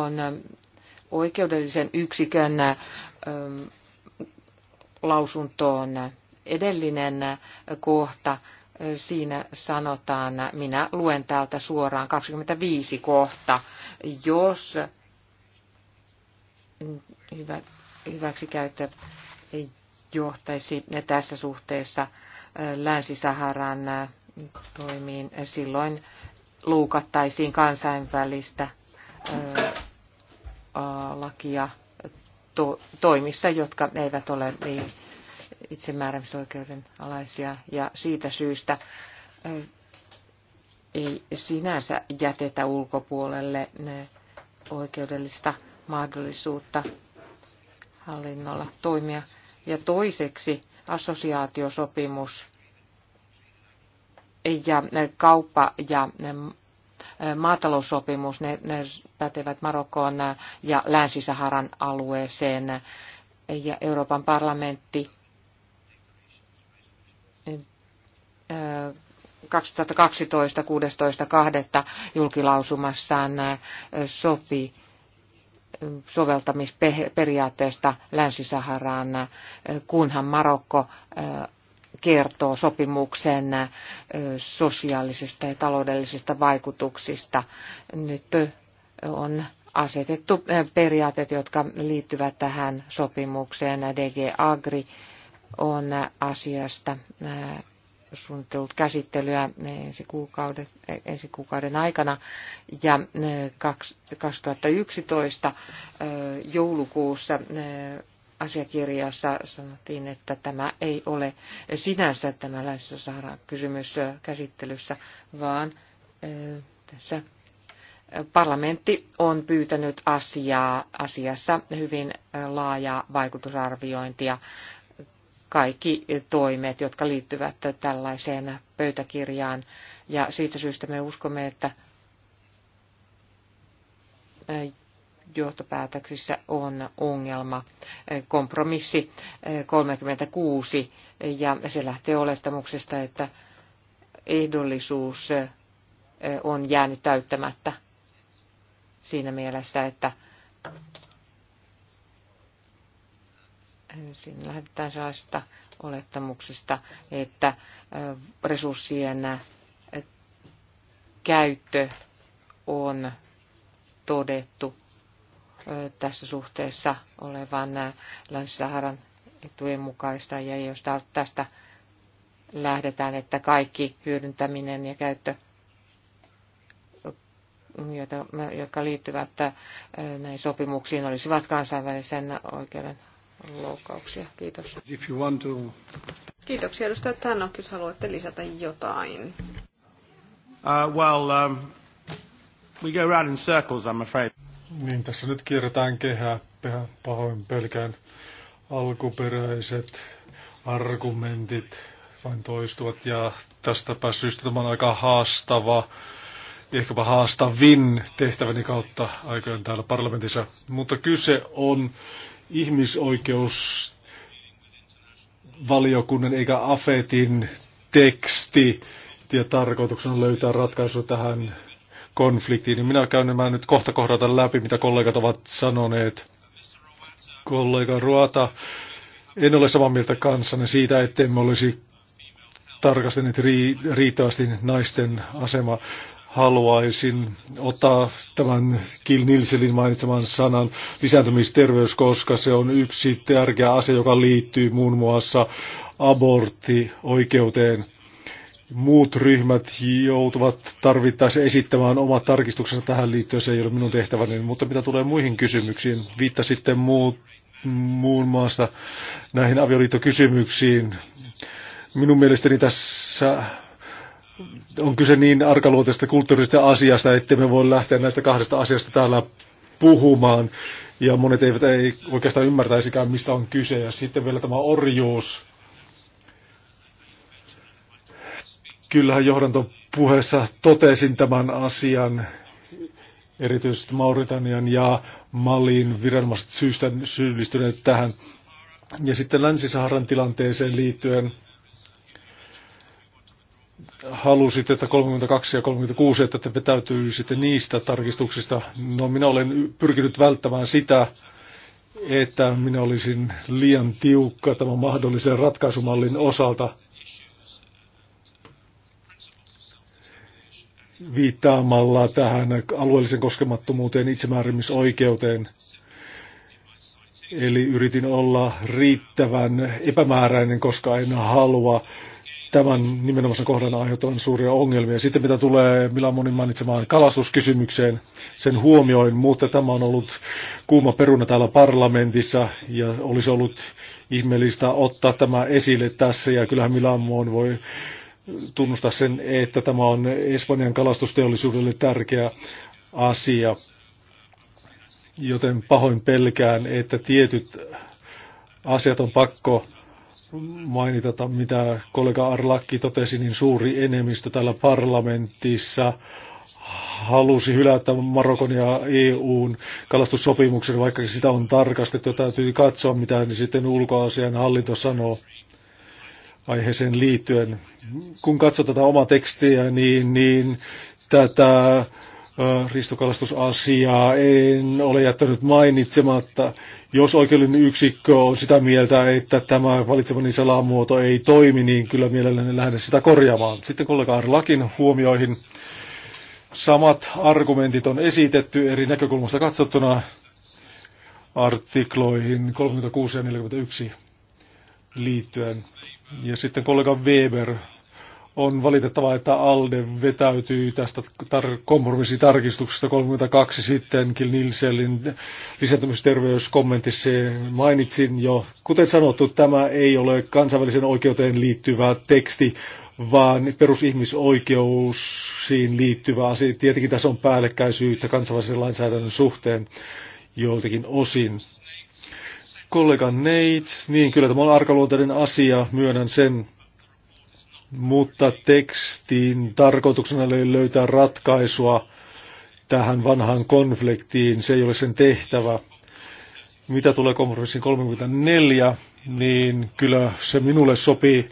oikeudellisen yksikön ähm, lausuntoon edellinen kohta Siinä sanotaan, minä luen täältä suoraan 25 kohta, jos hyvä, hyväksikäyttö johtaisi tässä suhteessa äh, Länsi-Saharan äh, toimiin, silloin luukattaisiin kansainvälistä äh, lakia toimissa, jotka eivät ole niin itsemääräämisoikeuden alaisia ja siitä syystä ei sinänsä jätetä ulkopuolelle oikeudellista mahdollisuutta hallinnolla toimia. Ja toiseksi assosiaatiosopimus ja kauppa ja maataloussopimus, ne, ne pätevät Marokkoon ja Länsi-Saharan alueeseen. Ja Euroopan parlamentti 2012 16.2. julkilausumassaan äh, sopi äh, soveltamisperiaatteesta Länsi-Saharaan, äh, kunhan Marokko kertoo sopimuksen sosiaalisista ja taloudellisista vaikutuksista. Nyt on asetettu periaatteet, jotka liittyvät tähän sopimukseen. DG Agri on asiasta äh, suunnitellut käsittelyä äh, ensi kuukauden, äh, ensi kuukauden aikana ja 2011 joulukuussa asiakirjassa sanottiin, että tämä ei ole sinänsä tämä Länsi-Saharan kysymys käsittelyssä, vaan tässä parlamentti on pyytänyt asiaa, asiassa hyvin laajaa vaikutusarviointia kaikki toimet, jotka liittyvät tällaiseen pöytäkirjaan. Ja siitä syystä me uskomme, että johtopäätöksissä on ongelma. Kompromissi 36 ja se lähtee olettamuksesta, että ehdollisuus on jäänyt täyttämättä siinä mielessä, että Siinä lähdetään sellaisesta olettamuksesta, että resurssien käyttö on todettu tässä suhteessa olevan Länsi-Saharan etujen mukaista. Ja jos tästä lähdetään, että kaikki hyödyntäminen ja käyttö, jotka liittyvät näihin sopimuksiin, olisivat kansainvälisen oikeuden loukkauksia. Kiitos. If you want to... Kiitoksia edustaja Tannok, jos haluatte lisätä jotain. Uh, well, um, we go round in circles, I'm afraid. Niin, tässä nyt kierretään kehää. Pahoin pelkään alkuperäiset argumentit vain toistuvat ja tästä syystä tämä on aika haastava, ehkäpä haastavin tehtäväni kautta aikojen täällä parlamentissa. Mutta kyse on ihmisoikeusvaliokunnan eikä AFETin teksti ja tarkoituksena löytää ratkaisu tähän konfliktiin. Niin minä käyn nämä nyt kohta kohdata läpi, mitä kollegat ovat sanoneet. Kollega Ruota, en ole samaa mieltä kanssanne siitä, me olisi tarkastaneet riittävästi naisten asemaa haluaisin ottaa tämän Kil Nilselin mainitseman sanan lisääntymisterveys, koska se on yksi tärkeä asia, joka liittyy muun muassa aborttioikeuteen. Muut ryhmät joutuvat tarvittaessa esittämään omat tarkistuksensa tähän liittyen, se ei ole minun tehtäväni, mutta mitä tulee muihin kysymyksiin, viittasitte muut, muun muassa näihin avioliittokysymyksiin. Minun mielestäni tässä on kyse niin arkaluonteista kulttuurista asiasta, että me voi lähteä näistä kahdesta asiasta täällä puhumaan. Ja monet eivät ei oikeastaan ymmärtäisikään, mistä on kyse. Ja sitten vielä tämä orjuus. Kyllähän johdantopuheessa totesin tämän asian, erityisesti Mauritanian ja Malin viranomaiset syystä syyllistyneet tähän. Ja sitten Länsi-Saharan tilanteeseen liittyen – halusit, että 32 ja 36, että te vetäytyisitte niistä tarkistuksista. No minä olen pyrkinyt välttämään sitä, että minä olisin liian tiukka tämän mahdollisen ratkaisumallin osalta. viittaamalla tähän alueellisen koskemattomuuteen, itsemäärimisoikeuteen. Eli yritin olla riittävän epämääräinen, koska en halua tämän nimenomaisen kohdan aiheuttavan suuria ongelmia. Sitten mitä tulee Milamonin mainitsemaan kalastuskysymykseen, sen huomioin, mutta tämä on ollut kuuma peruna täällä parlamentissa ja olisi ollut ihmeellistä ottaa tämä esille tässä ja kyllähän Milamon voi tunnustaa sen, että tämä on Espanjan kalastusteollisuudelle tärkeä asia. Joten pahoin pelkään, että tietyt asiat on pakko mainita, mitä kollega Arlakki totesi, niin suuri enemmistö täällä parlamentissa halusi hylätä Marokon ja EUn kalastussopimuksen, vaikka sitä on tarkastettu. Täytyy katsoa, mitä niin sitten ulkoasian hallinto sanoo aiheeseen liittyen. Kun katsoo tätä omaa tekstiä, niin, niin tätä ristokalastusasiaa en ole jättänyt mainitsematta. Jos oikeudellinen yksikkö on sitä mieltä, että tämä valitsemani salamuoto ei toimi, niin kyllä mielelläni lähden sitä korjaamaan. Sitten kollega Arlakin huomioihin. Samat argumentit on esitetty eri näkökulmasta katsottuna artikloihin 36 ja 41 liittyen. Ja sitten kollega Weber on valitettavaa, että ALDE vetäytyy tästä tar- kompromissitarkistuksesta 32 sitten. Kil Nilselin lisääntymisterveyskommentisseen mainitsin jo. Kuten sanottu, tämä ei ole kansainvälisen oikeuteen liittyvä teksti, vaan perusihmisoikeuksiin liittyvä asia. Tietenkin tässä on päällekkäisyyttä kansainvälisen lainsäädännön suhteen joiltakin osin. Kollega Neits, niin kyllä tämä on arkaluonteinen asia, myönnän sen, mutta tekstin tarkoituksena oli löytää ratkaisua tähän vanhaan konfliktiin. Se ei ole sen tehtävä. Mitä tulee kompromissiin 34, niin kyllä se minulle sopii,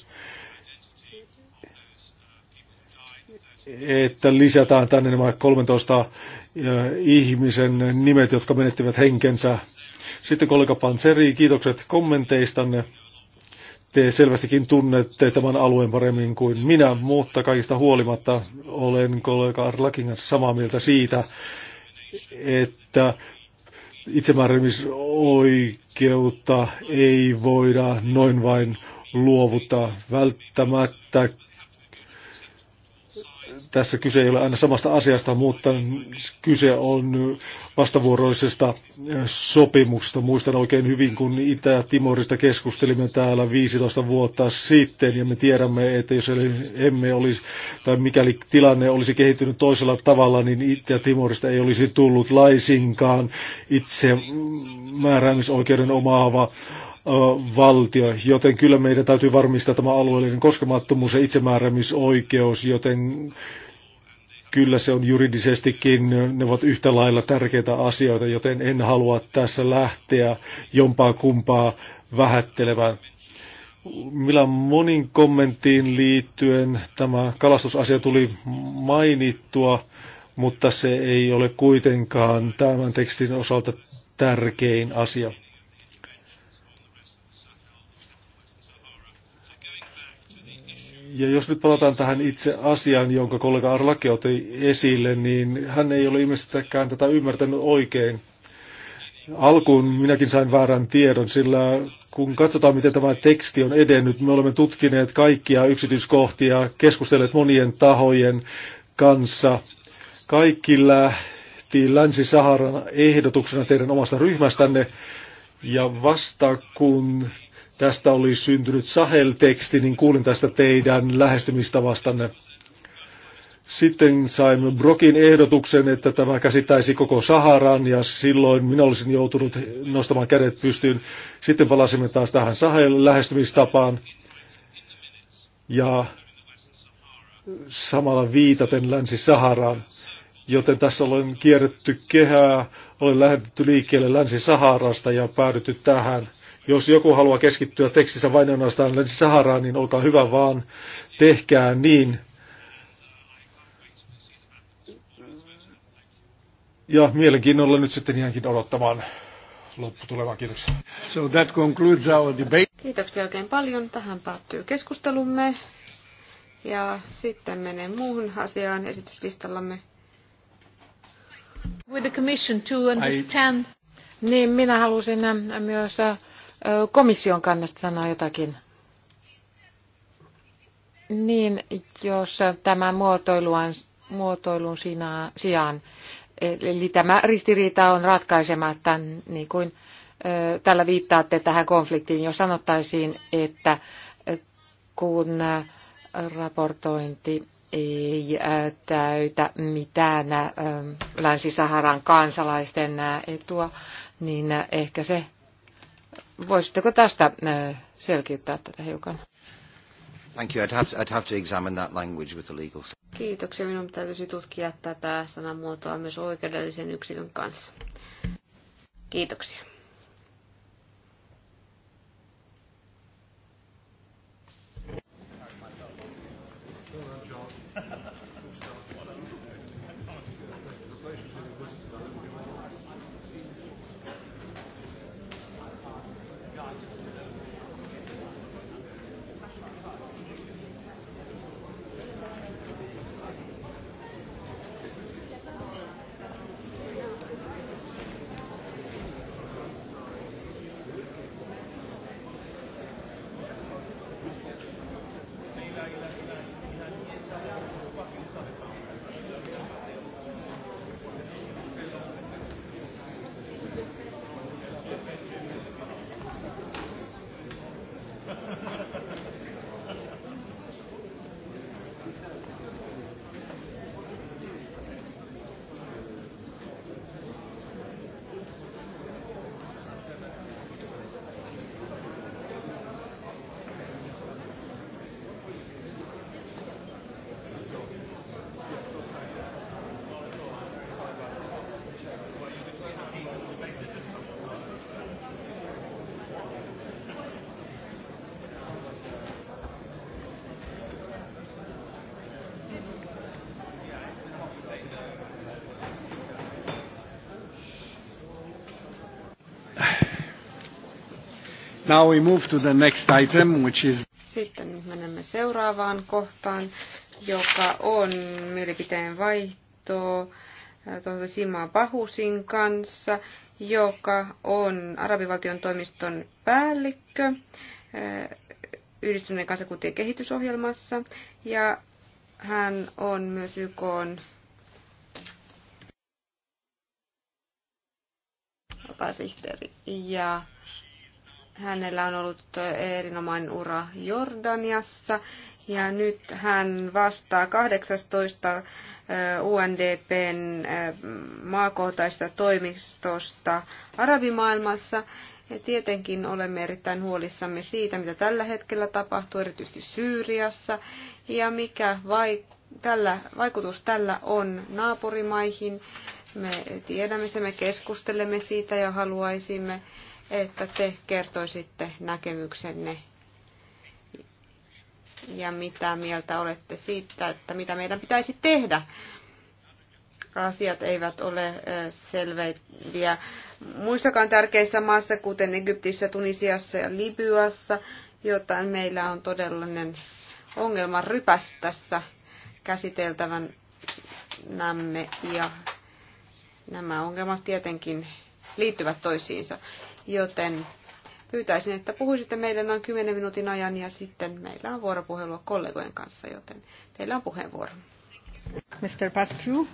että lisätään tänne nämä 13 ihmisen nimet, jotka menettivät henkensä. Sitten kollega Panseri, kiitokset kommenteistanne te selvästikin tunnette tämän alueen paremmin kuin minä, mutta kaikista huolimatta olen kollega Arlakin kanssa samaa mieltä siitä, että itsemääräämisoikeutta ei voida noin vain luovuttaa. Välttämättä tässä kyse ei ole aina samasta asiasta, mutta kyse on vastavuoroisesta sopimuksesta. Muistan oikein hyvin, kun Itä-Timorista keskustelimme täällä 15 vuotta sitten, ja me tiedämme, että jos emme olisi, tai mikäli tilanne olisi kehittynyt toisella tavalla, niin Itä-Timorista ei olisi tullut laisinkaan itse määräämisoikeuden omaava valtio, joten kyllä meidän täytyy varmistaa tämä alueellinen koskemattomuus ja itsemääräämisoikeus, joten kyllä se on juridisestikin, ne ovat yhtä lailla tärkeitä asioita, joten en halua tässä lähteä jompaa kumpaa vähättelemään. Millä monin kommenttiin liittyen tämä kalastusasia tuli mainittua, mutta se ei ole kuitenkaan tämän tekstin osalta tärkein asia. Ja jos nyt palataan tähän itse asiaan, jonka kollega Arlaki otti esille, niin hän ei ole ilmeisestikään tätä ymmärtänyt oikein. Alkuun minäkin sain väärän tiedon, sillä kun katsotaan, miten tämä teksti on edennyt, me olemme tutkineet kaikkia yksityiskohtia, keskustelleet monien tahojen kanssa. Kaikki lähti Länsi-Saharan ehdotuksena teidän omasta ryhmästänne, ja vasta kun tästä oli syntynyt Sahel-teksti, niin kuulin tästä teidän lähestymistavastanne. Sitten saimme Brokin ehdotuksen, että tämä käsittäisi koko Saharan ja silloin minä olisin joutunut nostamaan kädet pystyyn. Sitten palasimme taas tähän Sahel lähestymistapaan ja samalla viitaten Länsi-Saharaan. Joten tässä olen kierretty kehää, olen lähetetty liikkeelle Länsi-Saharasta ja päädytty tähän – jos joku haluaa keskittyä tekstissä vain ainoastaan Länsi-Saharaan, niin olkaa hyvä vaan, tehkää niin. Ja mielenkiinnolla nyt sitten ihankin odottamaan lopputulevaa Kiitoksia. So that concludes our debate. Kiitoksia oikein paljon. Tähän päättyy keskustelumme. Ja sitten menee muuhun asiaan esityslistallamme. With the commission to understand. I... Niin, minä halusin äh, myös äh, komission kannasta sanoa jotakin? Niin, jos muotoilu on, muotoilun sina, sijaan, eli tämä ristiriita on ratkaisematta, niin kuin tällä viittaatte tähän konfliktiin, jos sanottaisiin, että kun raportointi ei täytä mitään Länsi-Saharan kansalaisten etua, niin ehkä se Voisitteko tästä äh, selkiyttää tätä hiukan? Thank you. I'd have, to, I'd have to examine that language with the legal... Kiitoksia. Minun täytyisi tutkia tätä sanamuotoa myös oikeudellisen yksikön kanssa. Kiitoksia. Now we move to the next item, which is... Sitten menemme seuraavaan kohtaan, joka on mielipiteen vaihto tuota Sima Bahusin kanssa, joka on Arabivaltion toimiston päällikkö yhdistyneen kansakuntien kehitysohjelmassa. Ja hän on myös YK on pääsihteeri. Ja Hänellä on ollut erinomainen ura Jordaniassa ja nyt hän vastaa 18 UNDPn maakohtaista toimistosta arabimaailmassa. Ja tietenkin olemme erittäin huolissamme siitä, mitä tällä hetkellä tapahtuu, erityisesti Syyriassa, ja mikä vaik- tällä, vaikutus tällä on naapurimaihin. Me tiedämme se, me keskustelemme siitä ja haluaisimme että te kertoisitte näkemyksenne ja mitä mieltä olette siitä, että mitä meidän pitäisi tehdä. Asiat eivät ole selviä. Muissakaan tärkeissä maissa, kuten Egyptissä, Tunisiassa ja Libyassa, jota meillä on todellinen ongelma rypäs tässä käsiteltävän nämme ja nämä ongelmat tietenkin liittyvät toisiinsa joten pyytäisin, että puhuisitte meille noin 10 minuutin ajan ja sitten meillä on vuoropuhelua kollegojen kanssa, joten teillä on puheenvuoro. Mr. Pascu,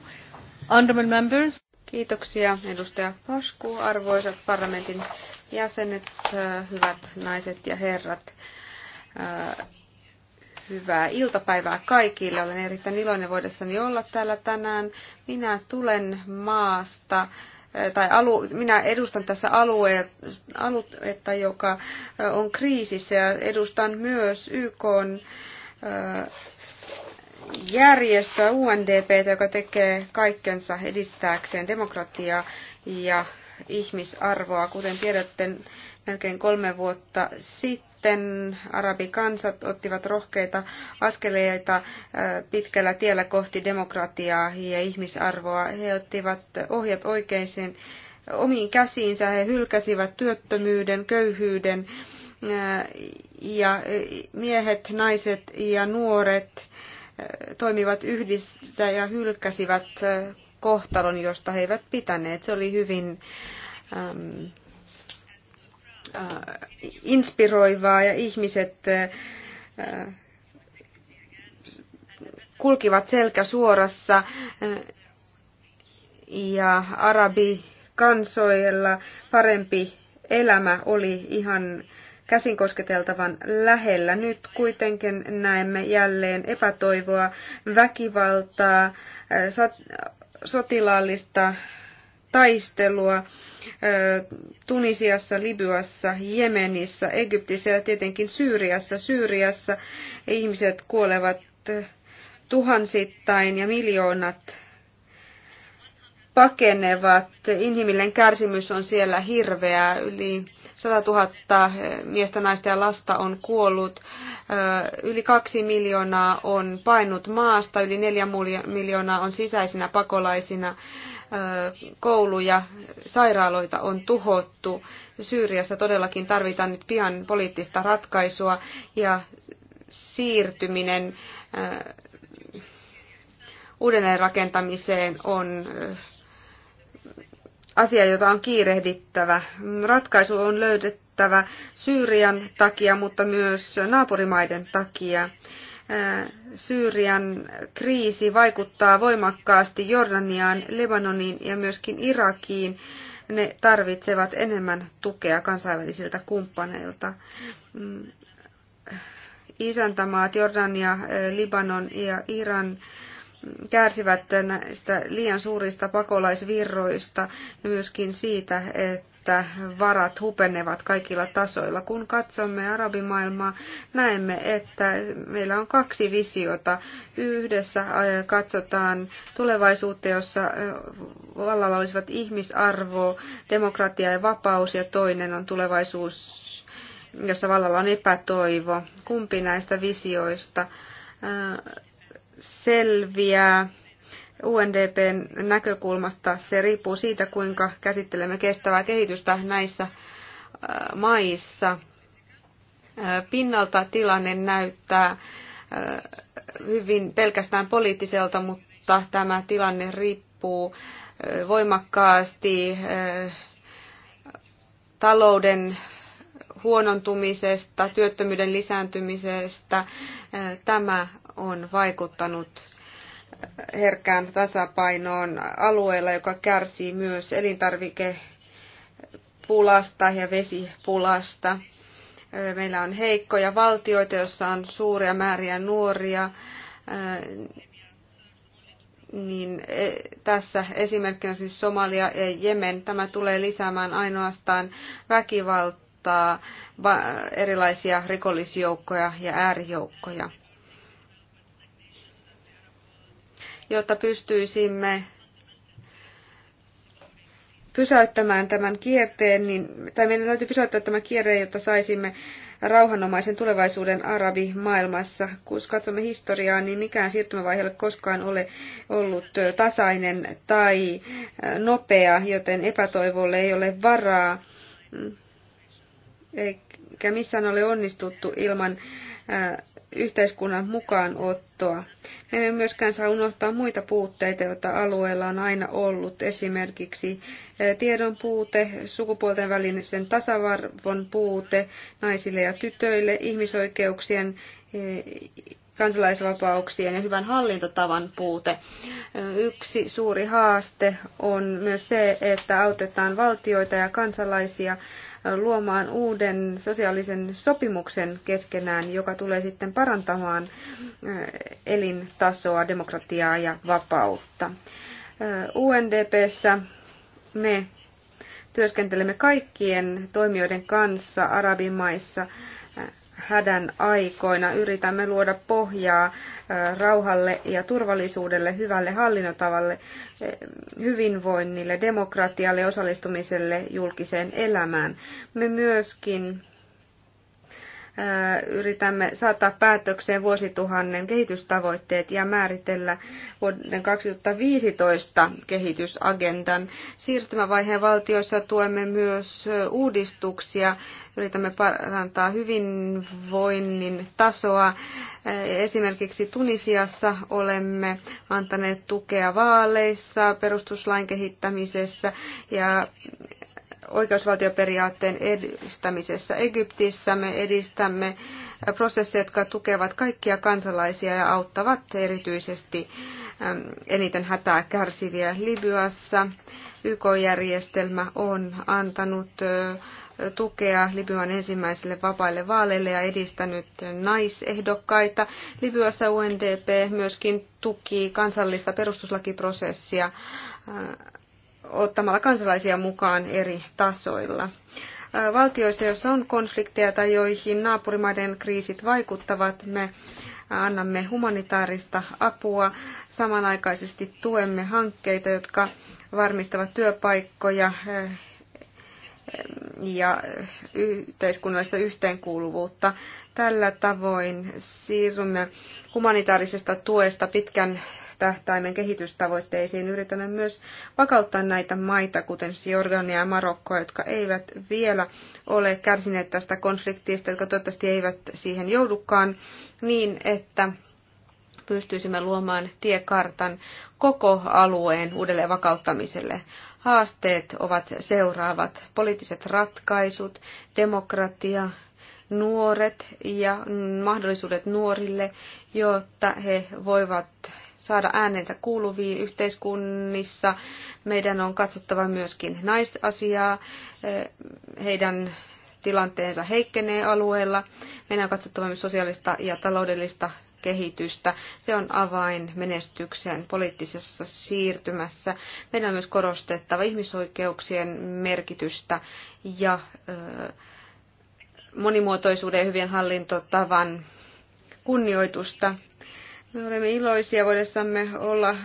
honorable members. Kiitoksia edustaja Pasku, arvoisat parlamentin jäsenet, äh, hyvät naiset ja herrat. Äh, hyvää iltapäivää kaikille. Olen erittäin iloinen voidessani olla täällä tänään. Minä tulen maasta, tai alu, minä edustan tässä aluetta, joka on kriisissä ja edustan myös YK järjestöä UNDP, joka tekee kaikkensa edistääkseen demokratiaa ja ihmisarvoa. Kuten tiedätte, melkein kolme vuotta sitten sitten arabikansat ottivat rohkeita askeleita pitkällä tiellä kohti demokratiaa ja ihmisarvoa. He ottivat ohjat oikeisiin omiin käsiinsä, he hylkäsivät työttömyyden, köyhyyden ja miehet, naiset ja nuoret toimivat yhdistä ja hylkäsivät kohtalon, josta he eivät pitäneet. Se oli hyvin ähm, Äh, inspiroivaa ja ihmiset äh, kulkivat selkä suorassa äh, ja arabi kansoilla parempi elämä oli ihan käsin kosketeltavan lähellä. Nyt kuitenkin näemme jälleen epätoivoa, väkivaltaa, sotilaallista taistelua Tunisiassa, Libyassa, Jemenissä, Egyptissä ja tietenkin Syyriassa. Syyriassa ihmiset kuolevat tuhansittain ja miljoonat pakenevat. Inhimillinen kärsimys on siellä hirveää. Yli 100 000 miestä, naista ja lasta on kuollut. Yli kaksi miljoonaa on painut maasta, yli neljä miljoonaa on sisäisinä pakolaisina kouluja, sairaaloita on tuhottu. Syyriassa todellakin tarvitaan nyt pian poliittista ratkaisua ja siirtyminen uudelleenrakentamiseen on asia, jota on kiirehdittävä. Ratkaisu on löydettävä Syyrian takia, mutta myös naapurimaiden takia. Syyrian kriisi vaikuttaa voimakkaasti Jordaniaan, Libanoniin ja myöskin Irakiin. Ne tarvitsevat enemmän tukea kansainvälisiltä kumppaneilta. Mm. Isäntämaat Jordania, Libanon ja Iran kärsivät näistä liian suurista pakolaisvirroista ja myöskin siitä, että että varat hupenevat kaikilla tasoilla. Kun katsomme arabimaailmaa, näemme, että meillä on kaksi visiota. Yhdessä äh, katsotaan tulevaisuutta, jossa äh, vallalla olisivat ihmisarvo, demokratia ja vapaus, ja toinen on tulevaisuus, jossa vallalla on epätoivo. Kumpi näistä visioista äh, selviää? UNDPn näkökulmasta se riippuu siitä, kuinka käsittelemme kestävää kehitystä näissä äh, maissa. Äh, pinnalta tilanne näyttää äh, hyvin pelkästään poliittiselta, mutta tämä tilanne riippuu voimakkaasti talouden huonontumisesta, työttömyyden lisääntymisestä. Tämä on vaikuttanut herkkään tasapainoon alueella, joka kärsii myös elintarvikepulasta ja vesipulasta. Meillä on heikkoja valtioita, joissa on suuria määriä nuoria, niin e, tässä esimerkkinä esimerkiksi Somalia ja Jemen, tämä tulee lisäämään ainoastaan väkivaltaa, erilaisia rikollisjoukkoja ja äärijoukkoja. jotta pystyisimme pysäyttämään tämän kierteen, niin, tai meidän täytyy pysäyttää tämä kierre, jotta saisimme rauhanomaisen tulevaisuuden Arabi maailmassa. Kun katsomme historiaa, niin mikään siirtymävaihe ei koskaan ole ollut tasainen tai äh, nopea, joten epätoivolle ei ole varaa, mm, eikä missään ole onnistuttu ilman äh, yhteiskunnan mukaanottoa. Me emme myöskään saa unohtaa muita puutteita, joita alueella on aina ollut, esimerkiksi eh, tiedon puute, sukupuolten välisen tasavarvon puute naisille ja tytöille, ihmisoikeuksien eh, kansalaisvapauksien ja hyvän hallintotavan puute. Eh, yksi suuri haaste on myös se, että autetaan valtioita ja kansalaisia luomaan uuden sosiaalisen sopimuksen keskenään, joka tulee sitten parantamaan elintasoa, demokratiaa ja vapautta. UNDPssä me työskentelemme kaikkien toimijoiden kanssa arabimaissa, hädän aikoina yritämme luoda pohjaa rauhalle ja turvallisuudelle, hyvälle hallinnotavalle, hyvinvoinnille, demokratialle osallistumiselle julkiseen elämään. Me myöskin yritämme saattaa päätökseen vuosituhannen kehitystavoitteet ja määritellä vuoden 2015 kehitysagendan. Siirtymävaiheen valtioissa tuemme myös uudistuksia. Yritämme parantaa hyvinvoinnin tasoa. Esimerkiksi Tunisiassa olemme antaneet tukea vaaleissa, perustuslain kehittämisessä ja oikeusvaltioperiaatteen edistämisessä Egyptissä. Me edistämme prosesseja, jotka tukevat kaikkia kansalaisia ja auttavat erityisesti eniten hätää kärsiviä Libyassa. YK-järjestelmä on antanut tukea Libyan ensimmäisille vapaille vaaleille ja edistänyt naisehdokkaita. Libyassa UNDP myöskin tuki kansallista perustuslakiprosessia ottamalla kansalaisia mukaan eri tasoilla. Valtioissa, joissa on konflikteja tai joihin naapurimaiden kriisit vaikuttavat, me annamme humanitaarista apua. Samanaikaisesti tuemme hankkeita, jotka varmistavat työpaikkoja ja yhteiskunnallista yhteenkuuluvuutta. Tällä tavoin siirrymme humanitaarisesta tuesta pitkän tähtäimen kehitystavoitteisiin. Yritämme myös vakauttaa näitä maita, kuten Jordania ja Marokkoa, jotka eivät vielä ole kärsineet tästä konfliktista, jotka toivottavasti eivät siihen joudukaan, niin että pystyisimme luomaan tiekartan koko alueen uudelleen vakauttamiselle. Haasteet ovat seuraavat. Poliittiset ratkaisut, demokratia, nuoret ja mahdollisuudet nuorille, jotta he voivat saada äänensä kuuluviin yhteiskunnissa. Meidän on katsottava myöskin naisasiaa, heidän tilanteensa heikkenee alueella. Meidän on katsottava myös sosiaalista ja taloudellista kehitystä. Se on avain menestykseen poliittisessa siirtymässä. Meidän on myös korostettava ihmisoikeuksien merkitystä ja monimuotoisuuden ja hyvien hallintotavan kunnioitusta. Me olemme iloisia voidessamme olla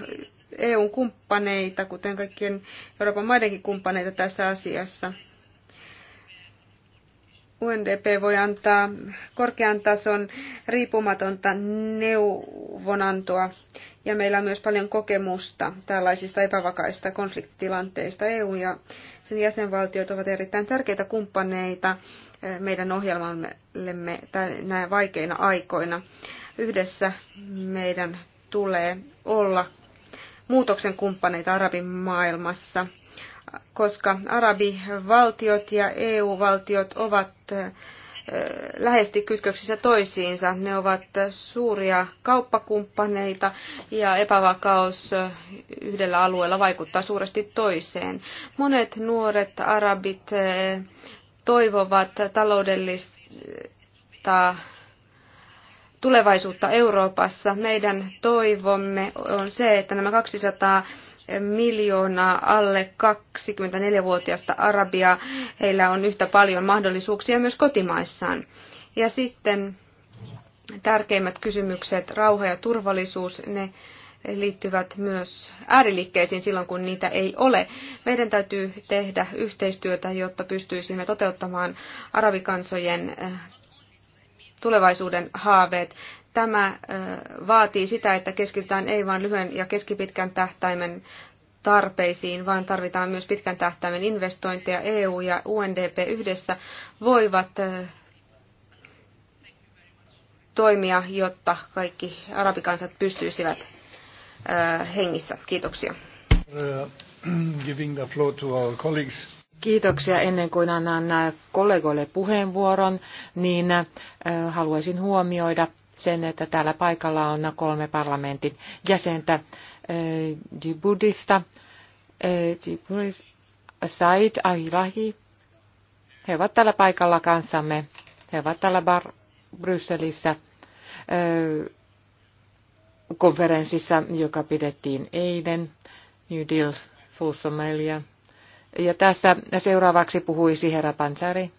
EUn kumppaneita, kuten kaikkien Euroopan maidenkin kumppaneita tässä asiassa. UNDP voi antaa korkean tason riippumatonta neuvonantoa ja meillä on myös paljon kokemusta tällaisista epävakaista konfliktitilanteista. EU ja sen jäsenvaltiot ovat erittäin tärkeitä kumppaneita eh, meidän ohjelmallemme näinä vaikeina aikoina. Yhdessä meidän tulee olla muutoksen kumppaneita arabin maailmassa, koska arabivaltiot ja EU-valtiot ovat lähesti kytköksissä toisiinsa. Ne ovat suuria kauppakumppaneita ja epävakaus yhdellä alueella vaikuttaa suuresti toiseen. Monet nuoret arabit toivovat taloudellista tulevaisuutta Euroopassa. Meidän toivomme on se, että nämä 200 miljoonaa alle 24-vuotiaista Arabia, heillä on yhtä paljon mahdollisuuksia myös kotimaissaan. Ja sitten tärkeimmät kysymykset, rauha ja turvallisuus, ne liittyvät myös ääriliikkeisiin silloin, kun niitä ei ole. Meidän täytyy tehdä yhteistyötä, jotta pystyisimme toteuttamaan arabikansojen tulevaisuuden haaveet. Tämä vaatii sitä, että keskitytään ei vain lyhyen ja keskipitkän tähtäimen tarpeisiin, vaan tarvitaan myös pitkän tähtäimen investointeja. EU ja UNDP yhdessä voivat toimia, jotta kaikki arabikansat pystyisivät hengissä. Kiitoksia. Uh, <clears throat> Kiitoksia. Ennen kuin annan kollegoille puheenvuoron, niin haluaisin huomioida sen, että täällä paikalla on kolme parlamentin jäsentä Djiboutista, Said Ahilahi. He ovat täällä paikalla kanssamme. He ovat täällä Bar- Brysselissä konferenssissa, joka pidettiin eilen, New Deal for Somalia – ja tässä seuraavaksi puhui sihera Pansari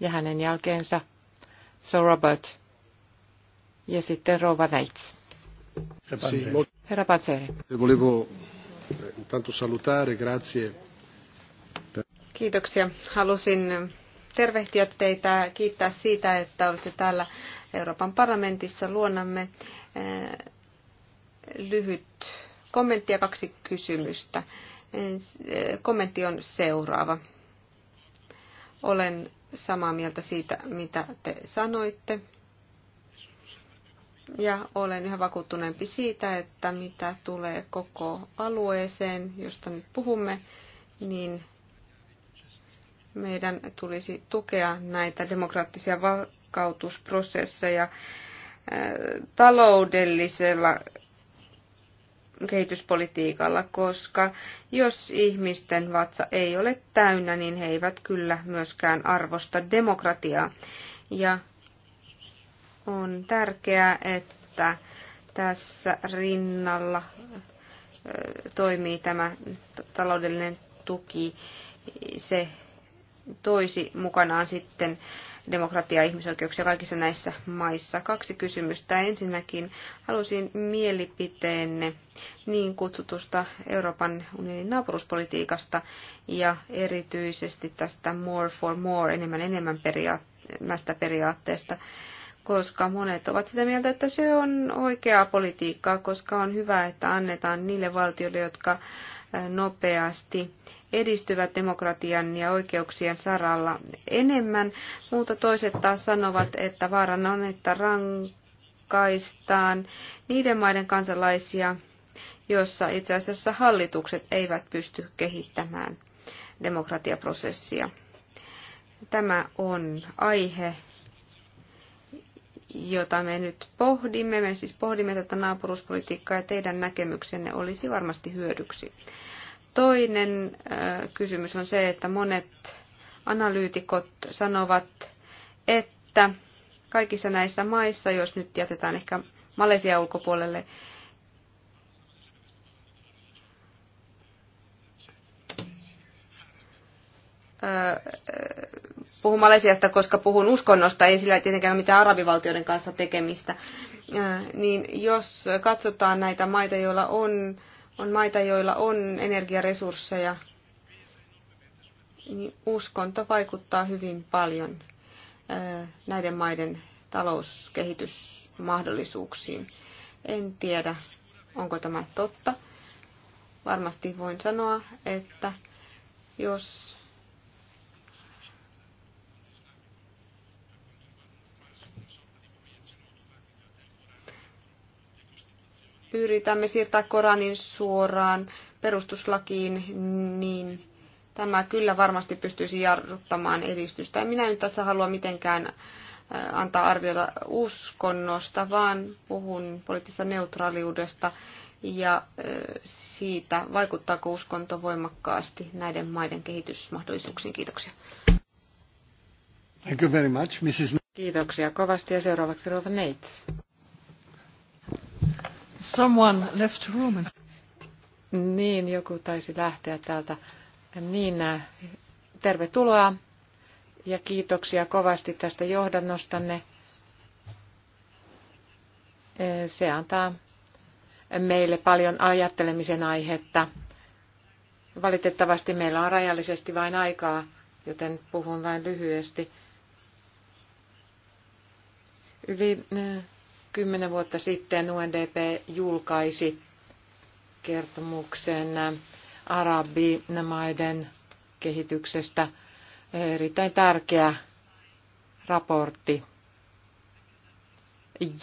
ja hänen jälkeensä Sir Robert ja sitten Rova Neitz. Herra Pansari. Siis eh, Kiitoksia. Halusin tervehtiä teitä, kiittää siitä, että olette täällä Euroopan parlamentissa luonnamme. Eh, lyhyt kommentti ja kaksi kysymystä. Eh, kommentti on seuraava. Olen samaa mieltä siitä, mitä te sanoitte. Ja olen yhä vakuuttuneempi siitä, että mitä tulee koko alueeseen, josta nyt puhumme, niin meidän tulisi tukea näitä demokraattisia vakautusprosesseja eh, taloudellisella kehityspolitiikalla, koska jos ihmisten vatsa ei ole täynnä, niin he eivät kyllä myöskään arvosta demokratiaa. Ja on tärkeää, että tässä rinnalla toimii tämä taloudellinen tuki. Se toisi mukanaan sitten demokratia ja ihmisoikeuksia kaikissa näissä maissa. Kaksi kysymystä. Ensinnäkin halusin mielipiteenne niin kutsutusta Euroopan unionin naapuruspolitiikasta ja erityisesti tästä more for more, enemmän enemmän periaatteesta, periaatteesta koska monet ovat sitä mieltä, että se on oikeaa politiikkaa, koska on hyvä, että annetaan niille valtioille, jotka nopeasti edistyvät demokratian ja oikeuksien saralla enemmän, mutta toiset taas sanovat, että vaarana on, että rankaistaan niiden maiden kansalaisia, joissa itse asiassa hallitukset eivät pysty kehittämään demokratiaprosessia. Tämä on aihe, jota me nyt pohdimme. Me siis pohdimme tätä naapuruspolitiikkaa ja teidän näkemyksenne olisi varmasti hyödyksi. Toinen äh, kysymys on se, että monet analyytikot sanovat, että kaikissa näissä maissa, jos nyt jätetään ehkä Malesia ulkopuolelle, äh, puhun Malesiasta, koska puhun uskonnosta, ei sillä tietenkään ole mitään arabivaltioiden kanssa tekemistä. Äh, niin jos katsotaan näitä maita, joilla on on maita, joilla on energiaresursseja, niin uskonto vaikuttaa hyvin paljon äh, näiden maiden talouskehitysmahdollisuuksiin. En tiedä, onko tämä totta. Varmasti voin sanoa, että jos yritämme siirtää Koranin suoraan perustuslakiin, niin tämä kyllä varmasti pystyisi jarruttamaan edistystä. En minä nyt tässä halua mitenkään äh, antaa arviota uskonnosta, vaan puhun poliittisesta neutraaliudesta ja äh, siitä, vaikuttaako uskonto voimakkaasti näiden maiden kehitysmahdollisuuksiin. Kiitoksia. Thank you very much, Mrs. Kiitoksia kovasti ja seuraavaksi Rova Neits. Someone left room. Niin, joku taisi lähteä täältä. Niin, äh, tervetuloa ja kiitoksia kovasti tästä johdannostanne. Äh, se antaa meille paljon ajattelemisen aihetta. Valitettavasti meillä on rajallisesti vain aikaa, joten puhun vain lyhyesti. Yli äh, Kymmenen vuotta sitten UNDP julkaisi kertomuksen arabimaiden kehityksestä. Erittäin tärkeä raportti,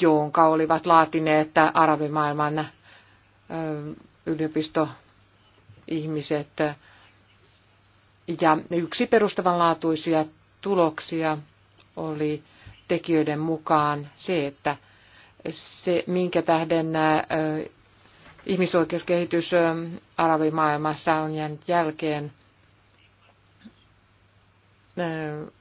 jonka olivat laatineet arabimaailman yliopistoihmiset. Ja yksi perustavanlaatuisia tuloksia oli tekijöiden mukaan se, että se, minkä tähden ihmisoikeuskehitys arabimaailmassa on jäänyt jälkeen, Ä,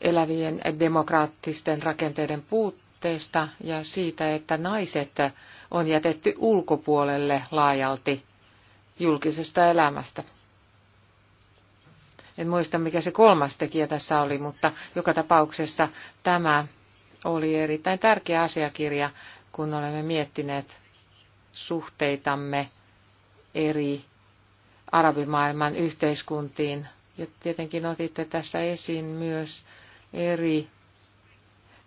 elävien demokraattisten rakenteiden puutteesta ja siitä, että naiset on jätetty ulkopuolelle laajalti julkisesta elämästä. En muista, mikä se kolmas tekijä tässä oli, mutta joka tapauksessa tämä oli erittäin tärkeä asiakirja, kun olemme miettineet suhteitamme eri arabimaailman yhteiskuntiin. Ja tietenkin otitte tässä esiin myös eri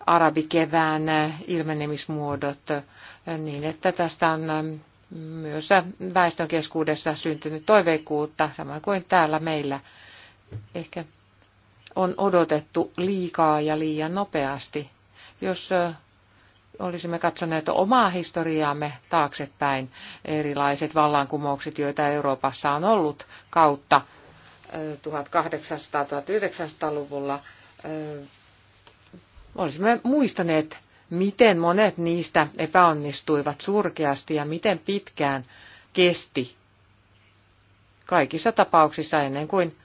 arabikevään ilmenemismuodot niin, että tästä on myös väestön keskuudessa syntynyt toiveikkuutta, samoin kuin täällä meillä. Ehkä on odotettu liikaa ja liian nopeasti jos olisimme katsoneet omaa historiaamme taaksepäin, erilaiset vallankumoukset, joita Euroopassa on ollut kautta 1800-1900-luvulla, olisimme muistaneet, miten monet niistä epäonnistuivat surkeasti ja miten pitkään kesti kaikissa tapauksissa ennen kuin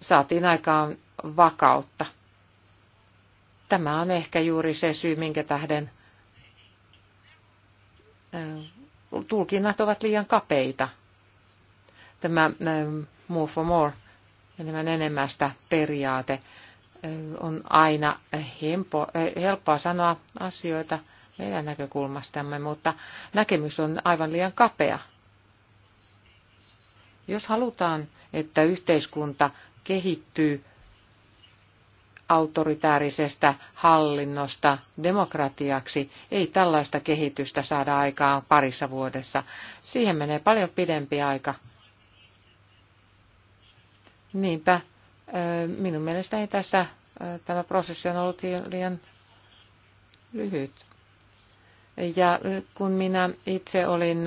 saatiin aikaan vakautta Tämä on ehkä juuri se syy, minkä tähden tulkinnat ovat liian kapeita. Tämä more for more, enemmän enemmästä periaate, on aina hempo, helppoa sanoa asioita meidän näkökulmastamme, mutta näkemys on aivan liian kapea. Jos halutaan, että yhteiskunta kehittyy autoritäärisestä hallinnosta demokratiaksi. Ei tällaista kehitystä saada aikaan parissa vuodessa. Siihen menee paljon pidempi aika. Niinpä, minun mielestäni tässä tämä prosessi on ollut liian lyhyt. Ja kun minä itse olin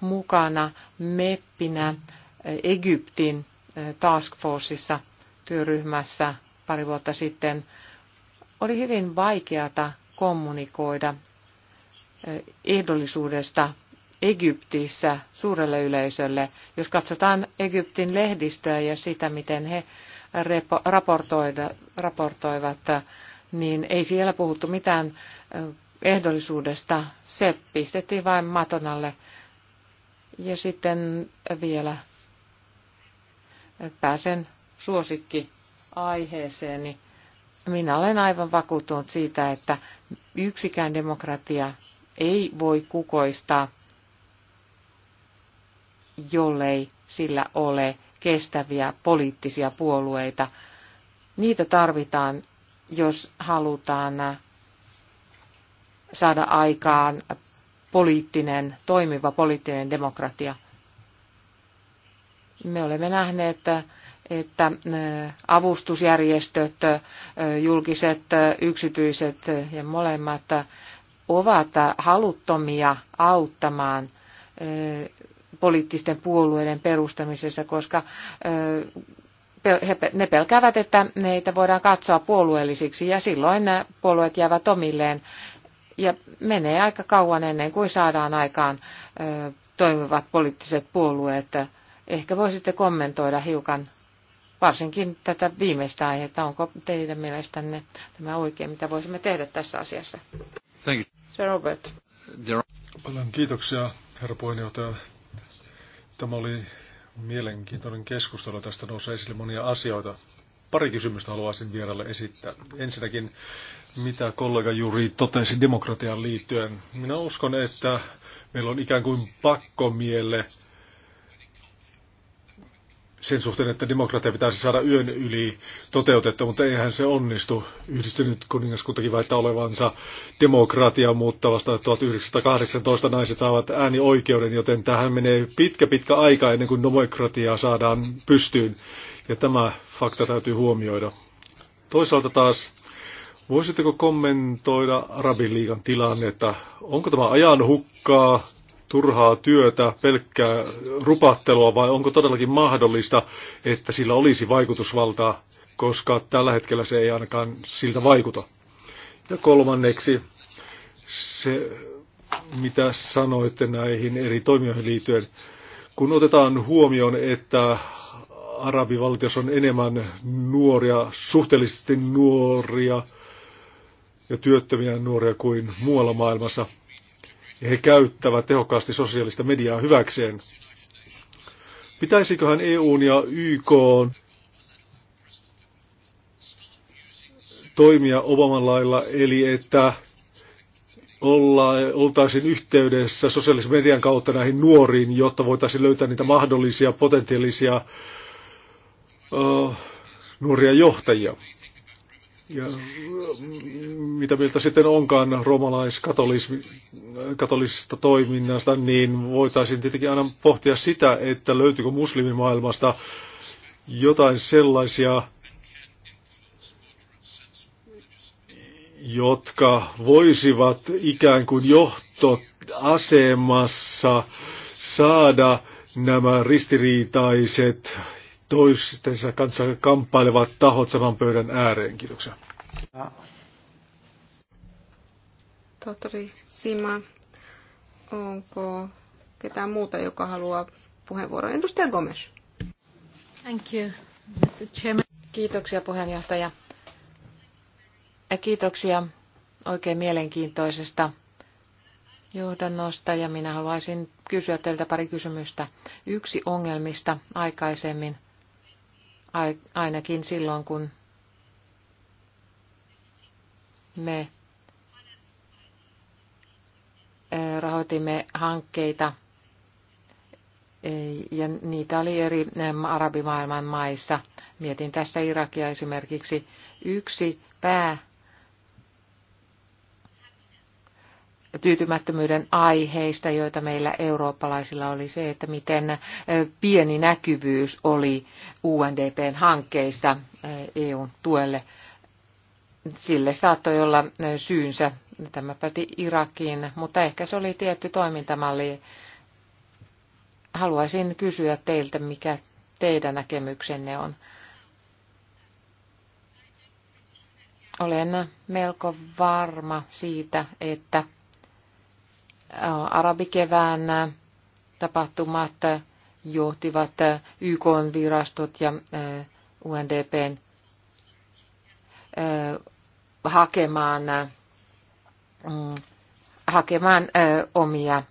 mukana meppinä Egyptin task forceissa työryhmässä pari vuotta sitten, oli hyvin vaikeata kommunikoida ehdollisuudesta Egyptissä suurelle yleisölle. Jos katsotaan Egyptin lehdistöä ja sitä, miten he raportoivat, niin ei siellä puhuttu mitään ehdollisuudesta. Se pistettiin vain matonalle. Ja sitten vielä pääsen suosikki aiheeseen, niin minä olen aivan vakuuttunut siitä, että yksikään demokratia ei voi kukoistaa, jollei sillä ole kestäviä poliittisia puolueita. Niitä tarvitaan, jos halutaan saada aikaan poliittinen, toimiva poliittinen demokratia. Me olemme nähneet, että että äh, avustusjärjestöt, äh, julkiset, äh, yksityiset ja molemmat ovat haluttomia auttamaan poliittisten puolueiden perustamisessa, koska ne pelkäävät, että neitä voidaan katsoa puolueellisiksi ja silloin nämä puolueet jäävät omilleen ja menee aika kauan ennen kuin saadaan aikaan toimivat poliittiset puolueet. Ehkä voisitte kommentoida hiukan varsinkin tätä viimeistä aihetta. Onko teidän mielestänne tämä oikein, mitä voisimme tehdä tässä asiassa? Thank you. Sir Robert. Paljon kiitoksia, herra puheenjohtaja. Tämä oli mielenkiintoinen keskustelu. Tästä nousee esille monia asioita. Pari kysymystä haluaisin vieralle esittää. Ensinnäkin, mitä kollega juuri totesi demokratian liittyen. Minä uskon, että meillä on ikään kuin pakkomielle sen suhteen, että demokratia pitäisi saada yön yli toteutettua, mutta eihän se onnistu. Yhdistynyt kuningaskuntakin väittää olevansa demokratia, mutta vasta 1918 naiset saavat äänioikeuden, joten tähän menee pitkä pitkä aika ennen kuin demokratiaa saadaan pystyyn. Ja tämä fakta täytyy huomioida. Toisaalta taas, voisitteko kommentoida Arabiliigan tilannetta? Onko tämä ajan hukkaa? turhaa työtä, pelkkää rupattelua vai onko todellakin mahdollista, että sillä olisi vaikutusvaltaa, koska tällä hetkellä se ei ainakaan siltä vaikuta. Ja kolmanneksi se, mitä sanoitte näihin eri toimijoihin liittyen, kun otetaan huomioon, että arabivaltiossa on enemmän nuoria, suhteellisesti nuoria ja työttömiä nuoria kuin muualla maailmassa, ja he käyttävät tehokkaasti sosiaalista mediaa hyväkseen. Pitäisiköhän EUn ja YK toimia Obaman lailla, eli että olla, oltaisiin yhteydessä sosiaalisen median kautta näihin nuoriin, jotta voitaisiin löytää niitä mahdollisia potentiaalisia uh, nuoria johtajia ja mm, mitä mieltä sitten onkaan romalaiskatolisista toiminnasta, niin voitaisiin tietenkin aina pohtia sitä, että löytyykö muslimimaailmasta jotain sellaisia, jotka voisivat ikään kuin johtoasemassa saada nämä ristiriitaiset toistensa kanssa kamppailevat tahot saman pöydän ääreen. Kiitoksia. Tohtori Sima, onko ketään muuta, joka haluaa puheenvuoron? Edustaja Gomes. Thank you, Mr. Chairman. Kiitoksia puheenjohtaja. Kiitoksia oikein mielenkiintoisesta johdannosta ja minä haluaisin kysyä teiltä pari kysymystä. Yksi ongelmista aikaisemmin ainakin silloin kun me rahoitimme hankkeita ja niitä oli eri arabimaailman maissa. Mietin tässä Irakia esimerkiksi. Yksi pää tyytymättömyyden aiheista, joita meillä eurooppalaisilla oli se, että miten pieni näkyvyys oli UNDPn hankkeissa EUn tuelle. Sille saattoi olla syynsä. Tämä päti Irakiin, mutta ehkä se oli tietty toimintamalli. Haluaisin kysyä teiltä, mikä teidän näkemyksenne on. olen melko varma siitä, että arabikevään tapahtumat johtivat YK-virastot ja UNDP hakemaan, mm, hakemaan omia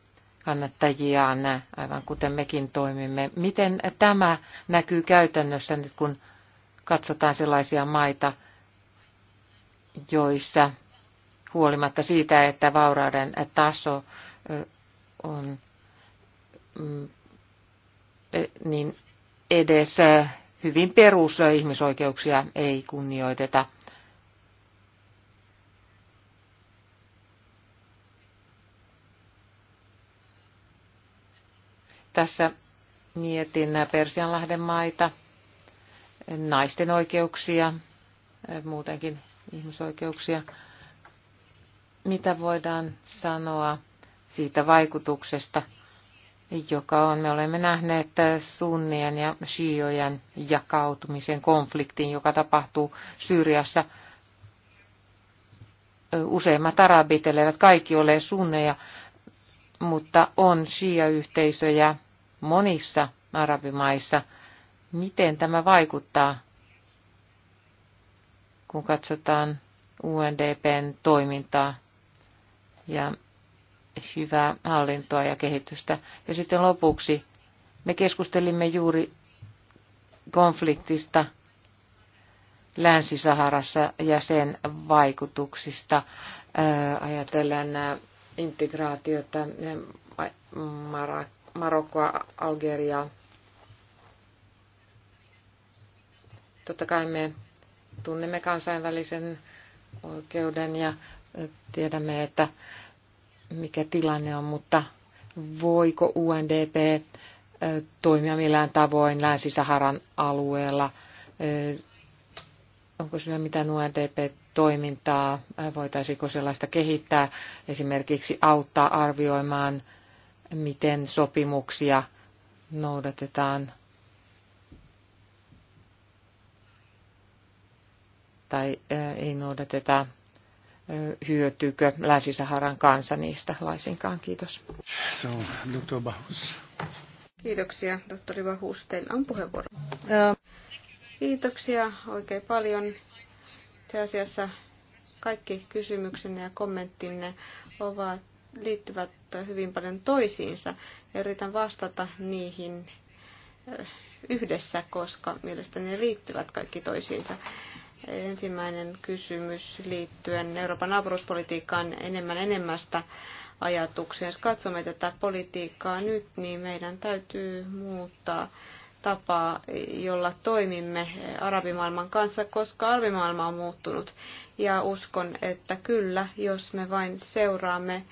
kannattajiaan, aivan kuten mekin toimimme. Miten tämä näkyy käytännössä nyt, kun katsotaan sellaisia maita, joissa huolimatta siitä, että vaurauden taso on mm, e, niin edes hyvin perus ihmisoikeuksia ei kunnioiteta. Tässä mietin Persianlahden maita, naisten oikeuksia, muutenkin ihmisoikeuksia. Mitä voidaan sanoa siitä vaikutuksesta, joka on. Me olemme nähneet sunnien ja shiojen jakautumisen konfliktin, joka tapahtuu Syyriassa. Useimmat arabit eivät kaikki ole sunneja, mutta on shia-yhteisöjä monissa arabimaissa. Miten tämä vaikuttaa, kun katsotaan UNDPn toimintaa ja hyvää hallintoa ja kehitystä. Ja sitten lopuksi me keskustelimme juuri konfliktista Länsi-Saharassa ja sen vaikutuksista. Äh, Ajatellaan äh, integraatiota äh, Marokkoa, Algeriaa. Totta kai me tunnemme kansainvälisen oikeuden ja tiedämme, että mikä tilanne on, mutta voiko UNDP toimia millään tavoin Länsi-Saharan alueella? Onko siellä mitään UNDP-toimintaa? Voitaisiinko sellaista kehittää, esimerkiksi auttaa arvioimaan, miten sopimuksia noudatetaan? tai ei noudateta hyötyykö Länsi-Saharan kansa niistä laisinkaan. Kiitos. So, Dr. Bahus. Kiitoksia, tohtori Bahus. Teillä on puheenvuoro. Kiitoksia oikein paljon. Itse asiassa kaikki kysymyksenne ja kommenttinne ovat, liittyvät hyvin paljon toisiinsa ja yritän vastata niihin yhdessä, koska mielestäni ne liittyvät kaikki toisiinsa. Ensimmäinen kysymys liittyen Euroopan naapuruuspolitiikkaan enemmän enemmästä ajatuksia. Jos katsomme tätä politiikkaa nyt, niin meidän täytyy muuttaa tapaa, jolla toimimme arabimaailman kanssa, koska arabimaailma on muuttunut. Ja uskon, että kyllä, jos me vain seuraamme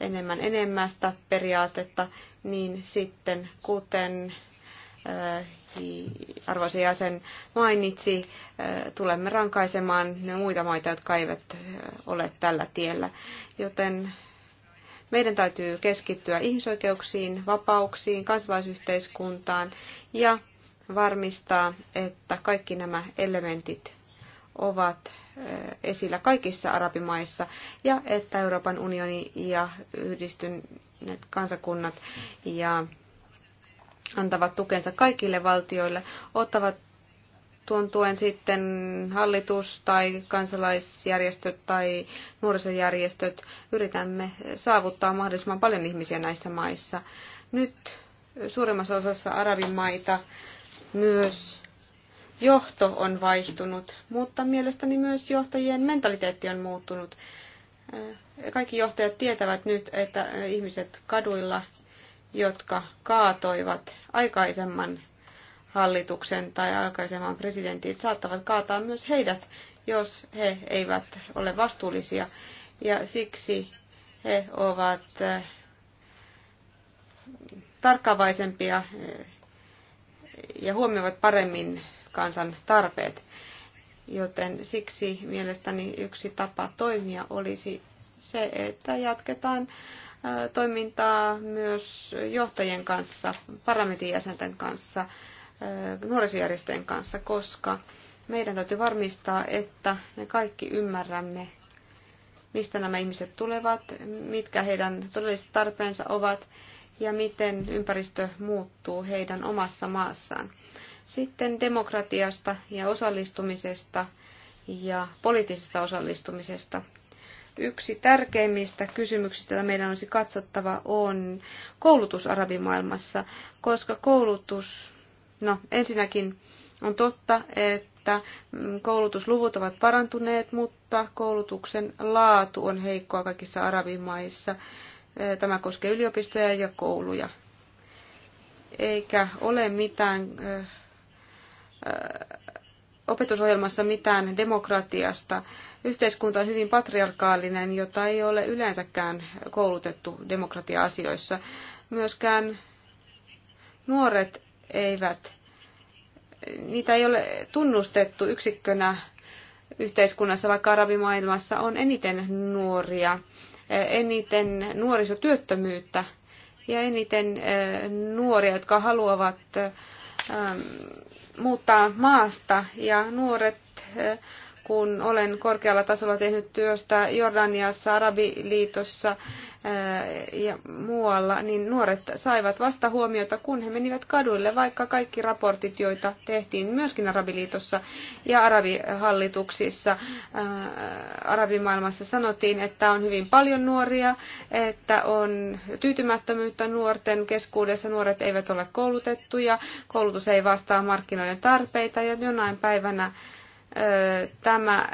enemmän enemmästä periaatetta, niin sitten kuten äh, arvoisa jäsen mainitsi, äh, tulemme rankaisemaan ne muita maita, jotka eivät äh, ole tällä tiellä. Joten meidän täytyy keskittyä ihmisoikeuksiin, vapauksiin, kansalaisyhteiskuntaan ja varmistaa, että kaikki nämä elementit ovat äh, esillä kaikissa arabimaissa ja että Euroopan unioni ja yhdistyneet kansakunnat ja antavat tukensa kaikille valtioille, ottavat tuon tuen sitten hallitus tai kansalaisjärjestöt tai nuorisojärjestöt. Yritämme saavuttaa mahdollisimman paljon ihmisiä näissä maissa. Nyt suurimmassa osassa arabimaita myös johto on vaihtunut, mutta mielestäni myös johtajien mentaliteetti on muuttunut. Kaikki johtajat tietävät nyt, että ihmiset kaduilla – jotka kaatoivat aikaisemman hallituksen tai aikaisemman presidentin, saattavat kaataa myös heidät, jos he eivät ole vastuullisia. Ja siksi he ovat eh, tarkkaavaisempia eh, ja huomioivat paremmin kansan tarpeet. Joten siksi mielestäni yksi tapa toimia olisi se, että jatketaan toimintaa myös johtajien kanssa, parlamentin jäsenten kanssa, nuorisojärjestöjen kanssa, koska meidän täytyy varmistaa, että me kaikki ymmärrämme, mistä nämä ihmiset tulevat, mitkä heidän todelliset tarpeensa ovat ja miten ympäristö muuttuu heidän omassa maassaan. Sitten demokratiasta ja osallistumisesta ja poliittisesta osallistumisesta. Yksi tärkeimmistä kysymyksistä, joita meidän olisi katsottava, on koulutus arabimaailmassa, koska koulutus, no ensinnäkin on totta, että koulutusluvut ovat parantuneet, mutta koulutuksen laatu on heikkoa kaikissa arabimaissa. Tämä koskee yliopistoja ja kouluja. Eikä ole mitään opetusohjelmassa mitään demokratiasta yhteiskunta on hyvin patriarkaalinen, jota ei ole yleensäkään koulutettu demokratia-asioissa. Myöskään nuoret eivät, niitä ei ole tunnustettu yksikkönä yhteiskunnassa, vaikka arabimaailmassa on eniten nuoria, eniten nuorisotyöttömyyttä ja eniten eh, nuoria, jotka haluavat eh, muuttaa maasta. Ja nuoret eh, kun olen korkealla tasolla tehnyt työstä Jordaniassa, Arabiliitossa ja muualla, niin nuoret saivat vasta huomiota, kun he menivät kaduille, vaikka kaikki raportit, joita tehtiin myöskin Arabiliitossa ja Arabihallituksissa Arabimaailmassa sanottiin, että on hyvin paljon nuoria, että on tyytymättömyyttä nuorten keskuudessa, nuoret eivät ole koulutettuja, koulutus ei vastaa markkinoiden tarpeita ja jonain päivänä tämä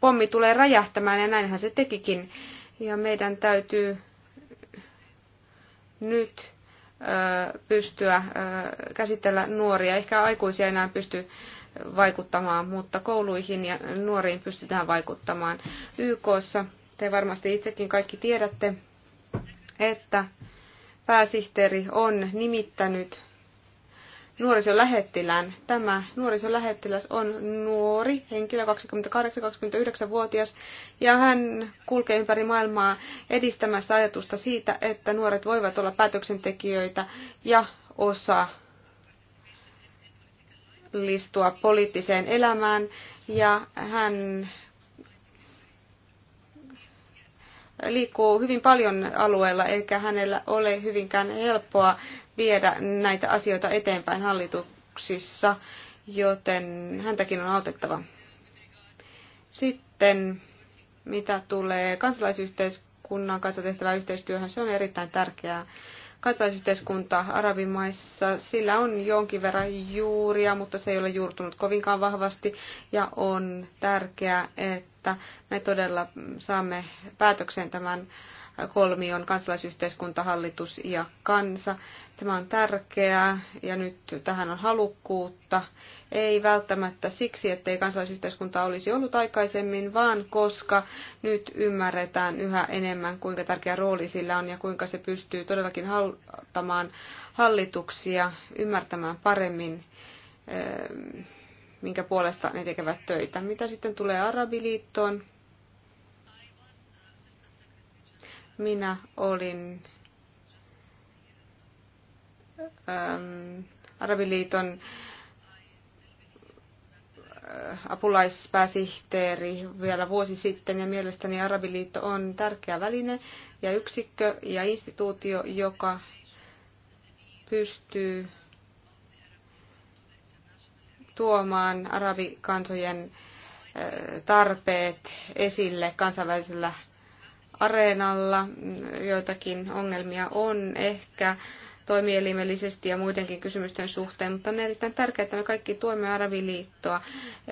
pommi tulee räjähtämään ja näinhän se tekikin. Ja meidän täytyy nyt pystyä käsitellä nuoria. Ehkä aikuisia enää pysty vaikuttamaan, mutta kouluihin ja nuoriin pystytään vaikuttamaan. YKssa te varmasti itsekin kaikki tiedätte, että pääsihteeri on nimittänyt nuorisolähettilään. Tämä nuorisolähettiläs on nuori henkilö, 28-29-vuotias, ja hän kulkee ympäri maailmaa edistämässä ajatusta siitä, että nuoret voivat olla päätöksentekijöitä ja osa listua poliittiseen elämään, ja hän liikkuu hyvin paljon alueella, eikä hänellä ole hyvinkään helppoa viedä näitä asioita eteenpäin hallituksissa, joten häntäkin on autettava. Sitten mitä tulee kansalaisyhteiskunnan kanssa tehtävään yhteistyöhön, se on erittäin tärkeää. Kansalaisyhteiskunta arabimaissa, sillä on jonkin verran juuria, mutta se ei ole juurtunut kovinkaan vahvasti ja on tärkeää, että että me todella saamme päätöksen tämän kolmion kansalaisyhteiskunta, hallitus ja kansa. Tämä on tärkeää ja nyt tähän on halukkuutta. Ei välttämättä siksi, ettei kansalaisyhteiskunta olisi ollut aikaisemmin, vaan koska nyt ymmärretään yhä enemmän, kuinka tärkeä rooli sillä on ja kuinka se pystyy todellakin haltamaan hallituksia ymmärtämään paremmin ehm, minkä puolesta ne tekevät töitä. Mitä sitten tulee Arabiliittoon? Minä olin ähm, Arabiliiton äh, apulaispääsihteeri vielä vuosi sitten ja mielestäni Arabiliitto on tärkeä väline ja yksikkö ja instituutio, joka pystyy tuomaan arabikansojen tarpeet esille kansainvälisellä areenalla. Joitakin ongelmia on ehkä toimielimellisesti ja muidenkin kysymysten suhteen, mutta on erittäin tärkeää, että me kaikki tuemme Arabiliittoa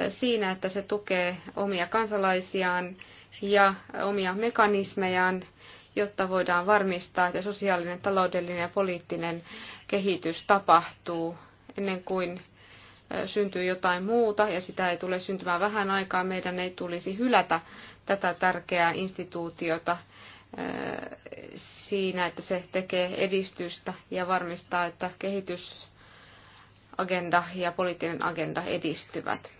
siinä, että se tukee omia kansalaisiaan ja omia mekanismejaan, jotta voidaan varmistaa, että sosiaalinen, taloudellinen ja poliittinen kehitys tapahtuu ennen kuin syntyy jotain muuta ja sitä ei tule syntymään vähän aikaa, meidän ei tulisi hylätä tätä tärkeää instituutiota siinä, että se tekee edistystä ja varmistaa, että kehitysagenda ja poliittinen agenda edistyvät.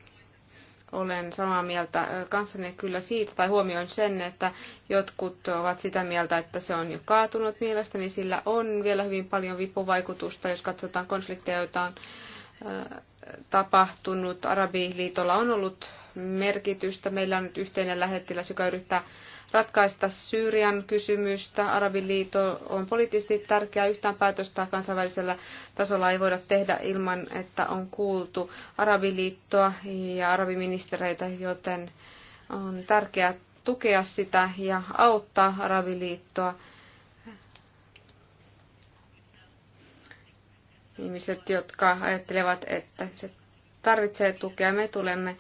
Olen samaa mieltä kanssani kyllä siitä, tai huomioin sen, että jotkut ovat sitä mieltä, että se on jo kaatunut mielestäni, sillä on vielä hyvin paljon vipuvaikutusta, jos katsotaan konflikteja, joita on tapahtunut. Arabiliitolla on ollut merkitystä. Meillä on nyt yhteinen lähettiläs, joka yrittää ratkaista Syyrian kysymystä. Arabiliitto on poliittisesti tärkeä. Yhtään päätöstä kansainvälisellä tasolla ei voida tehdä ilman, että on kuultu Arabiliittoa ja arabiministereitä, joten on tärkeää tukea sitä ja auttaa Arabiliittoa Ihmiset, jotka ajattelevat, että se tarvitsee tukea, me tulemme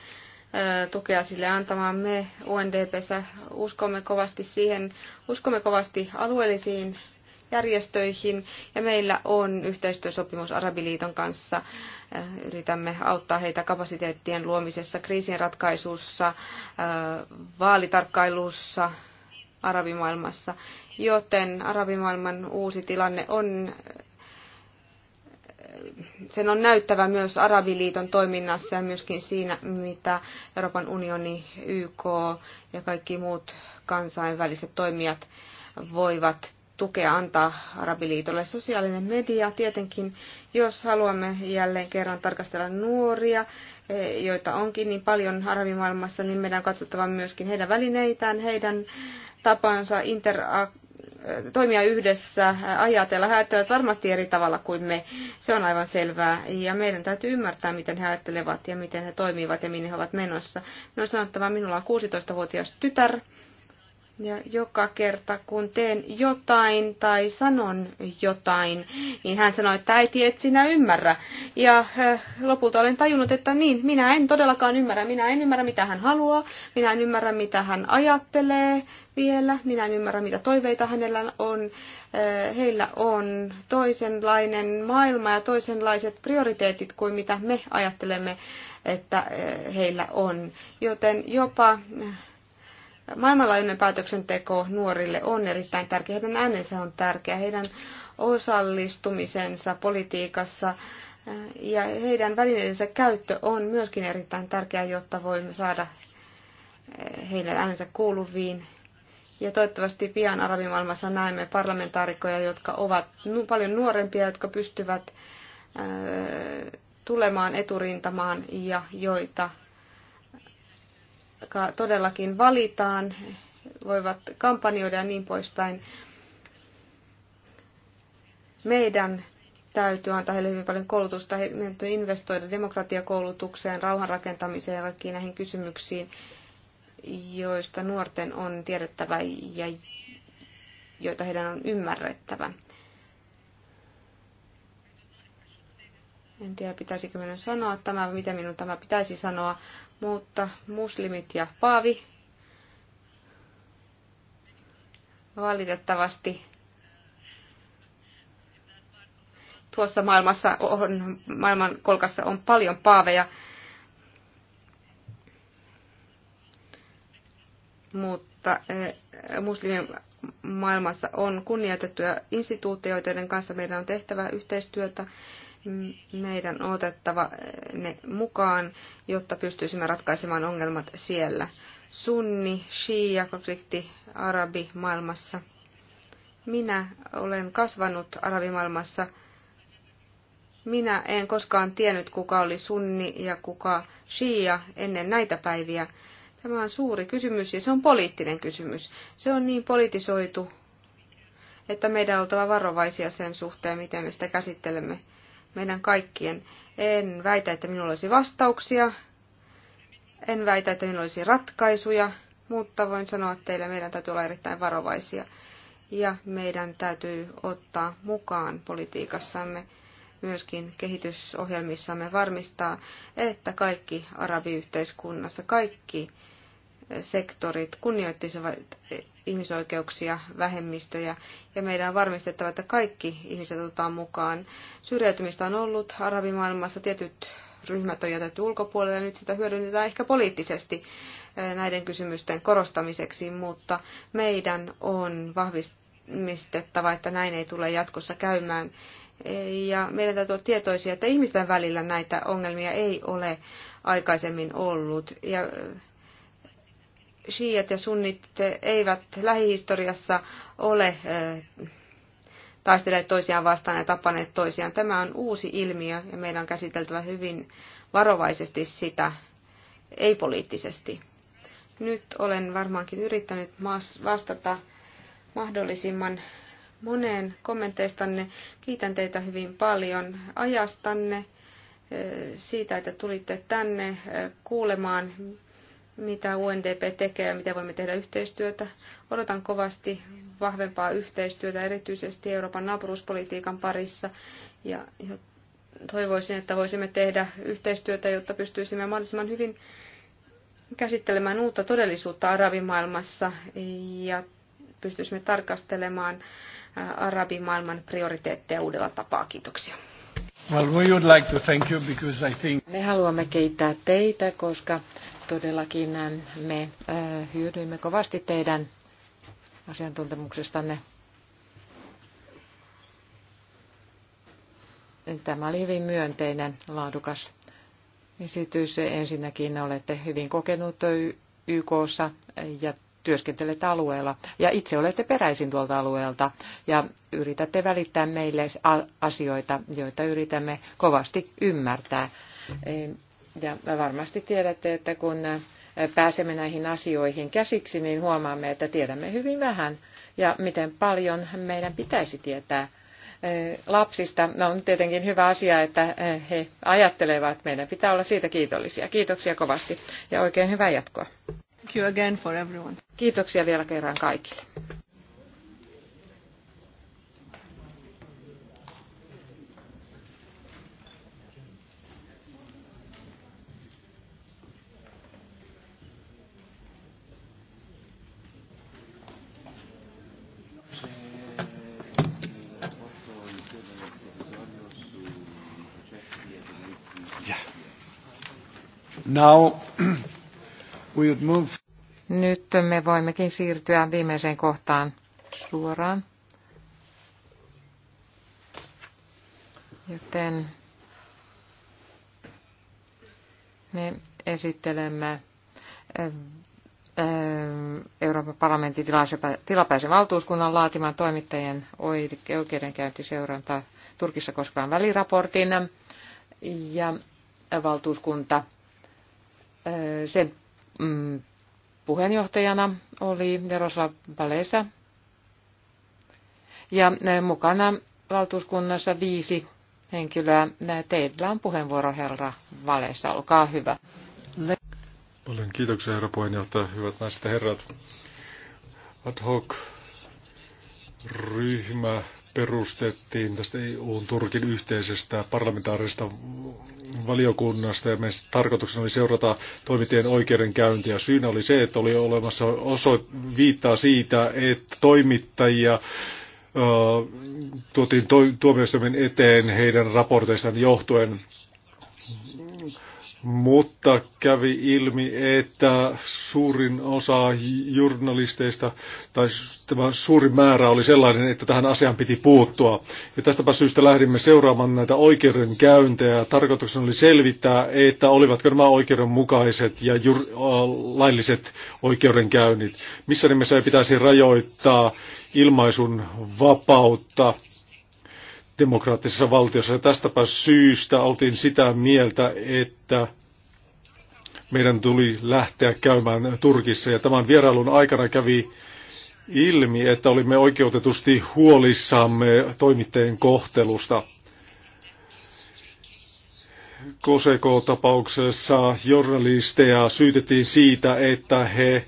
tukea sille antamaan. Me UNDPssä uskomme kovasti siihen, uskomme kovasti alueellisiin järjestöihin ja meillä on yhteistyösopimus Arabiliiton kanssa. Yritämme auttaa heitä kapasiteettien luomisessa, kriisien ratkaisussa, vaalitarkkailussa arabimaailmassa, joten arabimaailman uusi tilanne on sen on näyttävä myös Arabiliiton toiminnassa ja myöskin siinä, mitä Euroopan unioni, YK ja kaikki muut kansainväliset toimijat voivat tukea antaa Arabiliitolle. Sosiaalinen media tietenkin, jos haluamme jälleen kerran tarkastella nuoria, e, joita onkin niin paljon arabimaailmassa, niin meidän on katsottava myöskin heidän välineitään, heidän tapansa interak- toimia yhdessä, ajatella. He ajattelevat varmasti eri tavalla kuin me. Se on aivan selvää. Ja meidän täytyy ymmärtää, miten he ajattelevat ja miten he toimivat ja minne he ovat menossa. Minun on sanottava, minulla on 16-vuotias tytär, ja joka kerta, kun teen jotain tai sanon jotain, niin hän sanoi, että äiti, et sinä ymmärrä. Ja äh, lopulta olen tajunnut, että niin, minä en todellakaan ymmärrä. Minä en ymmärrä, mitä hän haluaa. Minä en ymmärrä, mitä hän ajattelee vielä. Minä en ymmärrä, mitä toiveita hänellä on. Äh, heillä on toisenlainen maailma ja toisenlaiset prioriteetit kuin mitä me ajattelemme, että äh, heillä on. Joten jopa maailmanlaajuinen päätöksenteko nuorille on erittäin tärkeä. Heidän äänensä on tärkeä, heidän osallistumisensa politiikassa eh, ja heidän välineidensä käyttö on myöskin erittäin tärkeää, jotta voimme saada eh, heidän äänensä kuuluviin. Ja toivottavasti pian arabimaailmassa näemme parlamentaarikkoja, jotka ovat paljon nuorempia, jotka pystyvät eh, tulemaan eturintamaan ja joita jotka todellakin valitaan, voivat kampanjoida ja niin poispäin. Meidän täytyy antaa heille hyvin paljon koulutusta, meidän täytyy investoida demokratiakoulutukseen, rauhanrakentamiseen ja kaikkiin näihin kysymyksiin, joista nuorten on tiedettävä ja joita heidän on ymmärrettävä. En tiedä, pitäisikö minun sanoa tämä, mitä minun tämä pitäisi sanoa, mutta muslimit ja paavi valitettavasti tuossa maailmassa on, maailman kolkassa on paljon paaveja, mutta eh, muslimien maailmassa on kunnioitettuja instituutioita, joiden kanssa meidän on tehtävä yhteistyötä meidän otettava eh, ne mukaan, jotta pystyisimme ratkaisemaan ongelmat siellä. Sunni, Shia, konflikti arabi maailmassa. Minä olen kasvanut arabimaailmassa. Minä en koskaan tiennyt, kuka oli sunni ja kuka shia ennen näitä päiviä. Tämä on suuri kysymys ja se on poliittinen kysymys. Se on niin politisoitu, että meidän on oltava varovaisia sen suhteen, miten me sitä käsittelemme meidän kaikkien. En väitä, että minulla olisi vastauksia, en väitä, että minulla olisi ratkaisuja, mutta voin sanoa teille, meidän täytyy olla erittäin varovaisia ja meidän täytyy ottaa mukaan politiikassamme myöskin kehitysohjelmissamme varmistaa, että kaikki arabiyhteiskunnassa, kaikki sektorit kunnioittisivat ihmisoikeuksia, vähemmistöjä ja meidän on varmistettava, että kaikki ihmiset otetaan mukaan. Syrjäytymistä on ollut arabimaailmassa, tietyt ryhmät on jätetty ulkopuolelle ja nyt sitä hyödynnetään ehkä poliittisesti eh, näiden kysymysten korostamiseksi, mutta meidän on vahvistettava, että näin ei tule jatkossa käymään. Eh, ja meidän täytyy olla tietoisia, että ihmisten välillä näitä ongelmia ei ole aikaisemmin ollut. Ja eh, shiiat ja sunnit eivät lähihistoriassa ole taistelleet toisiaan vastaan ja tapaneet toisiaan. Tämä on uusi ilmiö ja meidän on käsiteltävä hyvin varovaisesti sitä, ei poliittisesti. Nyt olen varmaankin yrittänyt vastata mahdollisimman moneen kommenteistanne. Kiitän teitä hyvin paljon ajastanne, siitä, että tulitte tänne kuulemaan mitä UNDP tekee ja miten voimme tehdä yhteistyötä. Odotan kovasti vahvempaa yhteistyötä erityisesti Euroopan naapuruuspolitiikan parissa ja toivoisin, että voisimme tehdä yhteistyötä, jotta pystyisimme mahdollisimman hyvin käsittelemään uutta todellisuutta arabimaailmassa ja pystyisimme tarkastelemaan arabimaailman prioriteetteja uudella tapaa. Kiitoksia. Well, we would like to thank you because I think... Me haluamme kiittää teitä, koska Todellakin ähm, me äh, hyödyimme kovasti teidän asiantuntemuksestanne. Tämä oli hyvin myönteinen, laadukas esitys. Ensinnäkin olette hyvin kokenut YKssa ja työskentelet alueella ja itse olette peräisin tuolta alueelta ja yritätte välittää meille asioita, joita yritämme kovasti ymmärtää. Ja varmasti tiedätte, että kun pääsemme näihin asioihin käsiksi, niin huomaamme, että tiedämme hyvin vähän ja miten paljon meidän pitäisi tietää lapsista. No, on tietenkin hyvä asia, että he ajattelevat. Meidän pitää olla siitä kiitollisia. Kiitoksia kovasti ja oikein hyvää jatkoa. Thank you again for everyone. Kiitoksia vielä kerran kaikille. Now <clears throat> we would move. Nyt me voimmekin siirtyä viimeiseen kohtaan suoraan. Joten me esittelemme äh, äh, Euroopan parlamentin tilapäisen valtuuskunnan laatiman toimittajien oikeudenkäyntiseuranta Turkissa koskevan väliraportin. Ja valtuuskunta sen mm, puheenjohtajana oli Jaroslav Palesa ja mukana valtuuskunnassa viisi henkilöä. Teillä on puheenvuoro, herra Valesa. Olkaa hyvä. Paljon kiitoksia, herra puheenjohtaja. Hyvät naiset ja herrat. Ad hoc ryhmä perustettiin tästä EU-Turkin yhteisestä parlamentaarisesta valiokunnasta ja meidän tarkoituksena oli seurata toimittajien oikeudenkäyntiä. Syynä oli se, että oli olemassa oso viittaa siitä, että toimittajia tuotiin tuomioistuimen eteen heidän raporteistaan johtuen mutta kävi ilmi, että suurin osa journalisteista, tai tämä suuri määrä oli sellainen, että tähän asiaan piti puuttua. Ja tästäpä syystä lähdimme seuraamaan näitä oikeudenkäyntejä. Tarkoituksena oli selvittää, että olivatko nämä oikeudenmukaiset ja jur- lailliset oikeudenkäynnit. Missä nimessä ei pitäisi rajoittaa ilmaisun vapautta demokraattisessa valtiossa. Ja tästäpä syystä oltiin sitä mieltä, että meidän tuli lähteä käymään Turkissa. Ja tämän vierailun aikana kävi ilmi, että olimme oikeutetusti huolissamme toimittajien kohtelusta. Koseko-tapauksessa journalisteja syytettiin siitä, että he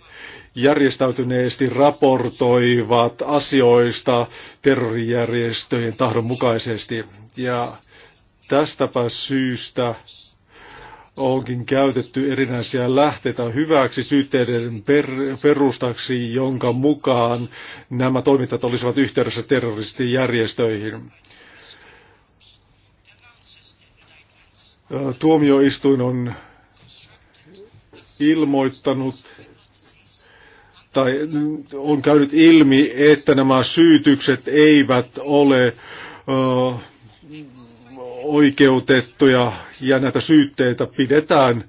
järjestäytyneesti raportoivat asioista terrorijärjestöjen tahdon mukaisesti. Ja tästäpä syystä onkin käytetty erinäisiä lähteitä hyväksi syytteiden per, perustaksi, jonka mukaan nämä toimintat olisivat yhteydessä terroristijärjestöihin. Tuomioistuin on ilmoittanut, tai on käynyt ilmi, että nämä syytykset eivät ole ö, oikeutettuja ja näitä syytteitä pidetään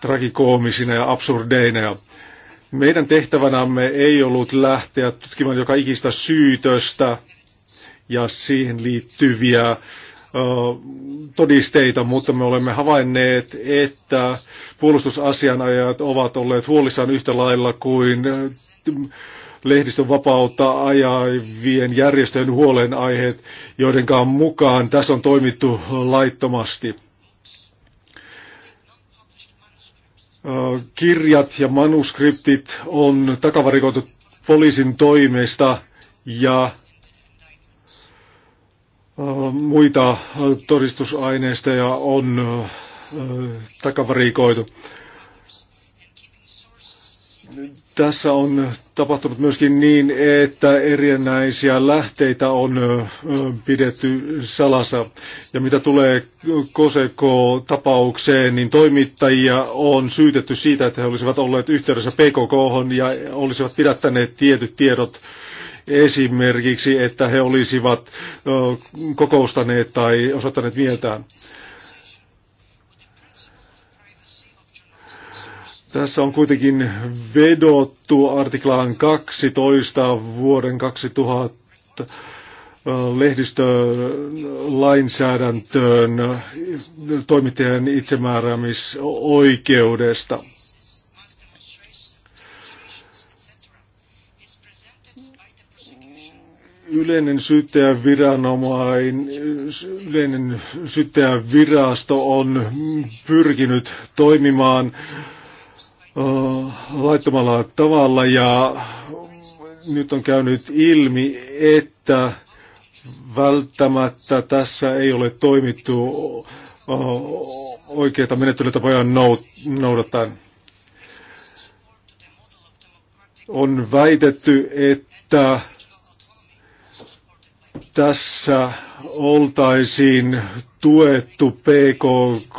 tragikoomisina ja absurdeina. Meidän tehtävänämme ei ollut lähteä tutkimaan joka ikistä syytöstä ja siihen liittyviä todisteita, mutta me olemme havainneet, että puolustusasianajat ovat olleet huolissaan yhtä lailla kuin lehdistön vapautta ajavien järjestöjen huolenaiheet, joidenkaan mukaan tässä on toimittu laittomasti. Kirjat ja manuskriptit on takavarikoitu poliisin toimesta ja muita todistusaineistoja on takavarikoitu. Tässä on tapahtunut myöskin niin, että erinäisiä lähteitä on pidetty salassa. Ja mitä tulee Koseko-tapaukseen, niin toimittajia on syytetty siitä, että he olisivat olleet yhteydessä PKK ja olisivat pidättäneet tietyt tiedot esimerkiksi, että he olisivat kokoustaneet tai osoittaneet mieltään. Tässä on kuitenkin vedottu artiklaan 12 vuoden 2000 lehdistölainsäädäntöön toimittajan itsemääräämisoikeudesta. yleinen syyttäjäviranomain, yleinen syyttäjävirasto on pyrkinyt toimimaan laittomalla tavalla ja nyt on käynyt ilmi, että välttämättä tässä ei ole toimittu oikeita menettelytapoja noudattaen. On väitetty, että tässä oltaisiin tuettu PKK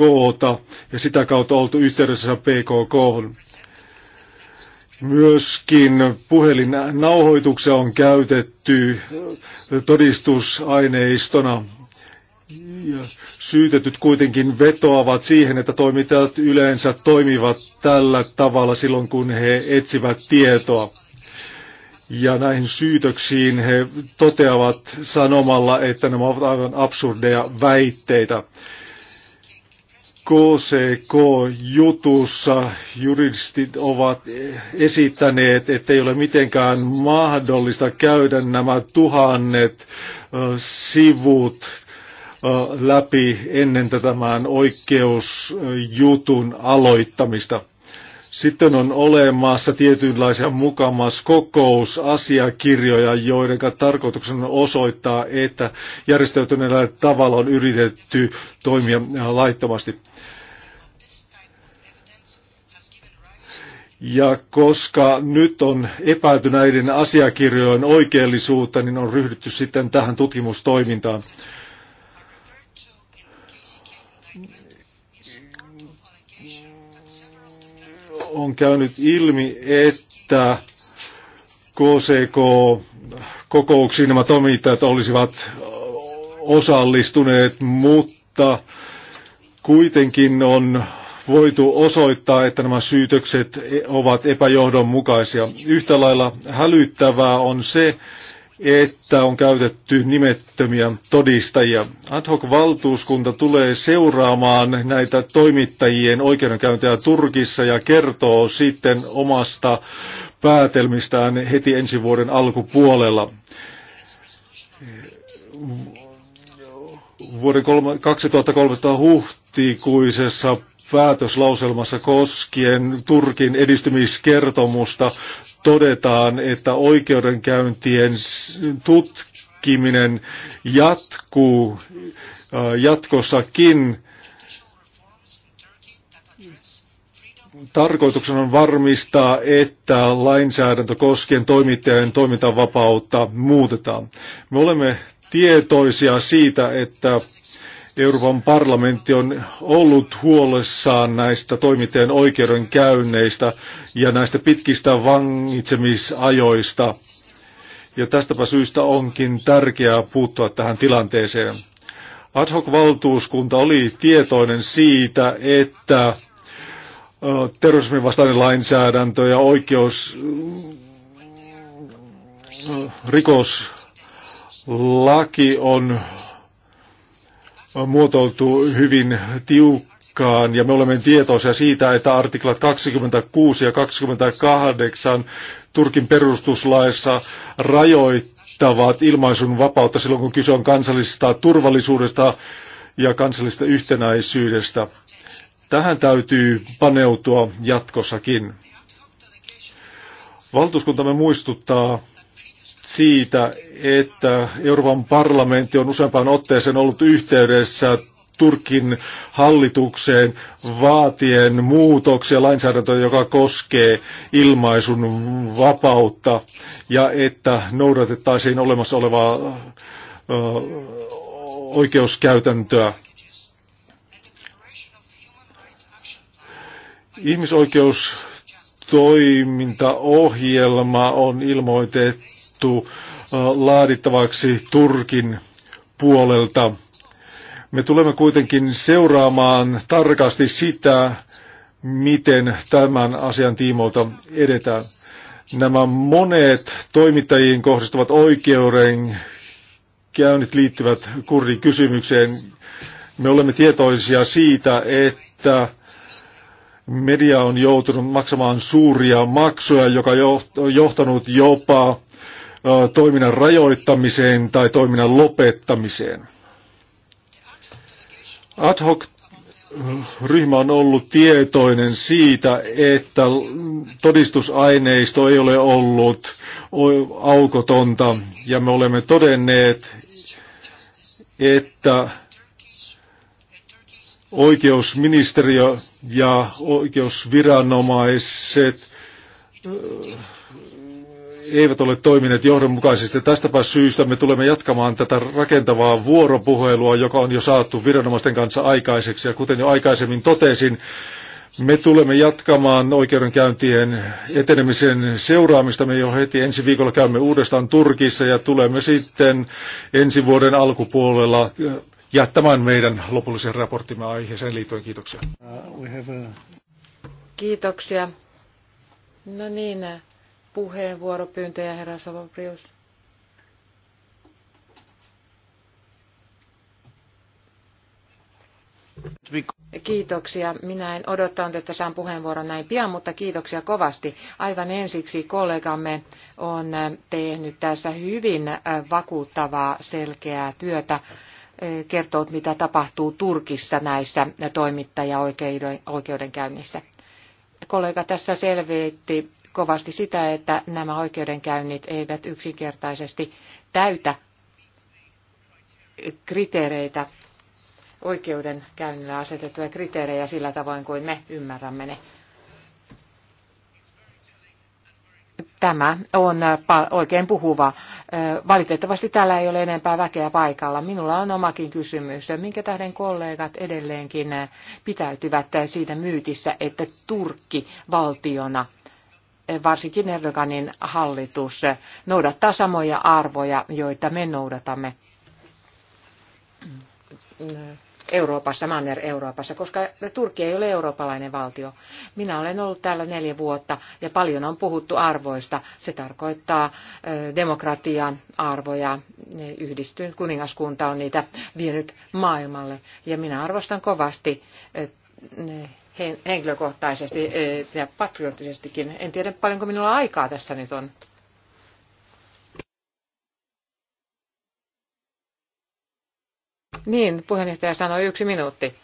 ja sitä kautta oltu yhteydessä PKKhon. Myöskin puhelinnauhoituksia on käytetty todistusaineistona. Ja syytetyt kuitenkin vetoavat siihen, että toimittajat yleensä toimivat tällä tavalla silloin, kun he etsivät tietoa. Ja näihin syytöksiin he toteavat sanomalla, että nämä ovat aivan absurdeja väitteitä. KCK-jutussa juristit ovat esittäneet, ettei ole mitenkään mahdollista käydä nämä tuhannet sivut läpi ennen tämän oikeusjutun aloittamista. Sitten on olemassa tietynlaisia mukamas kokousasiakirjoja, joiden tarkoituksena on osoittaa, että järjestäytyneellä tavalla on yritetty toimia laittomasti. Ja koska nyt on epäilty näiden asiakirjojen oikeellisuutta, niin on ryhdytty sitten tähän tutkimustoimintaan. on käynyt ilmi, että KCK-kokouksiin nämä toimittajat olisivat osallistuneet, mutta kuitenkin on voitu osoittaa, että nämä syytökset e- ovat epäjohdonmukaisia. Yhtä lailla hälyttävää on se, että on käytetty nimettömiä todistajia. Ad hoc-valtuuskunta tulee seuraamaan näitä toimittajien oikeudenkäyntejä Turkissa ja kertoo sitten omasta päätelmistään heti ensi vuoden alkupuolella. Vuoden 2013 huhtikuisessa päätöslauselmassa koskien Turkin edistymiskertomusta todetaan, että oikeudenkäyntien tutkiminen jatkuu äh, jatkossakin. Tarkoituksena on varmistaa, että lainsäädäntö koskien toimittajien toimintavapautta muutetaan. Me olemme tietoisia siitä, että Euroopan parlamentti on ollut huolessaan näistä toimittajan oikeudenkäynneistä ja näistä pitkistä vangitsemisajoista. Ja tästäpä syystä onkin tärkeää puuttua tähän tilanteeseen. Ad hoc-valtuuskunta oli tietoinen siitä, että terrorismin vastainen lainsäädäntö ja oikeus rikoslaki on on muotoiltu hyvin tiukkaan ja me olemme tietoisia siitä, että artiklat 26 ja 28 Turkin perustuslaissa rajoittavat ilmaisun vapautta silloin, kun kyse on kansallisesta turvallisuudesta ja kansallisesta yhtenäisyydestä. Tähän täytyy paneutua jatkossakin. Valtuuskuntamme muistuttaa siitä, että Euroopan parlamentti on useampaan otteeseen ollut yhteydessä Turkin hallitukseen vaatien muutoksia lainsäädäntöön, joka koskee ilmaisun vapautta ja että noudatettaisiin olemassa olevaa ö, oikeuskäytäntöä. Ihmisoikeus toimintaohjelma on ilmoitettu laadittavaksi Turkin puolelta. Me tulemme kuitenkin seuraamaan tarkasti sitä, miten tämän asian tiimoilta edetään. Nämä monet toimittajiin kohdistuvat oikeuden käynnit liittyvät kurdikysymykseen. Me olemme tietoisia siitä, että media on joutunut maksamaan suuria maksuja, joka on johtanut jopa toiminnan rajoittamiseen tai toiminnan lopettamiseen. Ad hoc ryhmä on ollut tietoinen siitä, että todistusaineisto ei ole ollut aukotonta ja me olemme todenneet, että oikeusministeriö ja oikeusviranomaiset äh, eivät ole toimineet johdonmukaisesti. Tästäpä syystä me tulemme jatkamaan tätä rakentavaa vuoropuhelua, joka on jo saatu viranomaisten kanssa aikaiseksi. Ja kuten jo aikaisemmin totesin, me tulemme jatkamaan oikeudenkäyntien etenemisen seuraamista. Me jo heti ensi viikolla käymme uudestaan Turkissa ja tulemme sitten ensi vuoden alkupuolella äh, ja tämän meidän lopullisen raporttimme aiheeseen liittyen. Kiitoksia. Uh, kiitoksia. No niin, puheenvuoropyyntöjä herra Savoprius. Kiitoksia. Minä en odottanut, että saan puheenvuoron näin pian, mutta kiitoksia kovasti. Aivan ensiksi kollegamme on tehnyt tässä hyvin äh, vakuuttavaa, selkeää työtä kertoo, mitä tapahtuu Turkissa näissä toimittajaoikeudenkäynnissä. Kollega tässä selvitti kovasti sitä, että nämä oikeudenkäynnit eivät yksinkertaisesti täytä kriteereitä, oikeudenkäynnillä asetettuja kriteerejä sillä tavoin kuin me ymmärrämme ne. Tämä on äh, oikein puhuva. Äh, valitettavasti täällä ei ole enempää väkeä paikalla. Minulla on omakin kysymys. Minkä tähden kollegat edelleenkin äh, pitäytyvät siitä myytissä, että Turkki valtiona, varsinkin Erdoganin hallitus, noudattaa samoja arvoja, joita me noudatamme? Mm. Euroopassa, Manner-Euroopassa, koska Turkki ei ole eurooppalainen valtio. Minä olen ollut täällä neljä vuotta ja paljon on puhuttu arvoista. Se tarkoittaa demokratian arvoja. Yhdistynyt kuningaskunta on niitä vienyt maailmalle ja minä arvostan kovasti henkilökohtaisesti ja patriottisestikin. En tiedä paljonko minulla aikaa tässä nyt on. Niin, puheenjohtaja sanoi yksi minuutti.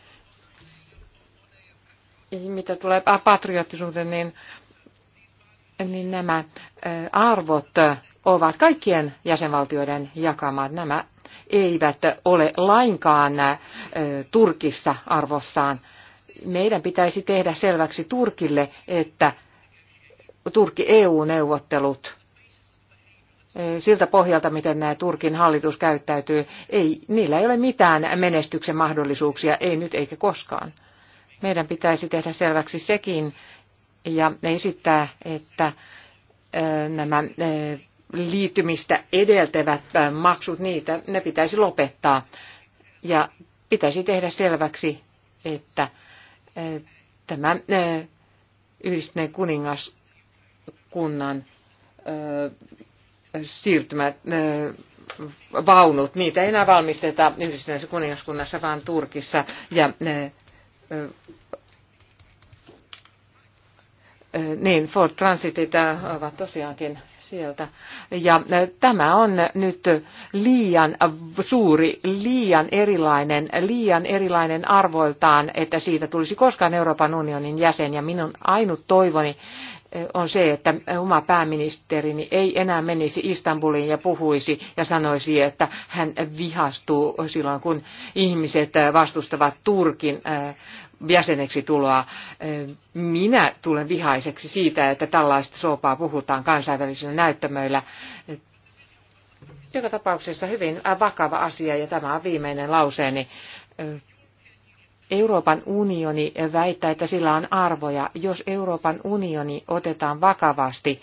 Mitä tulee ah, patriottisuuteen, niin, niin nämä arvot ovat kaikkien jäsenvaltioiden jakamat. Nämä eivät ole lainkaan Turkissa arvossaan. Meidän pitäisi tehdä selväksi Turkille, että Turkki EU-neuvottelut siltä pohjalta, miten Turkin hallitus käyttäytyy. Ei, niillä ei ole mitään menestyksen mahdollisuuksia, ei nyt eikä koskaan. Meidän pitäisi tehdä selväksi sekin ja esittää, että nämä liittymistä edeltävät maksut, niitä, ne pitäisi lopettaa. Ja pitäisi tehdä selväksi, että tämä yhdistyneen kuningaskunnan siirtymät, vaunut, niitä ei enää valmisteta yhdistyneessä kuningaskunnassa, vaan Turkissa. Ja niin, Ford Transitit ovat tosiaankin sieltä. Ja tämä on nyt liian suuri, liian erilainen, liian erilainen arvoiltaan, että siitä tulisi koskaan Euroopan unionin jäsen. Ja minun ainut toivoni on se, että oma pääministerini ei enää menisi Istanbuliin ja puhuisi ja sanoisi, että hän vihastuu silloin, kun ihmiset vastustavat Turkin äh, jäseneksi tuloa. Äh, minä tulen vihaiseksi siitä, että tällaista soopaa puhutaan kansainvälisillä näyttämöillä. Joka tapauksessa hyvin vakava asia ja tämä on viimeinen lauseeni. Äh, Euroopan unioni väittää, että sillä on arvoja. Jos Euroopan unioni otetaan vakavasti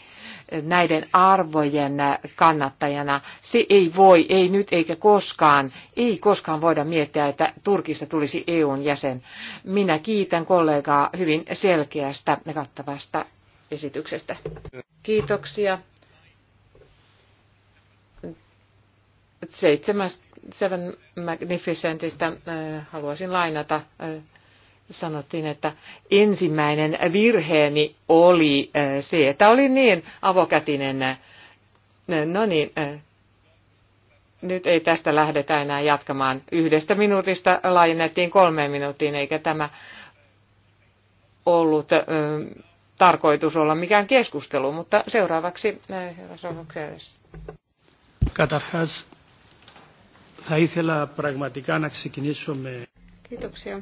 näiden arvojen kannattajana, se ei voi, ei nyt eikä koskaan, ei koskaan voida miettiä, että Turkista tulisi EUn jäsen. Minä kiitän kollegaa hyvin selkeästä ja kattavasta esityksestä. Kiitoksia. seitsemäs, Seven Magnificentista äh, haluaisin lainata. Äh, sanottiin, että ensimmäinen virheeni oli äh, se, että oli niin avokätinen. No niin, nyt ei tästä lähdetä enää jatkamaan. Yhdestä minuutista laajennettiin kolmeen minuuttiin, eikä tämä ollut tarkoitus olla mikään keskustelu, mutta seuraavaksi herra Sofokselles. has Θα ήθελα πραγματικά να ξεκινήσω με... Kiitoksia.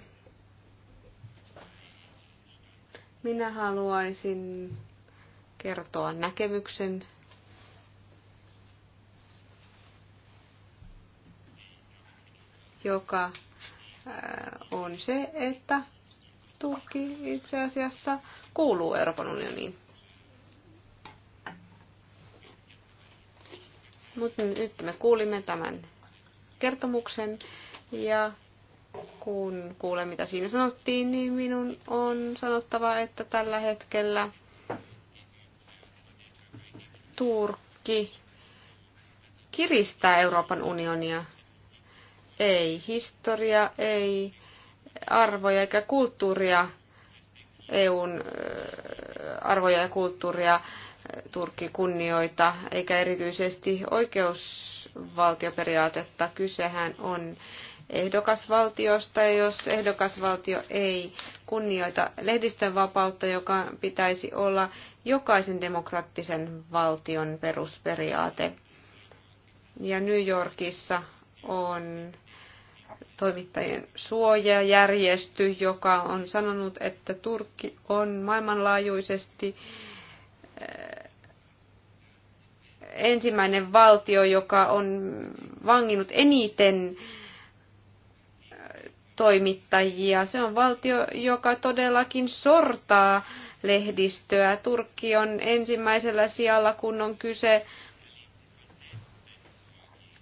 Minä haluaisin kertoa näkemyksen joka äh, on se, että tuki itse asiassa kuuluu Euroopan unioniin. Mutta nyt me kuulimme tämän kertomuksen ja kun kuulen mitä siinä sanottiin, niin minun on sanottava, että tällä hetkellä Turkki kiristää Euroopan unionia. Ei historia, ei arvoja eikä kulttuuria, EUn äh, arvoja ja kulttuuria äh, Turkki kunnioita, eikä erityisesti oikeus oikeusvaltioperiaatetta. Kysehän on ehdokasvaltiosta, ja jos ehdokasvaltio ei kunnioita lehdistön vapautta, joka pitäisi olla jokaisen demokraattisen valtion perusperiaate. Ja New Yorkissa on toimittajien suojajärjesty, joka on sanonut, että Turkki on maailmanlaajuisesti ensimmäinen valtio, joka on vanginnut eniten äh, toimittajia. Se on valtio, joka todellakin sortaa lehdistöä. Turkki on ensimmäisellä sijalla, kun on kyse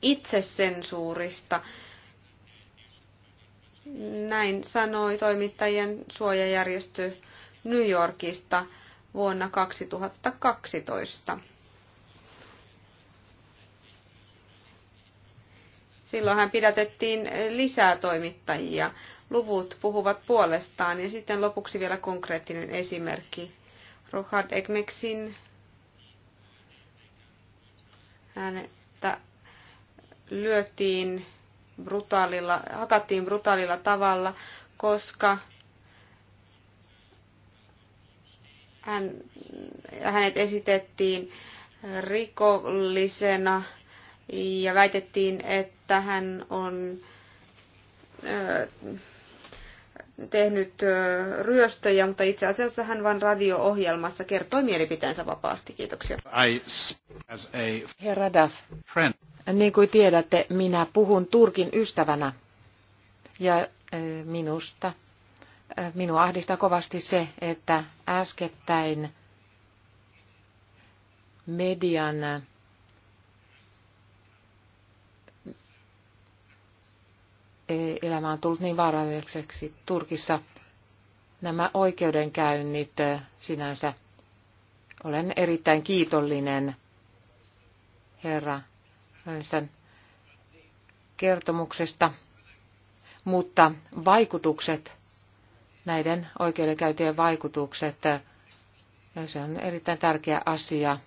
itsesensuurista. Näin sanoi toimittajien suojajärjestö New Yorkista vuonna 2012. silloin hän pidätettiin lisää toimittajia. Luvut puhuvat puolestaan. Ja sitten lopuksi vielä konkreettinen esimerkki. Rohard Ekmeksin häntä lyötiin brutaalilla, hakattiin brutaalilla tavalla, koska hän, hänet esitettiin rikollisena – ja väitettiin, että hän on tehnyt ryöstöjä, mutta itse asiassa hän vain radio-ohjelmassa kertoi mielipiteensä vapaasti. Kiitoksia. I, as a Herra Daf, friend. niin kuin tiedätte, minä puhun Turkin ystävänä ja minusta. Minua ahdistaa kovasti se, että äskettäin median elämä on tullut niin vaaralliseksi Turkissa. Nämä oikeudenkäynnit eh, sinänsä. Olen erittäin kiitollinen herra sen kertomuksesta, mutta vaikutukset, näiden oikeudenkäytien vaikutukset, eh, se on erittäin tärkeä asia,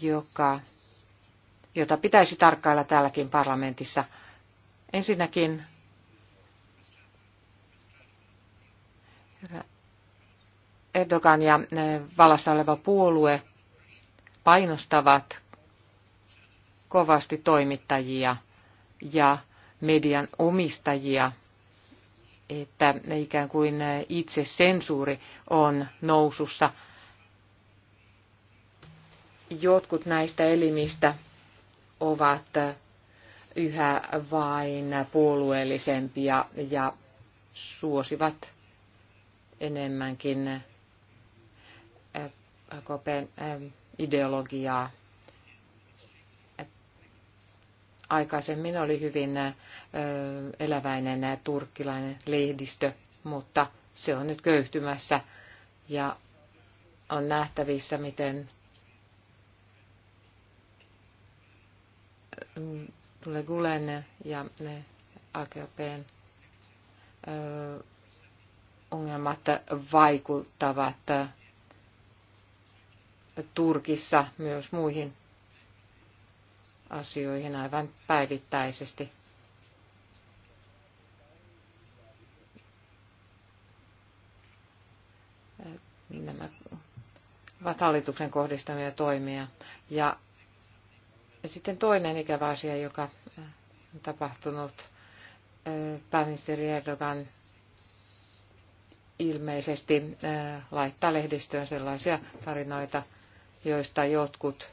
joka jota pitäisi tarkkailla täälläkin parlamentissa. Ensinnäkin Erdogan ja eh, valassa oleva puolue painostavat kovasti toimittajia ja median omistajia, että ikään kuin eh, itse sensuuri on nousussa. Jotkut näistä elimistä ovat yhä vain puolueellisempia ja suosivat enemmänkin eh, eh, ideologiaa. Aikaisemmin oli hyvin eh, eläväinen turkkilainen lehdistö, mutta se on nyt köyhtymässä ja on nähtävissä, miten tulee Gulen ja ne AKPn ongelmat vaikuttavat Turkissa myös muihin asioihin aivan päivittäisesti. Niin nämä ovat hallituksen kohdistamia toimia. Ja sitten toinen ikävä asia, joka on tapahtunut. Pääministeri Erdogan ilmeisesti laittaa lehdistöön sellaisia tarinoita, joista jotkut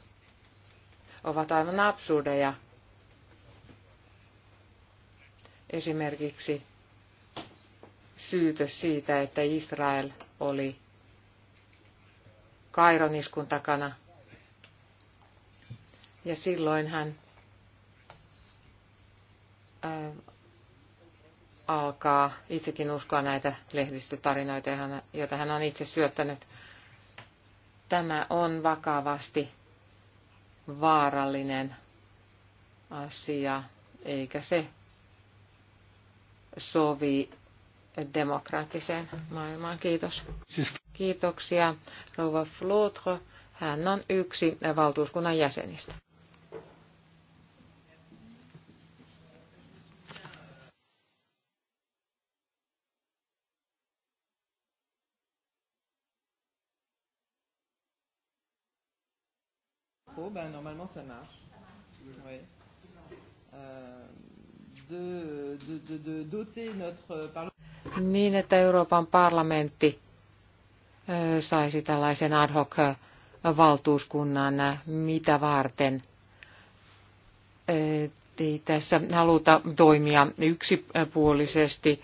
ovat aivan absurdeja. Esimerkiksi syytös siitä, että Israel oli Kairon iskun takana – ja hän ää, äh, alkaa itsekin uskoa näitä lehdistötarinoita, joita hän on itse syöttänyt. Tämä on vakavasti vaarallinen asia, eikä se sovi demokraattiseen maailmaan. Kiitos. Siis- Kiitoksia. Rouva Flutro, hän on yksi valtuuskunnan jäsenistä. euros, ben, normalement ça marche. Oui. Euh, de, de, de, de doter notre euh, parlement. niin, että Euroopan parlamentti saisi tällaisen ad hoc valtuuskunnan mitä varten. Ei tässä haluta toimia yksipuolisesti.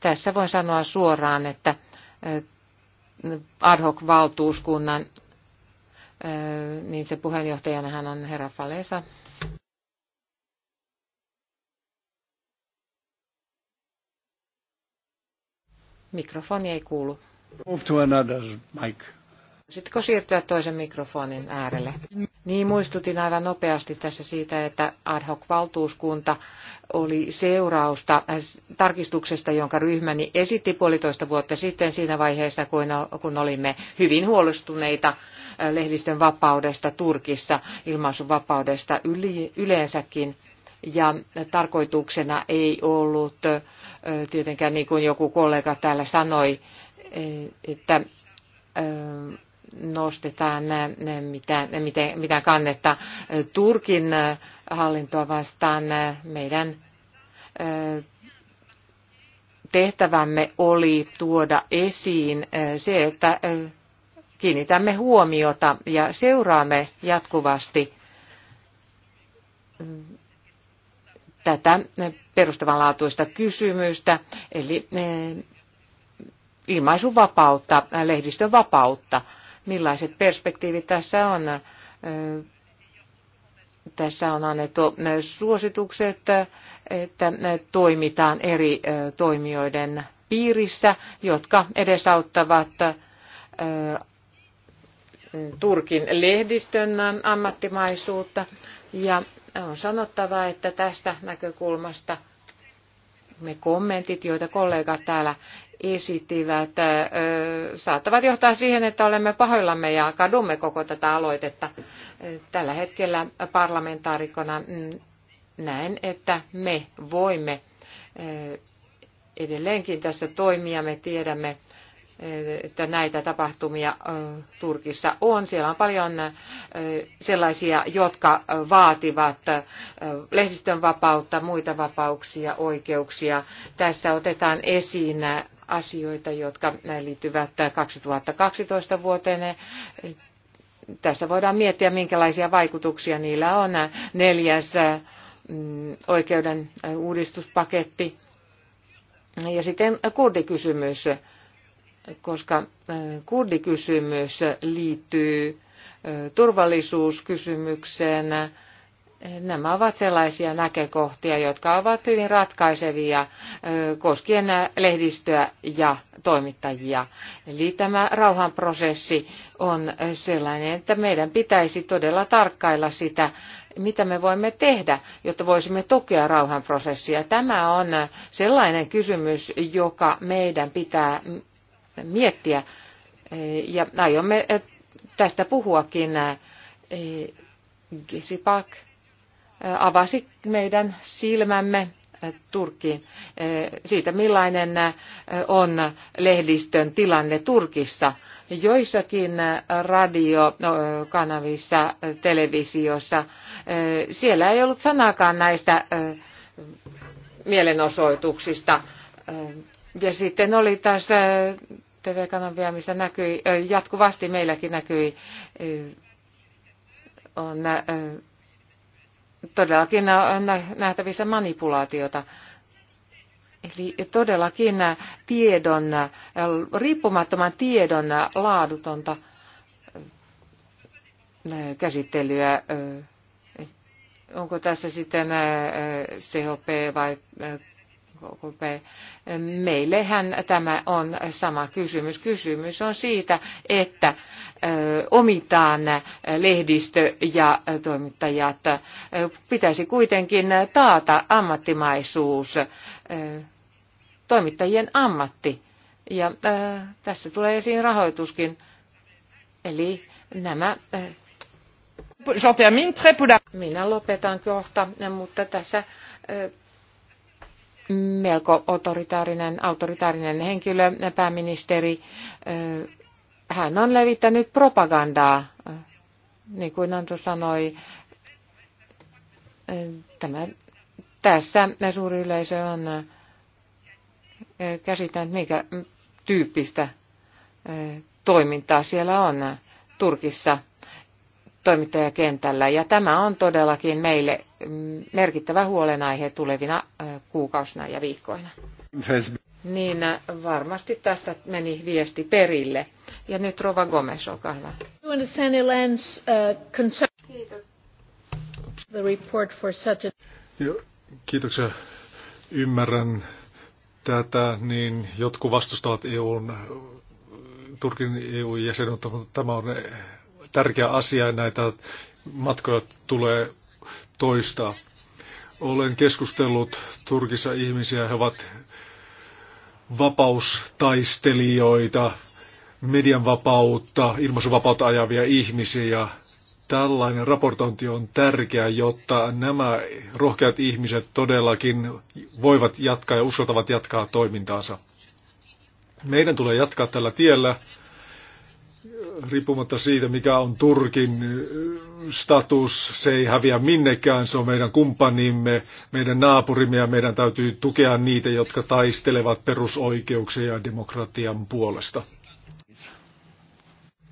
Tässä voin sanoa suoraan, että ad hoc-valtuuskunnan, niin se puheenjohtajana hän on herra Falesa. Mikrofoni ei kuulu. Move to another mic. Voisitko siirtyä toisen mikrofonin äärelle? Niin muistutin aivan nopeasti tässä siitä, että ad hoc valtuuskunta oli seurausta tarkistuksesta, jonka ryhmäni esitti puolitoista vuotta sitten siinä vaiheessa, kun olimme hyvin huolestuneita äh, lehdistön vapaudesta Turkissa, ilmaisun vapaudesta yleensäkin. Ja tarkoituksena ei ollut äh, tietenkään, niin kuin joku kollega täällä sanoi, äh, että nostetaan eh, mitään, mitään kannetta eh, Turkin eh, hallintoa vastaan. Meidän tehtävämme oli tuoda esiin se, että kiinnitämme huomiota ja seuraamme jatkuvasti tätä perustavanlaatuista kysymystä, eli ilmaisuvapautta, lehdistön vapautta millaiset perspektiivit tässä on. Tässä on annettu suositukset, että toimitaan eri toimijoiden piirissä, jotka edesauttavat Turkin lehdistön ammattimaisuutta. Ja on sanottava, että tästä näkökulmasta me kommentit, joita kollegat täällä esittivät, saattavat johtaa siihen, että olemme pahoillamme ja kadumme koko tätä aloitetta. Tällä hetkellä parlamentaarikona mm, näen, että me voimme edelleenkin tässä toimia. Me tiedämme, että näitä tapahtumia Turkissa on. Siellä on paljon sellaisia, jotka vaativat lehdistön vapautta, muita vapauksia, oikeuksia. Tässä otetaan esiin asioita, jotka liittyvät 2012 vuoteen. Tässä voidaan miettiä, minkälaisia vaikutuksia niillä on. Neljäs mm, oikeuden uudistuspaketti ja sitten kurdikysymys, koska äh, kurdikysymys liittyy äh, turvallisuuskysymykseen Nämä ovat sellaisia näkökohtia, jotka ovat hyvin ratkaisevia koskien lehdistöä ja toimittajia. Eli tämä rauhanprosessi on sellainen, että meidän pitäisi todella tarkkailla sitä, mitä me voimme tehdä, jotta voisimme tukea rauhanprosessia. Tämä on sellainen kysymys, joka meidän pitää miettiä e, ja aiomme tästä puhuakin. E, Gesipak avasi meidän silmämme Turkkiin siitä, millainen on lehdistön tilanne Turkissa. Joissakin radiokanavissa, televisiossa, siellä ei ollut sanakaan näistä mielenosoituksista. Ja sitten oli tässä TV-kanavia, missä näkyi, jatkuvasti meilläkin näkyi, on todellakin on nähtävissä manipulaatiota. Eli todellakin tiedon, riippumattoman tiedon laadutonta käsittelyä. Onko tässä sitten CHP vai Meillehän tämä on sama kysymys. Kysymys on siitä, että omitaan lehdistö ja toimittajat. Pitäisi kuitenkin taata ammattimaisuus, toimittajien ammatti. Ja tässä tulee esiin rahoituskin. Eli nämä minä lopetan kohta, mutta tässä melko autoritaarinen, autoritaarinen henkilö, pääministeri. Hän on levittänyt propagandaa, niin kuin Anto sanoi. Tämä, tässä suuri yleisö on käsittänyt, mikä tyyppistä toimintaa siellä on Turkissa – toimittajakentällä. Ja tämä on todellakin meille mm, merkittävä huolenaihe tulevina kuukausina ja viikkoina. Niin varmasti tästä meni viesti perille. Ja nyt Rova Gomes, olkaa hyvä. Kiitoksia. Ymmärrän tätä, niin jotkut vastustavat EUn, Turkin EU-jäsenyyttä, mutta tämä on tärkeä asia. Näitä matkoja tulee toistaa. Olen keskustellut Turkissa ihmisiä, he ovat vapaustaistelijoita, median vapautta, ilmaisuvapautta ajavia ihmisiä tällainen raportointi on tärkeä, jotta nämä rohkeat ihmiset todellakin voivat jatkaa ja uskaltavat jatkaa toimintaansa. Meidän tulee jatkaa tällä tiellä riippumatta siitä, mikä on Turkin status, se ei häviä minnekään, se on meidän kumppanimme, meidän naapurimme ja meidän täytyy tukea niitä, jotka taistelevat perusoikeuksia ja demokratian puolesta.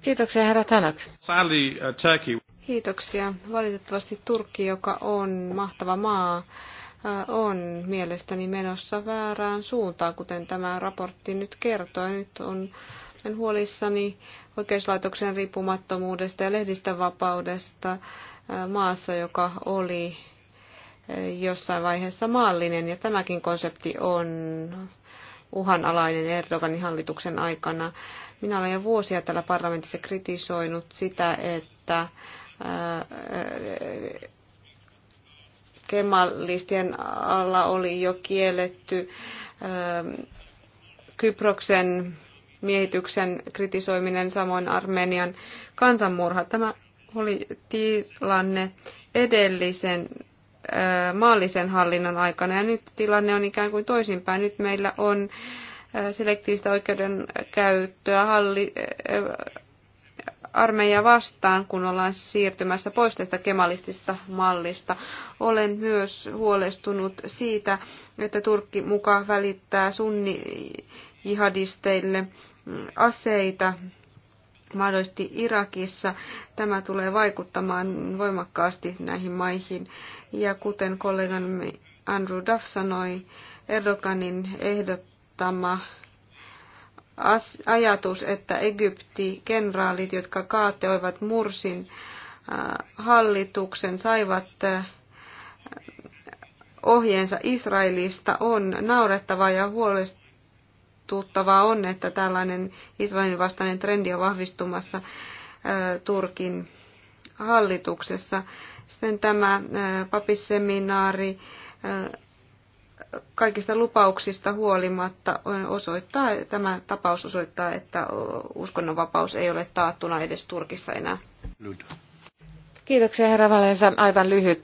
Kiitoksia herra Tanak. Uh, Kiitoksia. Valitettavasti Turkki, joka on mahtava maa, uh, on mielestäni menossa väärään suuntaan, kuten tämä raportti nyt kertoo. Nyt on olen huolissani oikeuslaitoksen riippumattomuudesta ja lehdistönvapaudesta maassa, joka oli jossain vaiheessa maallinen. Ja tämäkin konsepti on uhanalainen Erdoganin hallituksen aikana. Minä olen jo vuosia täällä parlamentissa kritisoinut sitä, että kemallistien alla oli jo kielletty Kyproksen miehityksen kritisoiminen, samoin Armenian kansanmurha. Tämä oli tilanne edellisen maallisen hallinnon aikana ja nyt tilanne on ikään kuin toisinpäin. Nyt meillä on selektiivistä oikeudenkäyttöä halli, armeija vastaan, kun ollaan siirtymässä pois tästä kemalistista mallista. Olen myös huolestunut siitä, että Turkki mukaan välittää sunni jihadisteille aseita mahdollisesti Irakissa. Tämä tulee vaikuttamaan voimakkaasti näihin maihin. Ja kuten kollegamme Andrew Duff sanoi, Erdoganin ehdottama ajatus, että Egypti, kenraalit, jotka kaateoivat Mursin äh, hallituksen, saivat äh, ohjeensa Israelista, on naurettava ja huolest huolestuttavaa on, että tällainen Israelin vastainen trendi on vahvistumassa äh, Turkin hallituksessa. Sitten tämä äh, papisseminaari äh, kaikista lupauksista huolimatta on osoittaa, tämä tapaus osoittaa, että uskonnonvapaus ei ole taattuna edes Turkissa enää. Lyd. Kiitoksia herra Valensa. Aivan lyhyt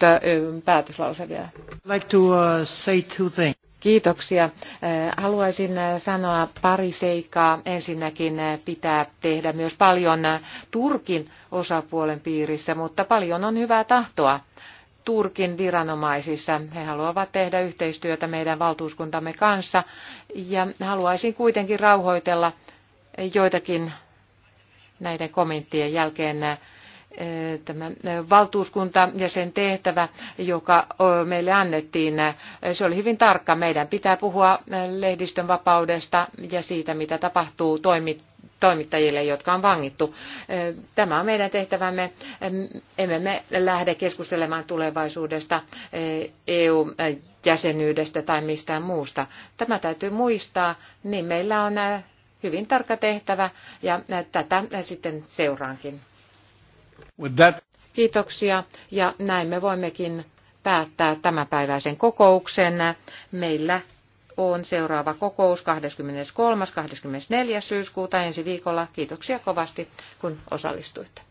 päätöslause vielä. Like to, uh, say two things. Kiitoksia. Äh, haluaisin äh, sanoa pari seikkaa. Ensinnäkin äh, pitää tehdä myös paljon Turkin osapuolen piirissä, mutta paljon on hyvää tahtoa Turkin viranomaisissa. He haluavat tehdä yhteistyötä meidän valtuuskuntamme kanssa ja haluaisin kuitenkin rauhoitella joitakin näiden kommenttien jälkeen Eh, tämä eh, valtuuskunta ja sen tehtävä, joka meille annettiin, se oli hyvin tarkka. Meidän pitää puhua eh, lehdistön vapaudesta ja siitä, mitä tapahtuu toimittajille, jotka on vangittu. Tämä on meidän tehtävämme. Emme me lähde keskustelemaan tulevaisuudesta, EU-jäsenyydestä e tai mistään muusta. Tämä täytyy muistaa, niin meillä on hyvin tarkka tehtävä ja tätä sitten seuraankin. Kiitoksia ja näin me voimmekin päättää tämänpäiväisen kokouksen. Meillä on seuraava kokous 23. 24. syyskuuta ensi viikolla. Kiitoksia kovasti, kun osallistuitte.